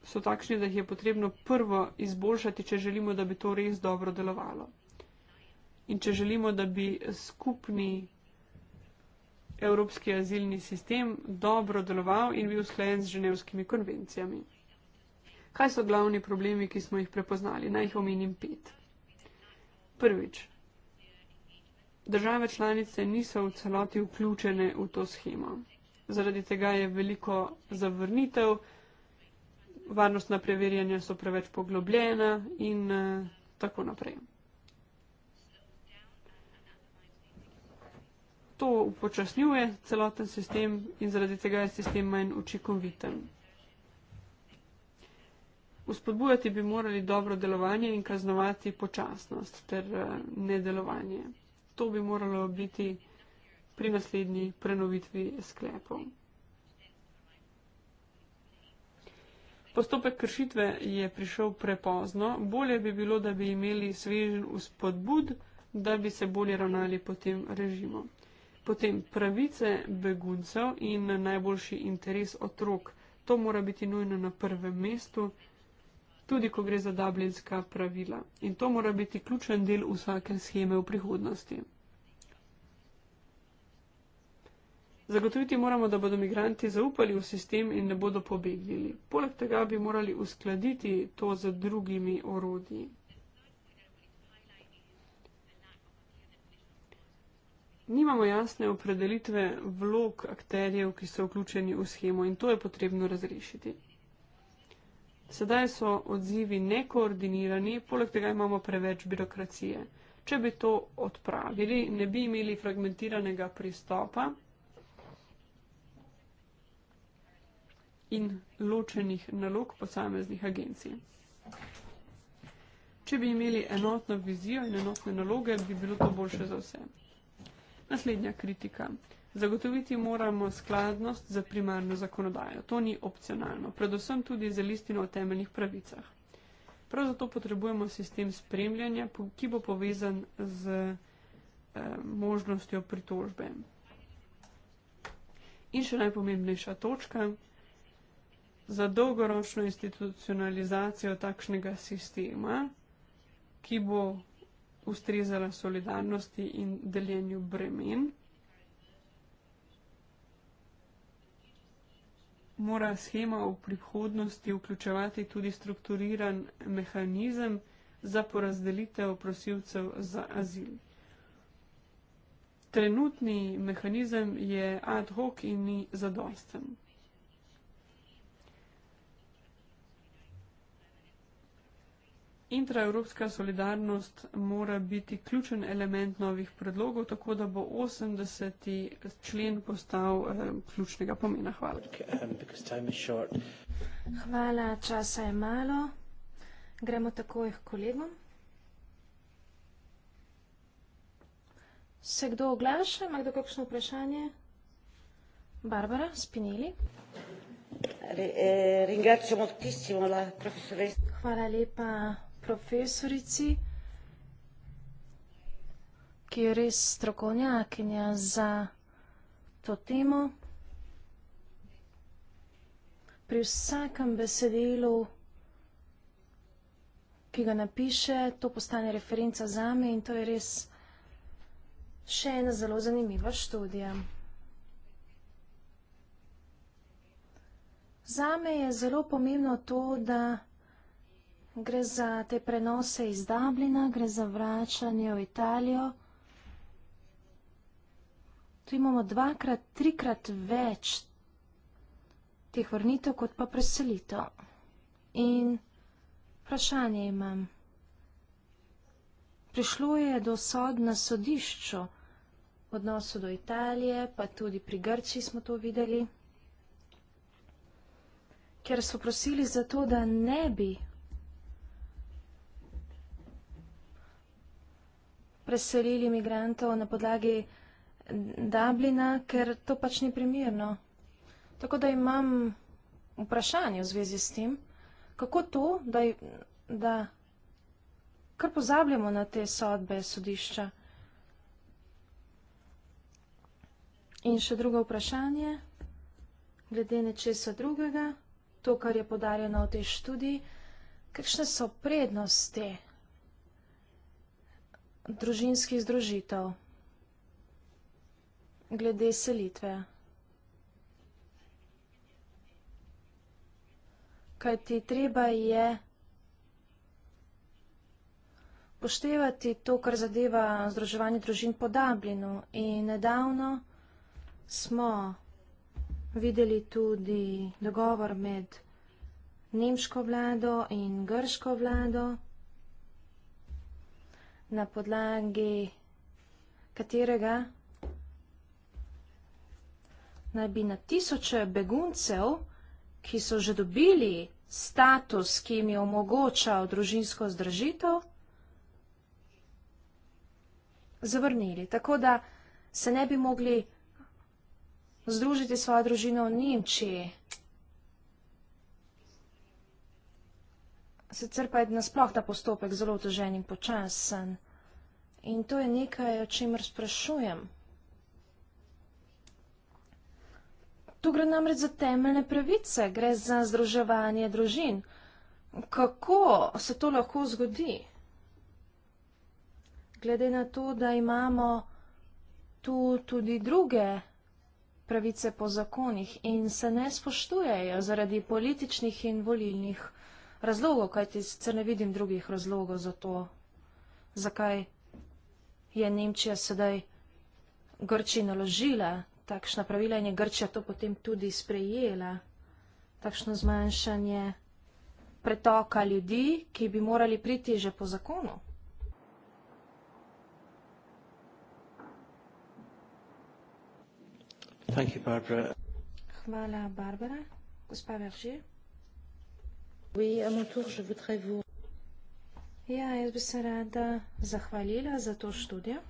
so takšni, da jih je potrebno prvo izboljšati, če želimo, da bi to res dobro delovalo. In če želimo, da bi skupni evropski azilni sistem dobro deloval in bil sklenjen z ženevskimi konvencijami. Kaj so glavni problemi, ki smo jih prepoznali? Naj jih omenim pet. Prvič. Države članice niso v celoti vključene v to schemo. Zaradi tega je veliko zavrnitev, varnostna preverjanja so preveč poglobljena in eh, tako naprej. to upočasnjuje celoten sistem in zaradi tega je sistem manj učinkoviten. Uspodbujati bi morali dobro delovanje in kaznovati počasnost ter eh, nedelovanje. To bi moralo biti pri naslednji prenovitvi sklepov. Postopek kršitve je prišel prepozno. Bolje bi bilo, da bi imeli svežen uspodbud, da bi se bolje ravnali po tem režimu potem pravice beguncev in najboljši interes otrok. To mora biti nujno na prvem mestu, tudi ko gre za dublinska pravila. In to mora biti ključen del vsake scheme v prihodnosti. Zagotoviti moramo, da bodo migranti zaupali v sistem in ne bodo pobegnili. Poleg tega bi morali uskladiti to z drugimi orodji. Nimamo jasne opredelitve vlog akterjev, ki so vključeni v schemo in to je potrebno razrešiti. Sedaj so odzivi nekoordinirani, poleg tega imamo preveč birokracije. Če bi to odpravili, ne bi imeli fragmentiranega pristopa in ločenih nalog posameznih agencij. Če bi imeli enotno vizijo in enotne naloge, bi bilo to boljše za vse. Naslednja kritika. Zagotoviti moramo skladnost za primarno zakonodajo. To ni opcionalno. Predvsem tudi za listino o temeljnih pravicah. Prav zato potrebujemo sistem spremljanja, ki bo povezan z eh, možnostjo pritožbe. In še najpomembnejša točka. Za dolgoročno institucionalizacijo takšnega sistema, ki bo ustrezala solidarnosti in deljenju bremen. Mora schema v prihodnosti vključevati tudi strukturiran mehanizem za porazdelitev prosilcev za azil. Trenutni mehanizem je ad hoc in ni zadosten. Intraevropska solidarnost mora biti ključen element novih predlogov, tako da bo 80. člen postal eh, ključnega pomena. Hvala. Hvala, časa je malo. Gremo takoj k kolegom. Se kdo oglaša? Ima kdo kakšno vprašanje? Barbara, spinili. Eh, ringrazio moltissimo la professoressa. Hvala lepa profesorici, ki je res strokovnjakinja za to temo. Pri vsakem besedilu, ki ga napiše, to postane referenca za me in to je res še ena zelo zanimiva študija. Zame je zelo pomembno to, da Gre za te prenose iz Dublina, gre za vračanje v Italijo. Tu imamo dvakrat, trikrat več teh vrnitev, kot pa preselitev. In vprašanje imam. Prišlo je do sod na sodišču v odnosu do Italije, pa tudi pri Grči smo to videli, ker so prosili za to, da ne bi preselili imigrantov na podlagi Dublina, ker to pač ni primirno. Tako da imam vprašanje v zvezi s tim, kako to, da, da kar pozabljamo na te sodbe sodišča. In še drugo vprašanje, glede nečesa drugega, to, kar je podarjeno v tej študiji, kakšne so prednosti družinskih združitev glede selitve. Kaj ti treba je poštevati to, kar zadeva združevanje družin po Dublinu. In nedavno smo videli tudi dogovor med nemško vlado in grško vlado, na podlagi katerega naj bi na tisoče beguncev, ki so že dobili status, ki jim je omogočal družinsko zdržitev, zavrnili. Tako da se ne bi mogli združiti svojo družino v Nemčiji. Sicer pa je nasploh ta postopek zelo otežen in počasen. In to je nekaj, o čemer sprašujem. Tu gre namreč za temeljne pravice, gre za združevanje družin. Kako se to lahko zgodi? Glede na to, da imamo tu tudi druge pravice po zakonih in se ne spoštujejo zaradi političnih in volilnih pravic razlogov, kajti sicer ne vidim drugih razlogov za to, zakaj je Nemčija sedaj Grčiji naložila takšna pravila in je Grčija to potem tudi sprejela, takšno zmanjšanje pretoka ljudi, ki bi morali priti že po zakonu. Thank you, Barbara. Hvala, Barbara. Gospa Verži. Oui, à mon tour, je voudrais vous. Я Эдвисарада захвалила за то, что я.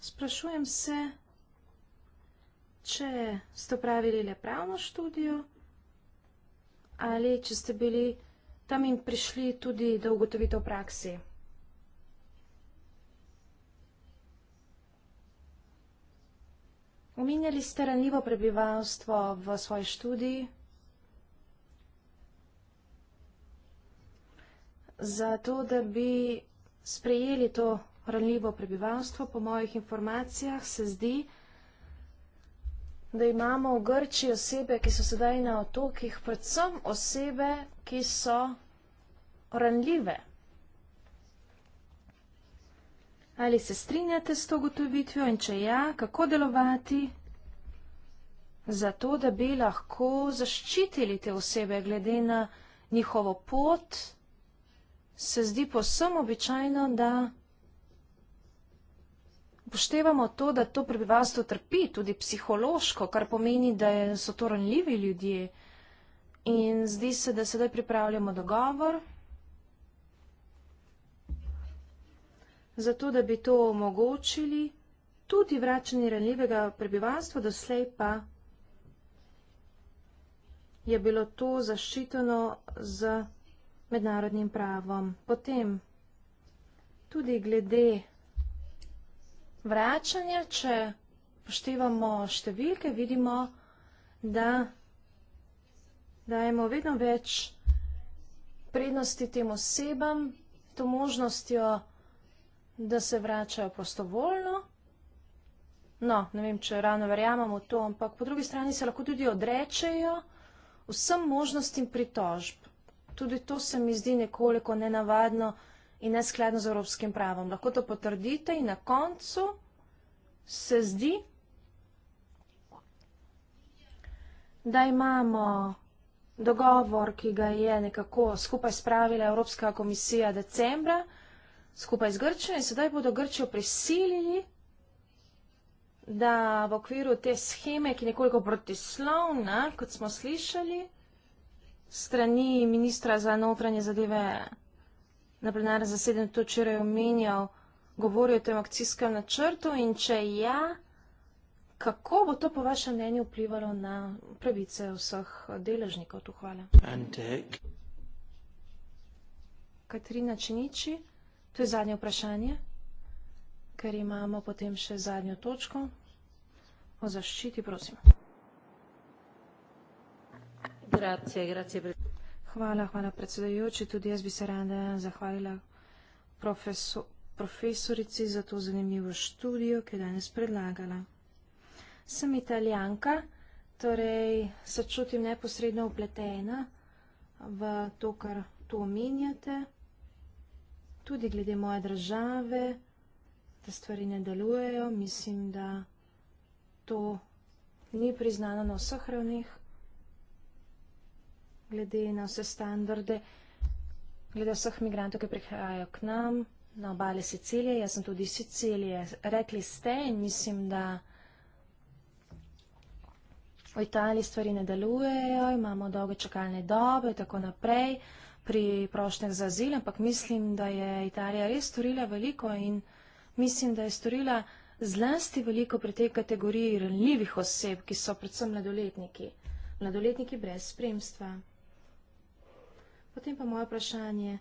Спрашиваем се, че сте правили ли правно студио, али че сте били там им пришли туди да уготовите пракси. Уминяли сте ранливо пребивалство в своей студии? za to, da bi sprejeli to ranljivo prebivalstvo. Po mojih informacijah se zdi, da imamo v Grči osebe, ki so sedaj na otokih, predvsem osebe, ki so ranljive. Ali se strinjate s to gotovitvijo in če ja, kako delovati za to, da bi lahko zaščitili te osebe glede na njihovo pot, se zdi posebno običajno, da poštevamo to, da to prebivalstvo trpi tudi psihološko, kar pomeni, da so to ranljivi ljudje. In zdi se, da sedaj pripravljamo dogovor, zato da bi to omogočili tudi vračanje ranljivega prebivalstva, doslej pa je bilo to zaščiteno z. Za mednarodnim pravom. Potem tudi glede vračanja, če poštevamo številke, vidimo, da dajemo vedno več prednosti tem osebam, to možnostjo, da se vračajo prostovoljno. No, ne vem, če ravno verjamemo to, ampak po drugi strani se lahko tudi odrečejo vsem možnostim pritožb. Tudi to se mi zdi nekoliko nenavadno in neskladno z evropskim pravom. Lahko to potrdite in na koncu se zdi, da imamo dogovor, ki ga je nekako skupaj spravila Evropska komisija decembra, skupaj z Grčijo in sedaj bodo Grčijo prisilili, da v okviru te scheme, ki je nekoliko protislovna, kot smo slišali, strani ministra za notranje zadeve na plenarnem zasedanju to včeraj omenjal, govori o tem akcijskem načrtu in če ja, kako bo to po vašem mnenju vplivalo na pravice vseh deležnikov? Tu hvala. Uh, Katrina Činiči, to je zadnje vprašanje, ker imamo potem še zadnjo točko o zaščiti, prosim. Hvala, hvala predsedajoči. Tudi jaz bi se rada zahvalila profesor, profesorici za to zanimivo študijo, ki je danes predlagala. Sem italijanka, torej se čutim neposredno upletena v to, kar tu omenjate. Tudi glede moje države, da stvari ne delujejo, mislim, da to ni priznano na vseh ravnih glede na vse standarde, glede vseh migrantov, ki prihajajo k nam na obale Sicilije. Jaz sem tudi Sicilije. Rekli ste in mislim, da v Italiji stvari ne delujejo, imamo dolge čakalne dobe in tako naprej pri prošnjah za azil, ampak mislim, da je Italija res storila veliko in mislim, da je storila zlasti veliko pri tej kategoriji ranljivih oseb, ki so predvsem mladoletniki. Mladoletniki brez spremstva. Potem pa moje vprašanje.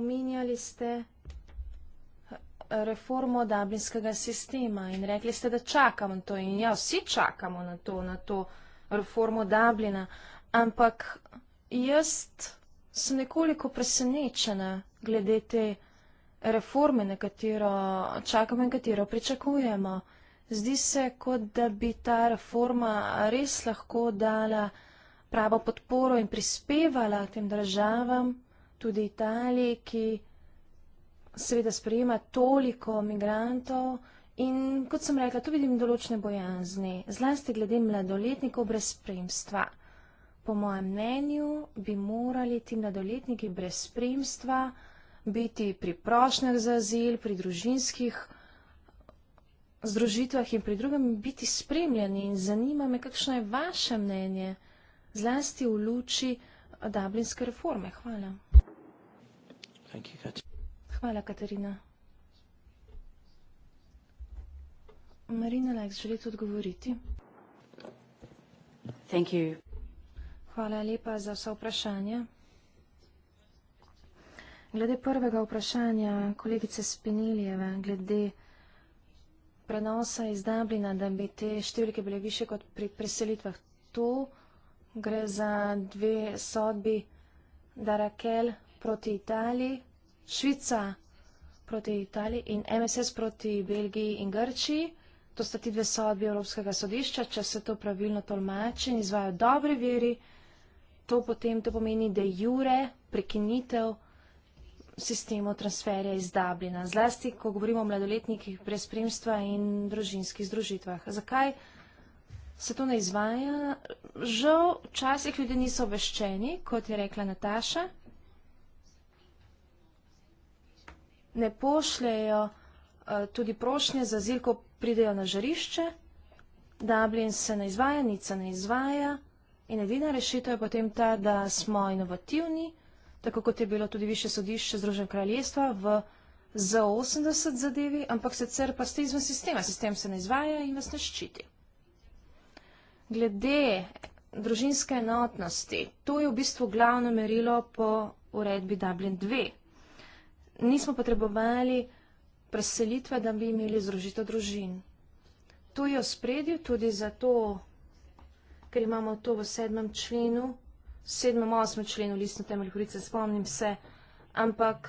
Omenjali ste eh, reformo dablinskega sistema in rekli ste, da čakamo na to in ja, vsi čakamo na to, na to reformo Dablina, ampak jaz sem nekoliko presenečena glede te reforme, na katero čakamo in katero pričakujemo. Zdi se, kot da bi ta reforma res lahko dala pravo podporo in prispevala tem državam, tudi Italiji, ki seveda sprejema toliko migrantov. In kot sem rekla, tu vidim določene bojazni, zlasti glede mladoletnikov brez spremstva. Po mojem mnenju bi morali ti mladoletniki brez spremstva biti pri prošnjah za azil, pri družinskih združitvah in pri drugem biti spremljeni. In zanima me, kakšno je vaše mnenje zlasti v luči dublinske reforme. Hvala. Hvala, Katarina. Marina Lex, želite odgovoriti? Thank you. Hvala lepa za vse vprašanje. Glede prvega vprašanja kolegice Spinilijeve, glede prenosa iz Dublina, da bi te številke bile više kot pri preselitvah, to gre za dve sodbi Darakel proti Italiji, Švica proti Italiji in MSS proti Belgiji in Grčiji. To sta ti dve sodbi Evropskega sodišča, če se to pravilno tolmači in izvajo dobre veri, to potem to pomeni, da jure prekinitev sistemu transferja iz Dublina. Zlasti, ko govorimo o mladoletnikih brez spremstva in družinskih združitvah. Zakaj? se to ne izvaja. Žal, včasih ljudje niso obveščeni, kot je rekla Nataša. Ne pošljejo uh, tudi prošnje za zil, ko pridejo na žarišče. Dublin se ne izvaja, nica ne izvaja. In edina rešitev je potem ta, da smo inovativni, tako kot je bilo tudi više sodišče Združen kraljestva v za 80 zadevi, ampak sicer pa ste izven sistema. Sistem se ne izvaja in vas ne ščiti glede družinske enotnosti, to je v bistvu glavno merilo po uredbi Dublin 2. Nismo potrebovali preselitve, da bi imeli združitev družin. To je v spredju tudi zato, ker imamo to v sedmem členu, sedmem, osmem členu, listno temelj korice, spomnim se, ampak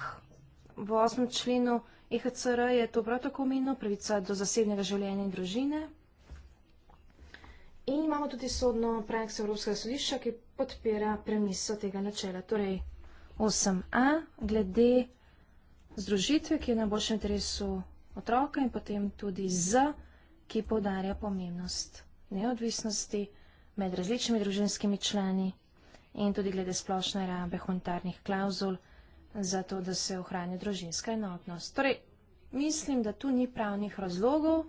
v osmem členu EHCR je to prav tako omenjeno, pravica do zasebnega življenja in družine. In imamo tudi sodno prakso Evropskega sodišča, ki podpira premiso tega načela. Torej 8a glede združitve, ki je na boljšem interesu otroka in potem tudi z, ki podarja pomembnost neodvisnosti med različnimi družinskimi člani in tudi glede splošne rabe humanitarnih klauzul za to, da se ohranja družinska enotnost. Torej, mislim, da tu ni pravnih razlogov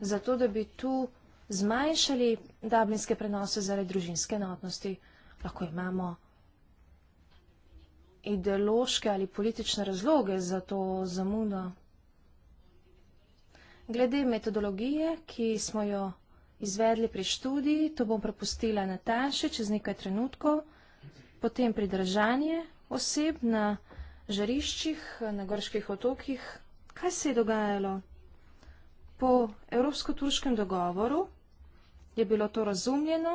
za to, da bi tu zmanjšali dablinske prenose zaradi družinske enotnosti. Lahko imamo ideološke ali politične razloge za to zamudo. Glede metodologije, ki smo jo izvedli pri študiji, to bom prepustila Nataši čez nekaj trenutkov, potem pridržanje oseb na žariščih, na grških otokih. Kaj se je dogajalo? Po evropsko-turškem dogovoru je bilo to razumljeno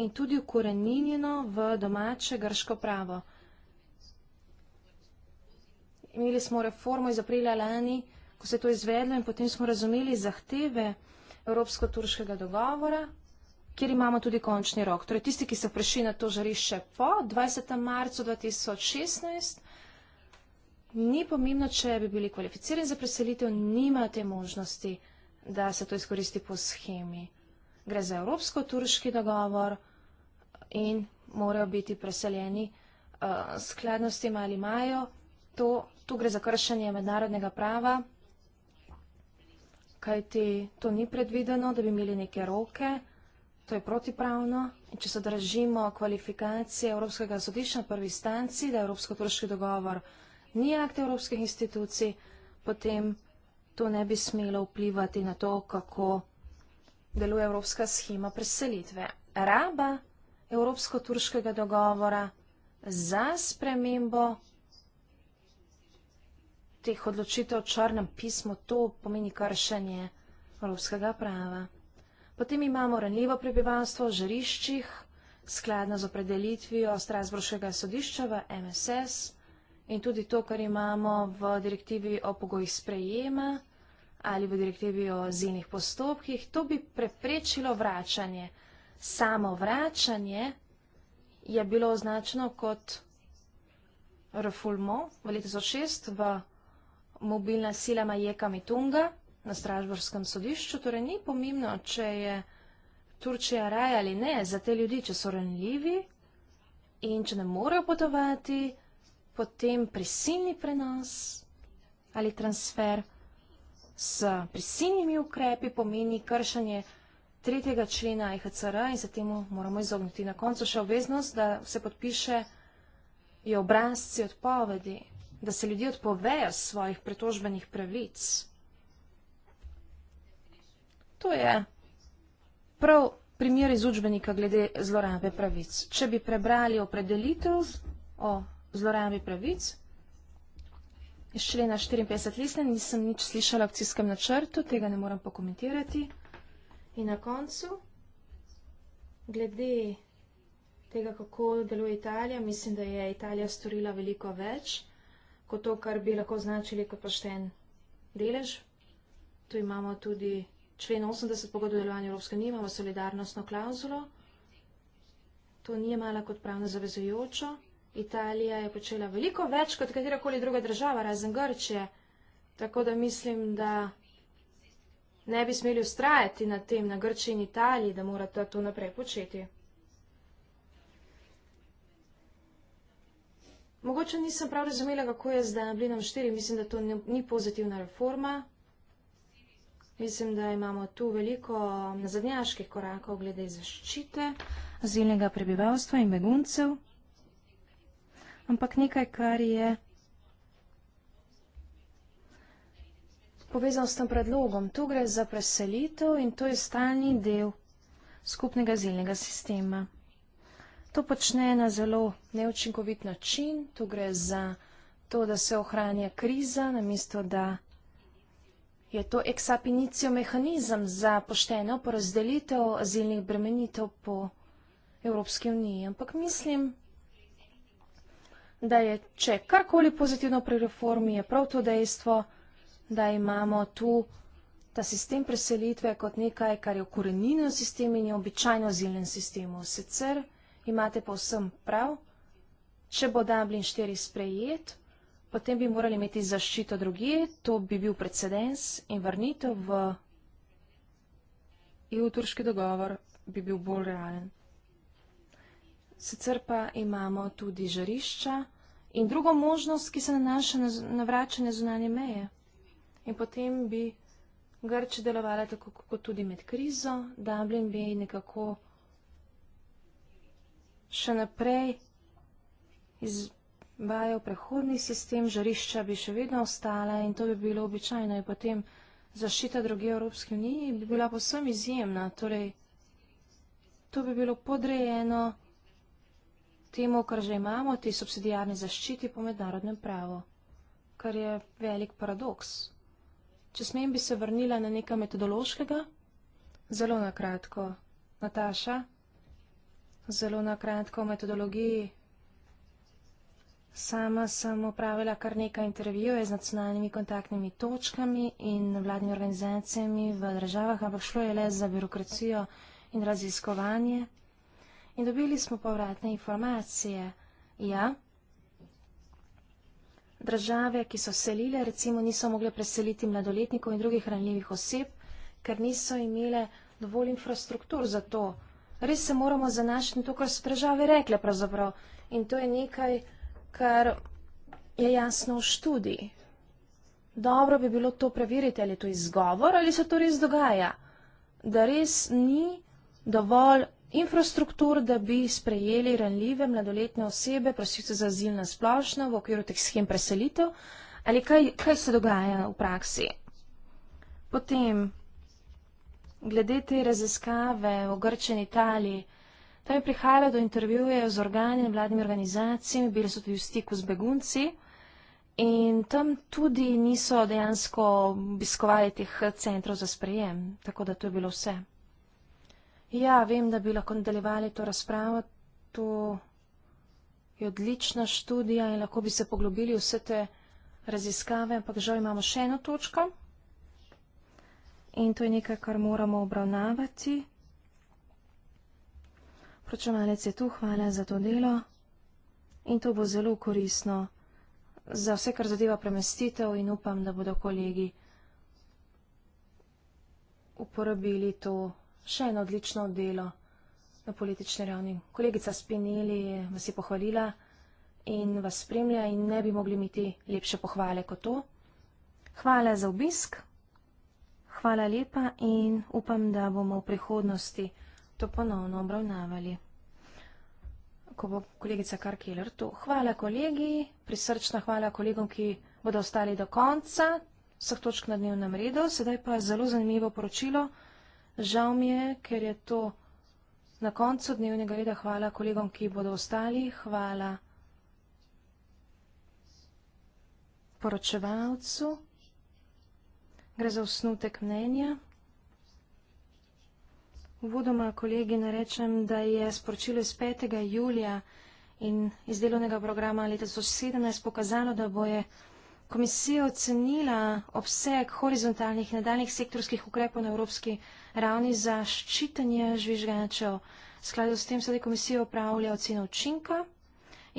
in tudi ukorenjeno v domače grško pravo. Imeli smo reformo iz aprila lani, ko se je to izvedlo in potem smo razumeli zahteve Evropsko-turškega dogovora, kjer imamo tudi končni rok. Torej, tisti, ki so prišli na to žarišče po 20. marcu 2016, ni pomembno, če bi bili kvalificirani za preselitev, nima te možnosti, da se to izkoristi po schemi gre za evropsko-turški dogovor in morajo biti preseljeni eh, skladno s tem ali imajo. Tu gre za kršenje mednarodnega prava, kajti to ni predvideno, da bi imeli neke roke, to je protipravno. In če se držimo kvalifikacije Evropskega sodišča na prvi stanci, da je evropsko-turški dogovor ni akt evropskih institucij, potem to ne bi smelo vplivati na to, kako vsega deluje evropska schema preselitve. Raba evropsko-turškega dogovora za spremembo teh odločitev v črnem pismu, to pomeni kršenje evropskega prava. Potem imamo ranljivo prebivalstvo v žariščih, skladno z opredelitvijo Strasburškega sodišča v MSS in tudi to, kar imamo v direktivi o pogojih sprejema, ali v direktivi o zinih postopkih, to bi preprečilo vračanje. Samo vračanje je bilo označeno kot refulmo v letu 2006 v mobilna sila Majeka Mitunga na Stražborskem sodišču. Torej ni pomembno, če je Turčija raj ali ne za te ljudi, če so renljivi in če ne morejo potovati, potem prisilni prenos ali transfer s prisilnimi ukrepi pomeni kršanje tretjega člena IHCR in se temu moramo izogniti. Na koncu še obveznost, da se podpiše je obrazci odpovedi, da se ljudje odpovejo svojih pretožbenih pravic. To je prav primer iz učbenika glede zlorabe pravic. Če bi prebrali opredelitev o zlorabi pravic, šli na 54 listen, nisem nič slišala v akcijskem načrtu, tega ne moram pokomentirati. In na koncu, glede tega, kako deluje Italija, mislim, da je Italija storila veliko več, kot to, kar bi lahko značili kot pošten delež. Tu imamo tudi člen 80 pogodbe delovanja Evropske unije, imamo solidarnostno klauzulo. To ni mala kot pravno zavezujočo. Italija je počela veliko več kot katerakoli druga država, razen Grčije. Tako da mislim, da ne bi smeli ustrajati na tem, na Grčiji in Italiji, da morate to naprej početi. Mogoče nisem prav razumela, kako je zdaj na blinom štiri. Mislim, da to ni pozitivna reforma. Mislim, da imamo tu veliko zadnjaških korakov glede zaščite azilnega prebivalstva in beguncev ampak nekaj, kar je povezano s tem predlogom. Tu gre za preselitev in to je stalni del skupnega zilnega sistema. To počne na zelo neučinkovit način, tu gre za to, da se ohranja kriza, namesto da je to eksapinicijo mehanizem za pošteno porazdelitev azilnih bremenitev po Evropski uniji. Ampak mislim, da je če karkoli pozitivno pri reformi, je prav to dejstvo, da imamo tu ta sistem preselitve kot nekaj, kar je v koreninu sistem in je običajno zilen sistem. Sicer imate pa vsem prav, če bo Dublin 4 sprejet, potem bi morali imeti zaščito druge, to bi bil precedens in vrnitev v EU-turški dogovor bi bil bolj realen sicer pa imamo tudi žarišča in drugo možnost, ki se nanaša na, na vračanje zunanje meje. In potem bi Grče delovala tako kot tudi med krizo, Dublin bi nekako še naprej izvajal prehodni sistem, žarišča bi še vedno ostala in to bi bilo običajno. In potem zašita druge Evropske unije bi bila posebno izjemna. Torej, to bi bilo podrejeno temu, kar že imamo, te subsidijarne zaščiti po mednarodnem pravu, kar je velik paradoks. Če smem, bi se vrnila na nekaj metodološkega. Zelo nakratko, Nataša, zelo nakratko o metodologiji. Sama sem upravila kar nekaj intervjuje z nacionalnimi kontaktnimi točkami in vladnimi organizacijami v državah, ampak šlo je le za birokracijo in raziskovanje in dobili smo povratne informacije. Ja, države, ki so selile, recimo niso mogle preseliti mladoletnikov in drugih ranljivih oseb, ker niso imele dovolj infrastruktur za to. Res se moramo zanašati to, kar so države rekle pravzaprav. In to je nekaj, kar je jasno v študiji. Dobro bi bilo to preveriti, ali je to izgovor, ali se to res dogaja. Da res ni dovolj infrastruktur, da bi sprejeli ranljive mladoletne osebe, prosilce za azil na splošno v okviru teh schem preselitev ali kaj, kaj se dogaja v praksi. Potem, glede te raziskave v Grče in Italiji, tam je prihajalo do intervjujev z organi in vladnimi organizacijami, bili so tudi v stiku z begunci in tam tudi niso dejansko obiskovali teh centrov za sprejem. Tako da to je bilo vse. Ja, vem, da bi lahko nadaljevali to razpravo. To je odlična študija in lahko bi se poglobili vse te raziskave, ampak žal imamo še eno točko. In to je nekaj, kar moramo obravnavati. Pročevalec je tu, hvala za to delo. In to bo zelo koristno za vse, kar zadeva premestitev in upam, da bodo kolegi uporabili to še eno odlično delo na politični ravni. Kolegica Spinelli vas je pohvalila in vas spremlja in ne bi mogli imeti lepše pohvale kot to. Hvala za obisk, hvala lepa in upam, da bomo v prihodnosti to ponovno obravnavali. Ko bo kolegica Karkeler tu. Hvala kolegi, prisrčna hvala kolegom, ki bodo ostali do konca vseh točk na dnevnem redu. Sedaj pa zelo zanimivo poročilo. Žal mi je, ker je to na koncu dnevnega reda. Hvala kolegom, ki bodo ostali. Hvala poročevalcu. Gre za osnutek mnenja. Vodoma, kolegi, narečem, da je sporočilo iz 5. julija in iz delovnega programa leta 2017 pokazalo, da bo je komisija ocenila obseg horizontalnih in nadaljnih sektorskih ukrepov na Evropski unijo ravni za ščitanje žvižgačev. Skladu s tem sedaj komisija upravlja oceno učinka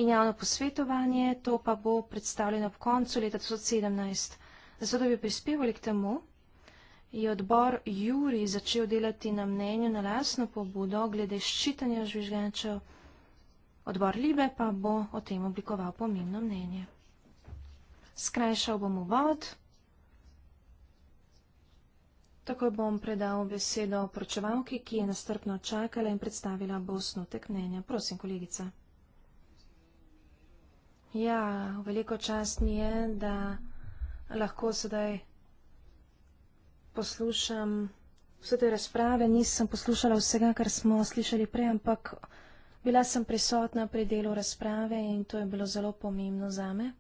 in javno posvetovanje, to pa bo predstavljeno ob koncu leta 2017. Zato, da bi prispevali k temu, je odbor Juri začel delati na mnenju na lasno pobudo glede ščitanja žvižgačev. Odbor Libe pa bo o tem oblikoval pomembno mnenje. Skrajšal bom uvod. Takoj bom predal besedo poročevalki, ki je nastrpno čakala in predstavila bo osnutek mnenja. Prosim, kolegica. Ja, veliko čast mi je, da lahko sedaj poslušam vse te razprave. Nisem poslušala vsega, kar smo slišali prej, ampak bila sem prisotna pri delu razprave in to je bilo zelo pomembno za me.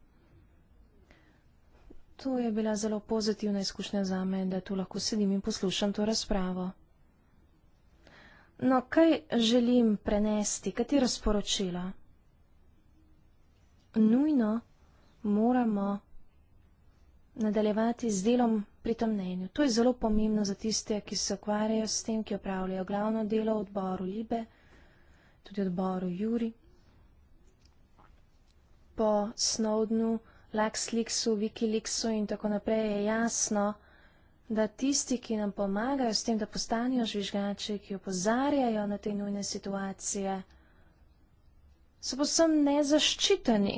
To je bila zelo pozitivna izkušnja za me, da tu lahko sedim in poslušam to razpravo. No, kaj želim prenesti, katero sporočilo? Nujno moramo nadaljevati z delom pri tem mnenju. To je zelo pomembno za tiste, ki se ukvarjajo s tem, ki opravljajo glavno delo v odboru Libe, tudi odboru Juri. Po Snowdnu. LexLixu, Wikileaksu in tako naprej, je jasno, da tisti, ki nam pomagajo s tem, da postanejo žvižgači, ki opozarjajo na te nujne situacije, so posem nezaščiteni,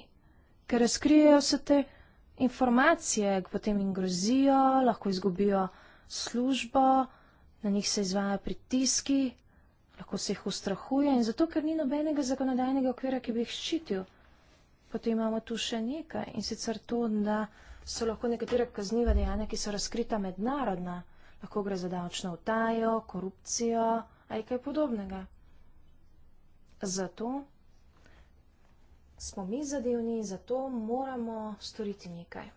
ker razkrijejo se te informacije, potem jim grozijo, lahko izgubijo službo, na njih se izvajajo pritiski, lahko se jih ustrahuje in zato, ker ni nobenega zakonodajnega okvira, ki bi jih ščitil. Potem imamo tu še nekaj in sicer to, da so lahko nekatere kazniva dejanja, ki so razkrita mednarodna, lahko gre za davčno vtajo, korupcijo ali kaj podobnega. Zato smo mi zadevni in zato moramo storiti nekaj.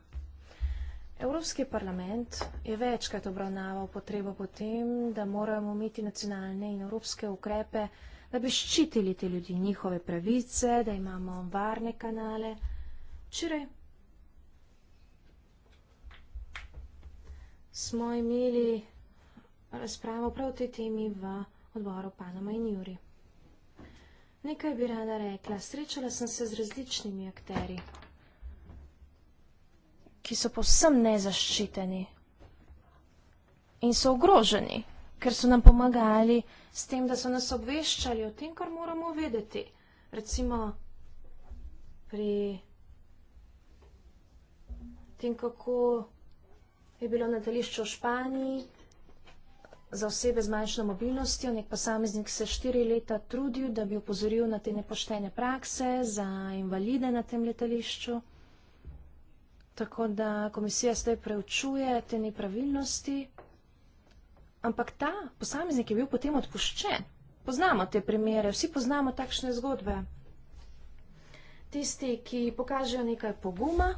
Evropski parlament je večkrat obravnaval potrebo potem, da moramo imeti nacionalne in evropske ukrepe, da bi ščitili te ljudi, njihove pravice, da imamo varne kanale. Včeraj smo imeli razpravo prav o tej temi v odboru Panama in Juri. Nekaj bi rada rekla. Srečala sem se z različnimi akteri, ki so povsem nezaščiteni in so ogroženi ker so nam pomagali s tem, da so nas obveščali o tem, kar moramo vedeti. Recimo pri tem, kako je bilo natališče v Španiji za osebe z manjšno mobilnostjo. Nek posameznik se štiri leta trudil, da bi upozoril na te nepoštene prakse za invalide na tem letališču. Tako da komisija zdaj preučuje te nepravilnosti ampak ta posameznik je bil potem odpuščen. Poznamo te primere, vsi poznamo takšne zgodbe. Tisti, ki pokažejo nekaj poguma,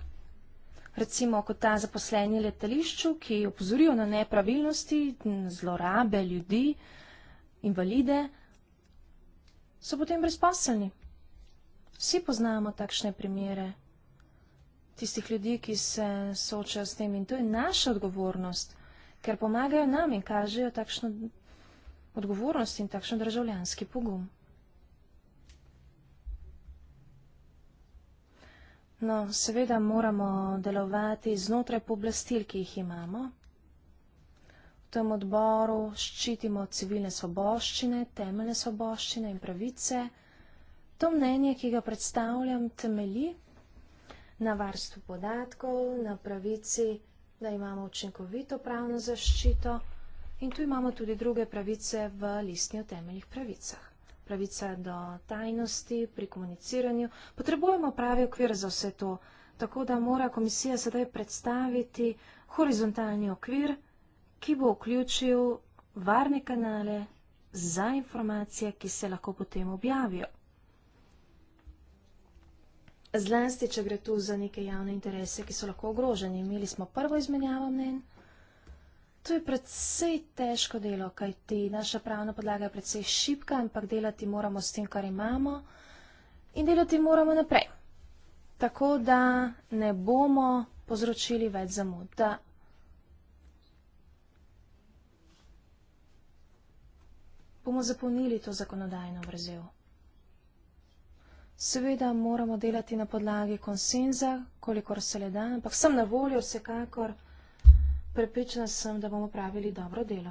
recimo kot ta zaposleni letališču, ki opozorijo na nepravilnosti, zlorabe ljudi, invalide, so potem brezposelni. Vsi poznamo takšne primere tistih ljudi, ki se soočajo s tem in to je naša odgovornost – ker pomagajo nam in kažejo takšno odgovornost in takšen državljanski pogum. No, seveda moramo delovati znotraj poblastil, ki jih imamo. V tem odboru ščitimo civilne svoboščine, temeljne svoboščine in pravice. To mnenje, ki ga predstavljam, temelji na varstvu podatkov, na pravici podatkov, da imamo učinkovito pravno zaščito in tu imamo tudi druge pravice v listni o temeljih pravicah. Pravica do tajnosti pri komuniciranju. Potrebujemo pravi okvir za vse to, tako da mora komisija sedaj predstaviti horizontalni okvir, ki bo vključil varne kanale za informacije, ki se lahko potem objavijo. Zlasti, če gre tu za neke javne interese, ki so lahko ogroženi. Imeli smo prvo izmenjavo mnen. To je predvsej težko delo, kaj ti naša pravna podlaga je predvsej šipka, ampak delati moramo s tem, kar imamo in delati moramo naprej. Tako da ne bomo povzročili več zamud. Da... bomo zapolnili to zakonodajno vrzel. Seveda moramo delati na podlagi konsenza, kolikor se le da, ampak sem na voljo vsekakor. Prepričana sem, da bomo pravili dobro delo.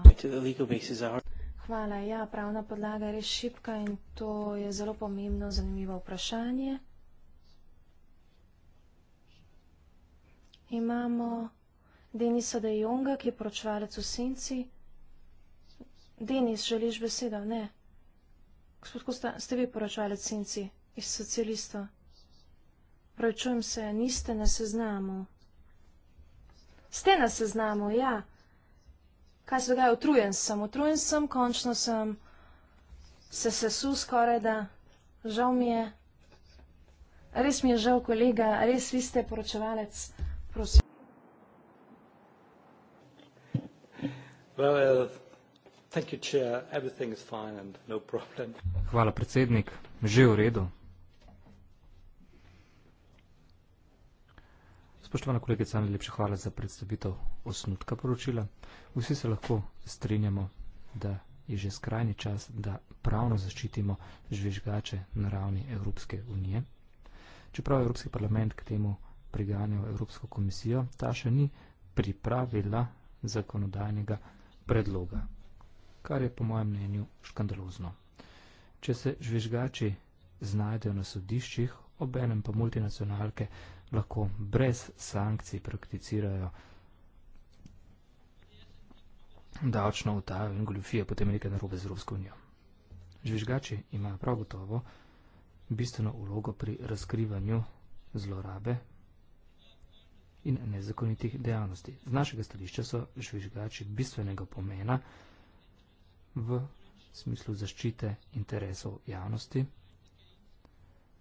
Hvala. Ja, pravna podlaga je res šipka in to je zelo pomembno, zanimivo vprašanje. Imamo Denisa De Jonga, ki je poročevalec v Sinci. Denis, želiš besedo? Ne. Gospod Kosta, ste vi poročevalec v Sinci? Ne iz socialista. Pravčujem se, niste na seznamu. Ste na seznamu, ja. Kaj se dogaja? Otrujen sem, otrujen sem, končno sem. Se sesu skoraj, da. Žal mi je. Res mi je žal, kolega, res vi ste poročevalec. Prosim. Uh, no Hvala, predsednik. Že v redu. Spoštovana kolegica, najlepša hvala za predstavitev osnutka poročila. Vsi se lahko strinjamo, da je že skrajni čas, da pravno zaščitimo žvižgače na ravni Evropske unije. Čeprav Evropski parlament k temu priganja Evropsko komisijo, ta še ni pripravila zakonodajnega predloga, kar je po mojem mnenju škandalozno. Če se žvižgači znajdejo na sodiščih, obenem pa multinacionalke, lahko brez sankcij prakticirajo davčno vtajo in goljofijo, potem nekaj narobe z Evropsko unijo. Žvižgači imajo prav gotovo bistveno ulogo pri razkrivanju zlorabe in nezakonitih dejavnosti. Z našega stališča so žvižgači bistvenega pomena v smislu zaščite interesov javnosti,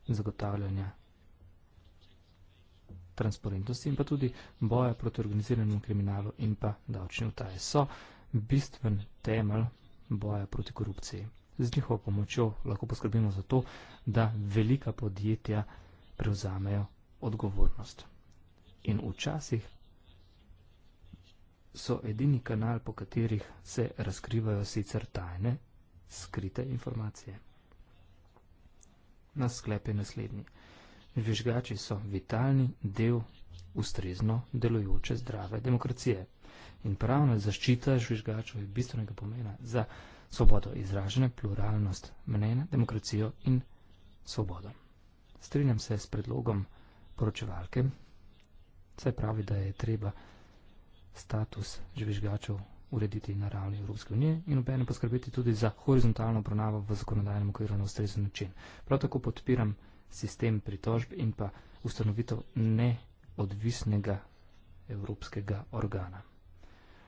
zagotavljanja transparentnosti in pa tudi boja proti organiziranemu kriminalu in pa davčni utaje so bistven temelj boja proti korupciji. Z njihovo pomočjo lahko poskrbimo za to, da velika podjetja prevzamejo odgovornost. In včasih so edini kanal, po katerih se razkrivajo sicer tajne, skrite informacije. Na sklep je naslednji. Žvižgači so vitalni del ustrezno delujoče zdrave demokracije. In pravna zaščita žvižgačev je bistvenega pomena za svobodo izražene, pluralnost mnenja, demokracijo in svobodo. Strinjam se s predlogom poročevalke, saj pravi, da je treba status žvižgačev urediti na ravni Evropske unije in obene poskrbeti tudi za horizontalno obravnavo v zakonodajnem okviru na ustrezen način. Prav tako podpiram sistem pritožb in pa ustanovitev neodvisnega evropskega organa.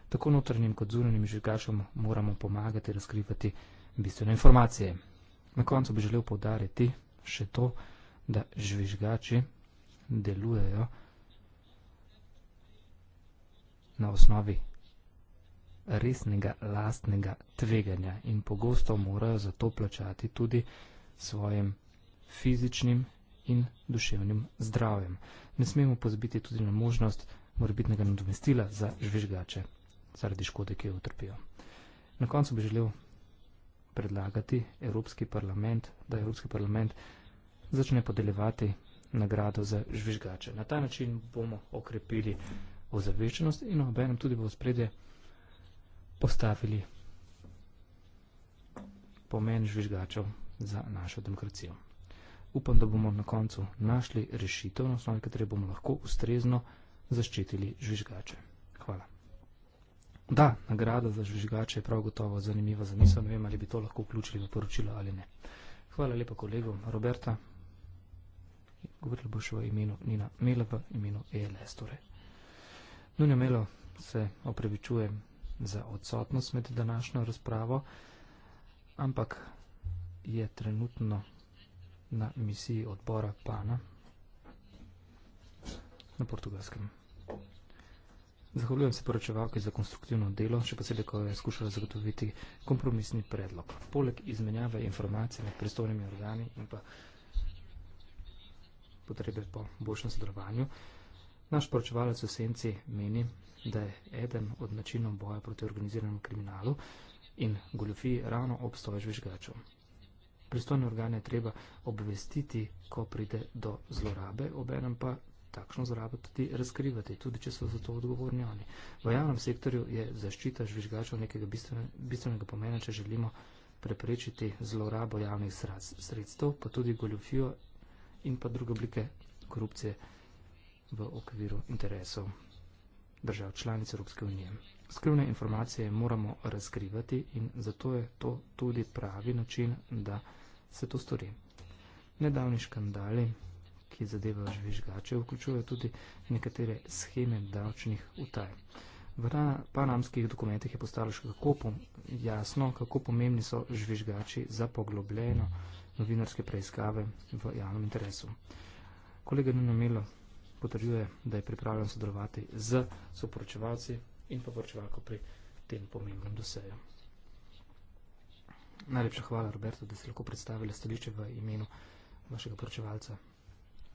Tako notranjim kot zunanjim žvigašom moramo pomagati razkrivati bistvene informacije. Na koncu bi želel povdariti še to, da žvižgači delujejo na osnovi resnega lastnega tveganja in pogosto morajo za to plačati tudi svojim fizičnim in duševnim zdravjem. Ne smemo pozbiti tudi na možnost morbitnega nadomestila za žvižgače zaradi škode, ki jo utrpijo. Na koncu bi želel predlagati Evropski parlament, da Evropski parlament začne podeljevati nagrado za žvižgače. Na ta način bomo okrepili ozaveščenost in obenem tudi v spredje postavili pomen žvižgačev za našo demokracijo upam, da bomo na koncu našli rešitev, na osnovi katere bomo lahko ustrezno zaščitili žvižgače. Hvala. Da, nagrada za žvižgače je prav gotovo zanimiva za misel. Ne vem, ali bi to lahko vključili v poročilo ali ne. Hvala lepa kolegu Roberta. Govorila boš v imenu Nina Mela, v imenu ELS. Torej. Nuno Melo se opravičujem za odsotnost med današnjo razpravo, ampak je trenutno na emisiji odbora PANA na portugalskem. Zahvaljujem se poročevalki za konstruktivno delo, še posebej, ko je skušala zagotoviti kompromisni predlog. Poleg izmenjave informacij med pristojnimi organi in pa potrebe po boljšem sodelovanju, naš poročevalec v senci meni, da je eden od načinov boja proti organiziranemu kriminalu in goljofiji ravno obstoj žvižgačev pristojne organe treba obvestiti, ko pride do zlorabe, obenem pa takšno zlorabo tudi razkrivati, tudi če so za to odgovorni oni. V javnem sektorju je zaščita žvižgačev nekega bistvenega pomena, če želimo preprečiti zlorabo javnih sredstev, pa tudi goljofijo in pa druge oblike korupcije v okviru interesov držav članic Evropske unije. Skrivne informacije moramo razkrivati in zato je to tudi pravi način, da se se to stori. Nedavni škandali, ki zadevajo žvižgače, vključujejo tudi nekatere scheme davčnih utaj. V panamskih dokumentih je postalo še kako jasno, kako pomembni so žvižgači za poglobljeno novinarske preiskave v javnem interesu. Kolega Nuno Milo potrjuje, da je pripravljen sodelovati z soporočevalci in poporočevalko pri tem pomembnem doseju. Najlepša hvala, Roberto, da ste lahko predstavili stališče v imenu vašega poročevalca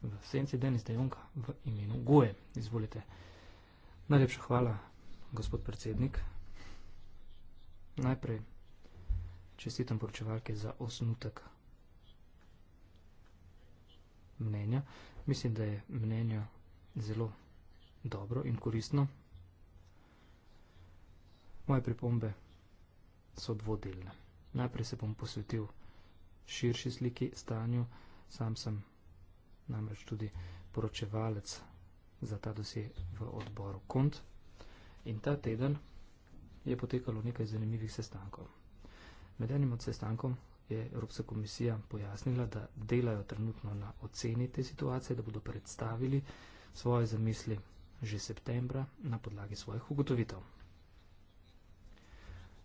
v senci Denis Dejonka v imenu Goje. Izvolite. Najlepša hvala, gospod predsednik. Najprej čestitam poročevalke za osnutek mnenja. Mislim, da je mnenje zelo dobro in koristno. Moje pripombe so dvodelne. Najprej se bom posvetil širši sliki stanju, sam sem namreč tudi poročevalec za ta dosje v odboru KUNT in ta teden je potekalo nekaj zanimivih sestankov. Med enim od sestankov je Evropska komisija pojasnila, da delajo trenutno na oceni te situacije, da bodo predstavili svoje zamisli že septembra na podlagi svojih ugotovitev.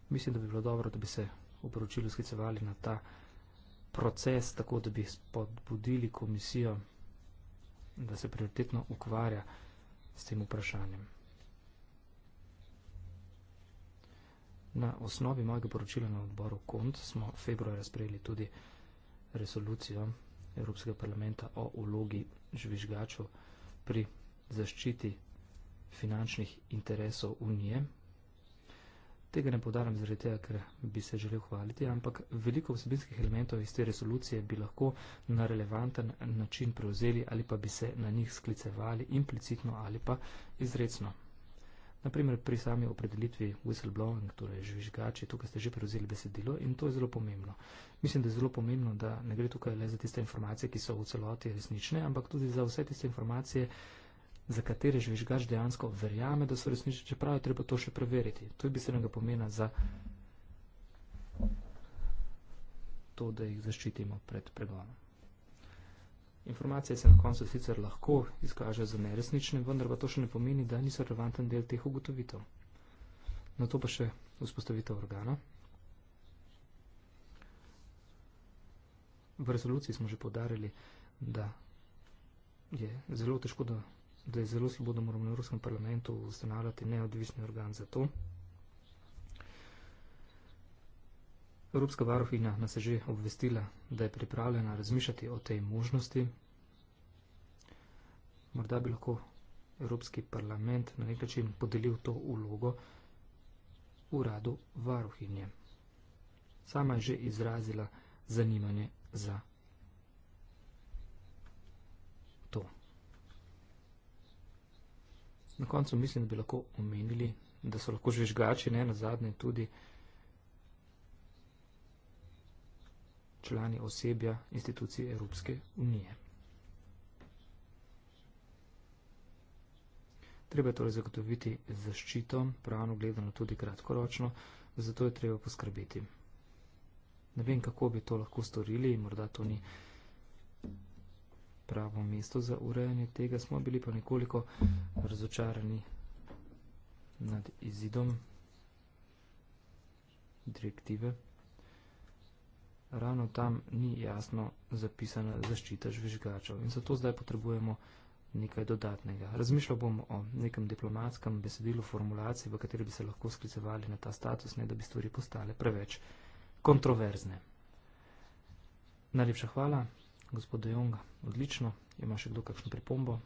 Mislim, da bi bilo dobro, da bi se v poročilu sklicevali na ta proces, tako da bi spodbudili komisijo, da se prioritetno ukvarja s tem vprašanjem. Na osnovi mojega poročila na odboru KONT smo februarja sprejeli tudi resolucijo Evropskega parlamenta o ulogi žvižgačev pri zaščiti finančnih interesov Unije Tega ne podarjam zaradi tega, ker bi se želel hvaliti, ampak veliko vsebinskih elementov iz te rezolucije bi lahko na relevanten način prevzeli ali pa bi se na njih sklicevali implicitno ali pa izredno. Naprimer, pri sami opredelitvi whistleblowing, torej žvižgači, tukaj ste že prevzeli besedilo in to je zelo pomembno. Mislim, da je zelo pomembno, da ne gre tukaj le za tiste informacije, ki so v celoti resnične, ampak tudi za vse tiste informacije, za katere žvižgač dejansko verjame, da so resnične, čeprav je treba to še preveriti. To je bistvenega pomena za to, da jih zaščitimo pred pregonom. Informacije se na koncu sicer lahko izkaže za neresnične, vendar pa to še ne pomeni, da niso relevanten del teh ugotovitev. Na to pa še vzpostavitev organa. V resoluciji smo že podarili, da je zelo težko, da da je zelo slabo, da moramo v Evropskem parlamentu ustanavljati neodvisni organ za to. Evropska varuhinja nas je že obvestila, da je pripravljena razmišljati o tej možnosti. Morda bi lahko Evropski parlament na nek način podelil to ulogo uradu varuhinje. Sama je že izrazila zanimanje za. Na koncu mislim, da bi lahko omenili, da so lahko žvižgači, ne na zadnje, tudi člani osebja institucije Evropske unije. Treba je torej zagotoviti zaščito, pravno gledano tudi kratkoročno, zato je treba poskrbeti. Ne vem, kako bi to lahko storili, morda to ni pravo mesto za urejanje tega, smo bili pa nekoliko razočarani nad izidom direktive. Ravno tam ni jasno zapisana zaščita žvižgačev in zato zdaj potrebujemo nekaj dodatnega. Razmišljal bom o nekem diplomatskem besedilu formulacij, v kateri bi se lahko sklicevali na ta status, ne da bi stvari postale preveč kontroverzne. Najlepša hvala gospoda Junga. Odlično. Ima še kdo kakšno pripombo?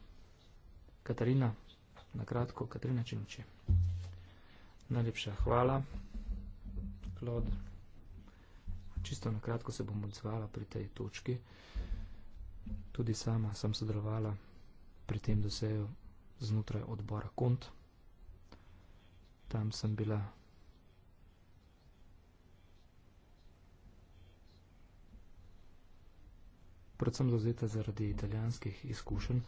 Katarina, na kratko, Katarina Činuči. Najlepša hvala, Klod. Čisto na kratko se bom odzvala pri tej točki. Tudi sama sem sodelovala pri tem doseju znotraj odbora KONT. Tam sem bila predvsem dozeta zaradi italijanskih izkušenj.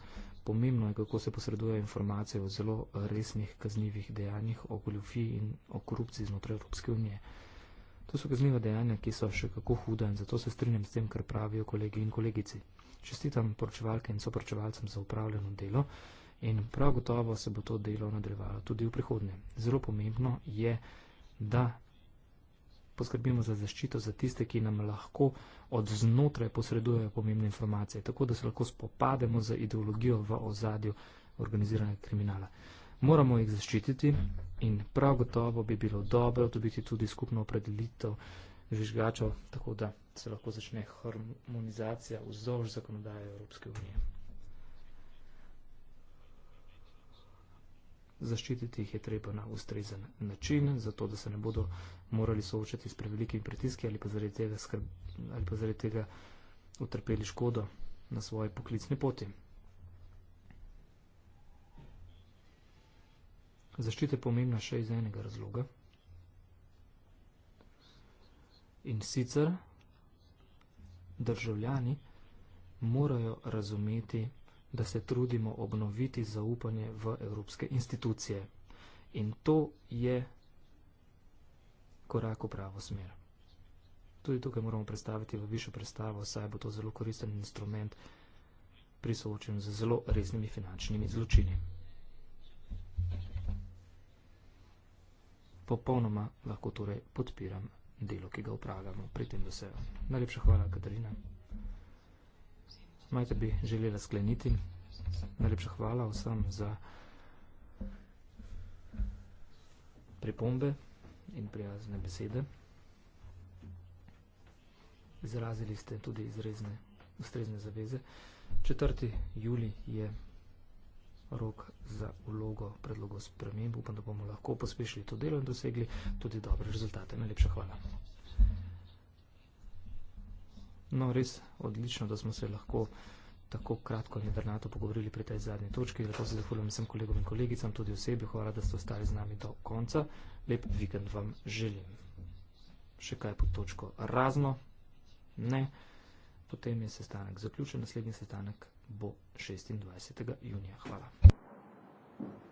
Pomembno je, kako se posredujejo informacije o zelo resnih kaznivih dejanjih, o goljofiji in o korupciji znotraj Evropske unije. To so kazniva dejanja, ki so še kako huda in zato se strinjam s tem, kar pravijo kolegi in kolegici. Čestitam poročevalke in soporočevalcem za upravljeno delo in prav gotovo se bo to delo nadaljevalo tudi v prihodnje. Zelo pomembno je, da poskrbimo za zaščito za tiste, ki nam lahko od znotraj posredujejo pomembne informacije, tako da se lahko spopademo z ideologijo v ozadju organiziranega kriminala. Moramo jih zaščititi in prav gotovo bi bilo dobro dobiti tudi skupno opredelitev žvižgačev, tako da se lahko začne harmonizacija vzdolž zakonodaje Evropske unije. zaščititi jih je treba na ustrezen način, zato da se ne bodo morali soočati s prevelikimi pritiski ali pa zaradi tega, skrb, ali pa zaradi tega utrpeli škodo na svoji poklicni poti. Zaščita je pomembna še iz enega razloga in sicer državljani morajo razumeti, da se trudimo obnoviti zaupanje v evropske institucije. In to je korak v pravo smer. Tudi tukaj moramo predstaviti v višjo predstavo, saj bo to zelo koristen instrument pri soočenju z zelo resnimi finančnimi zločini. Popolnoma lahko torej podpiram delo, ki ga upravljamo pri tem dosegu. Najlepša hvala, Katarina. Majte bi želela skleniti. Najlepša hvala vsem za pripombe in prijazne besede. Izrazili ste tudi izrezne, ustrezne zaveze. 4. juli je rok za vlogo predlogov sprememb. Upam, da bomo lahko pospešili to delo in dosegli tudi dobre rezultate. Najlepša hvala. No, res odlično, da smo se lahko tako kratko in jedrnato pogovorili pri tej zadnji točki. Lepo se zahvaljujem vsem kolegom in kolegicam, tudi osebi. Hvala, da ste ostali z nami do konca. Lep vikend vam želim. Še kaj pod točko razno? Ne. Potem je sestanek zaključen. Naslednji sestanek bo 26. junija. Hvala. Thank you.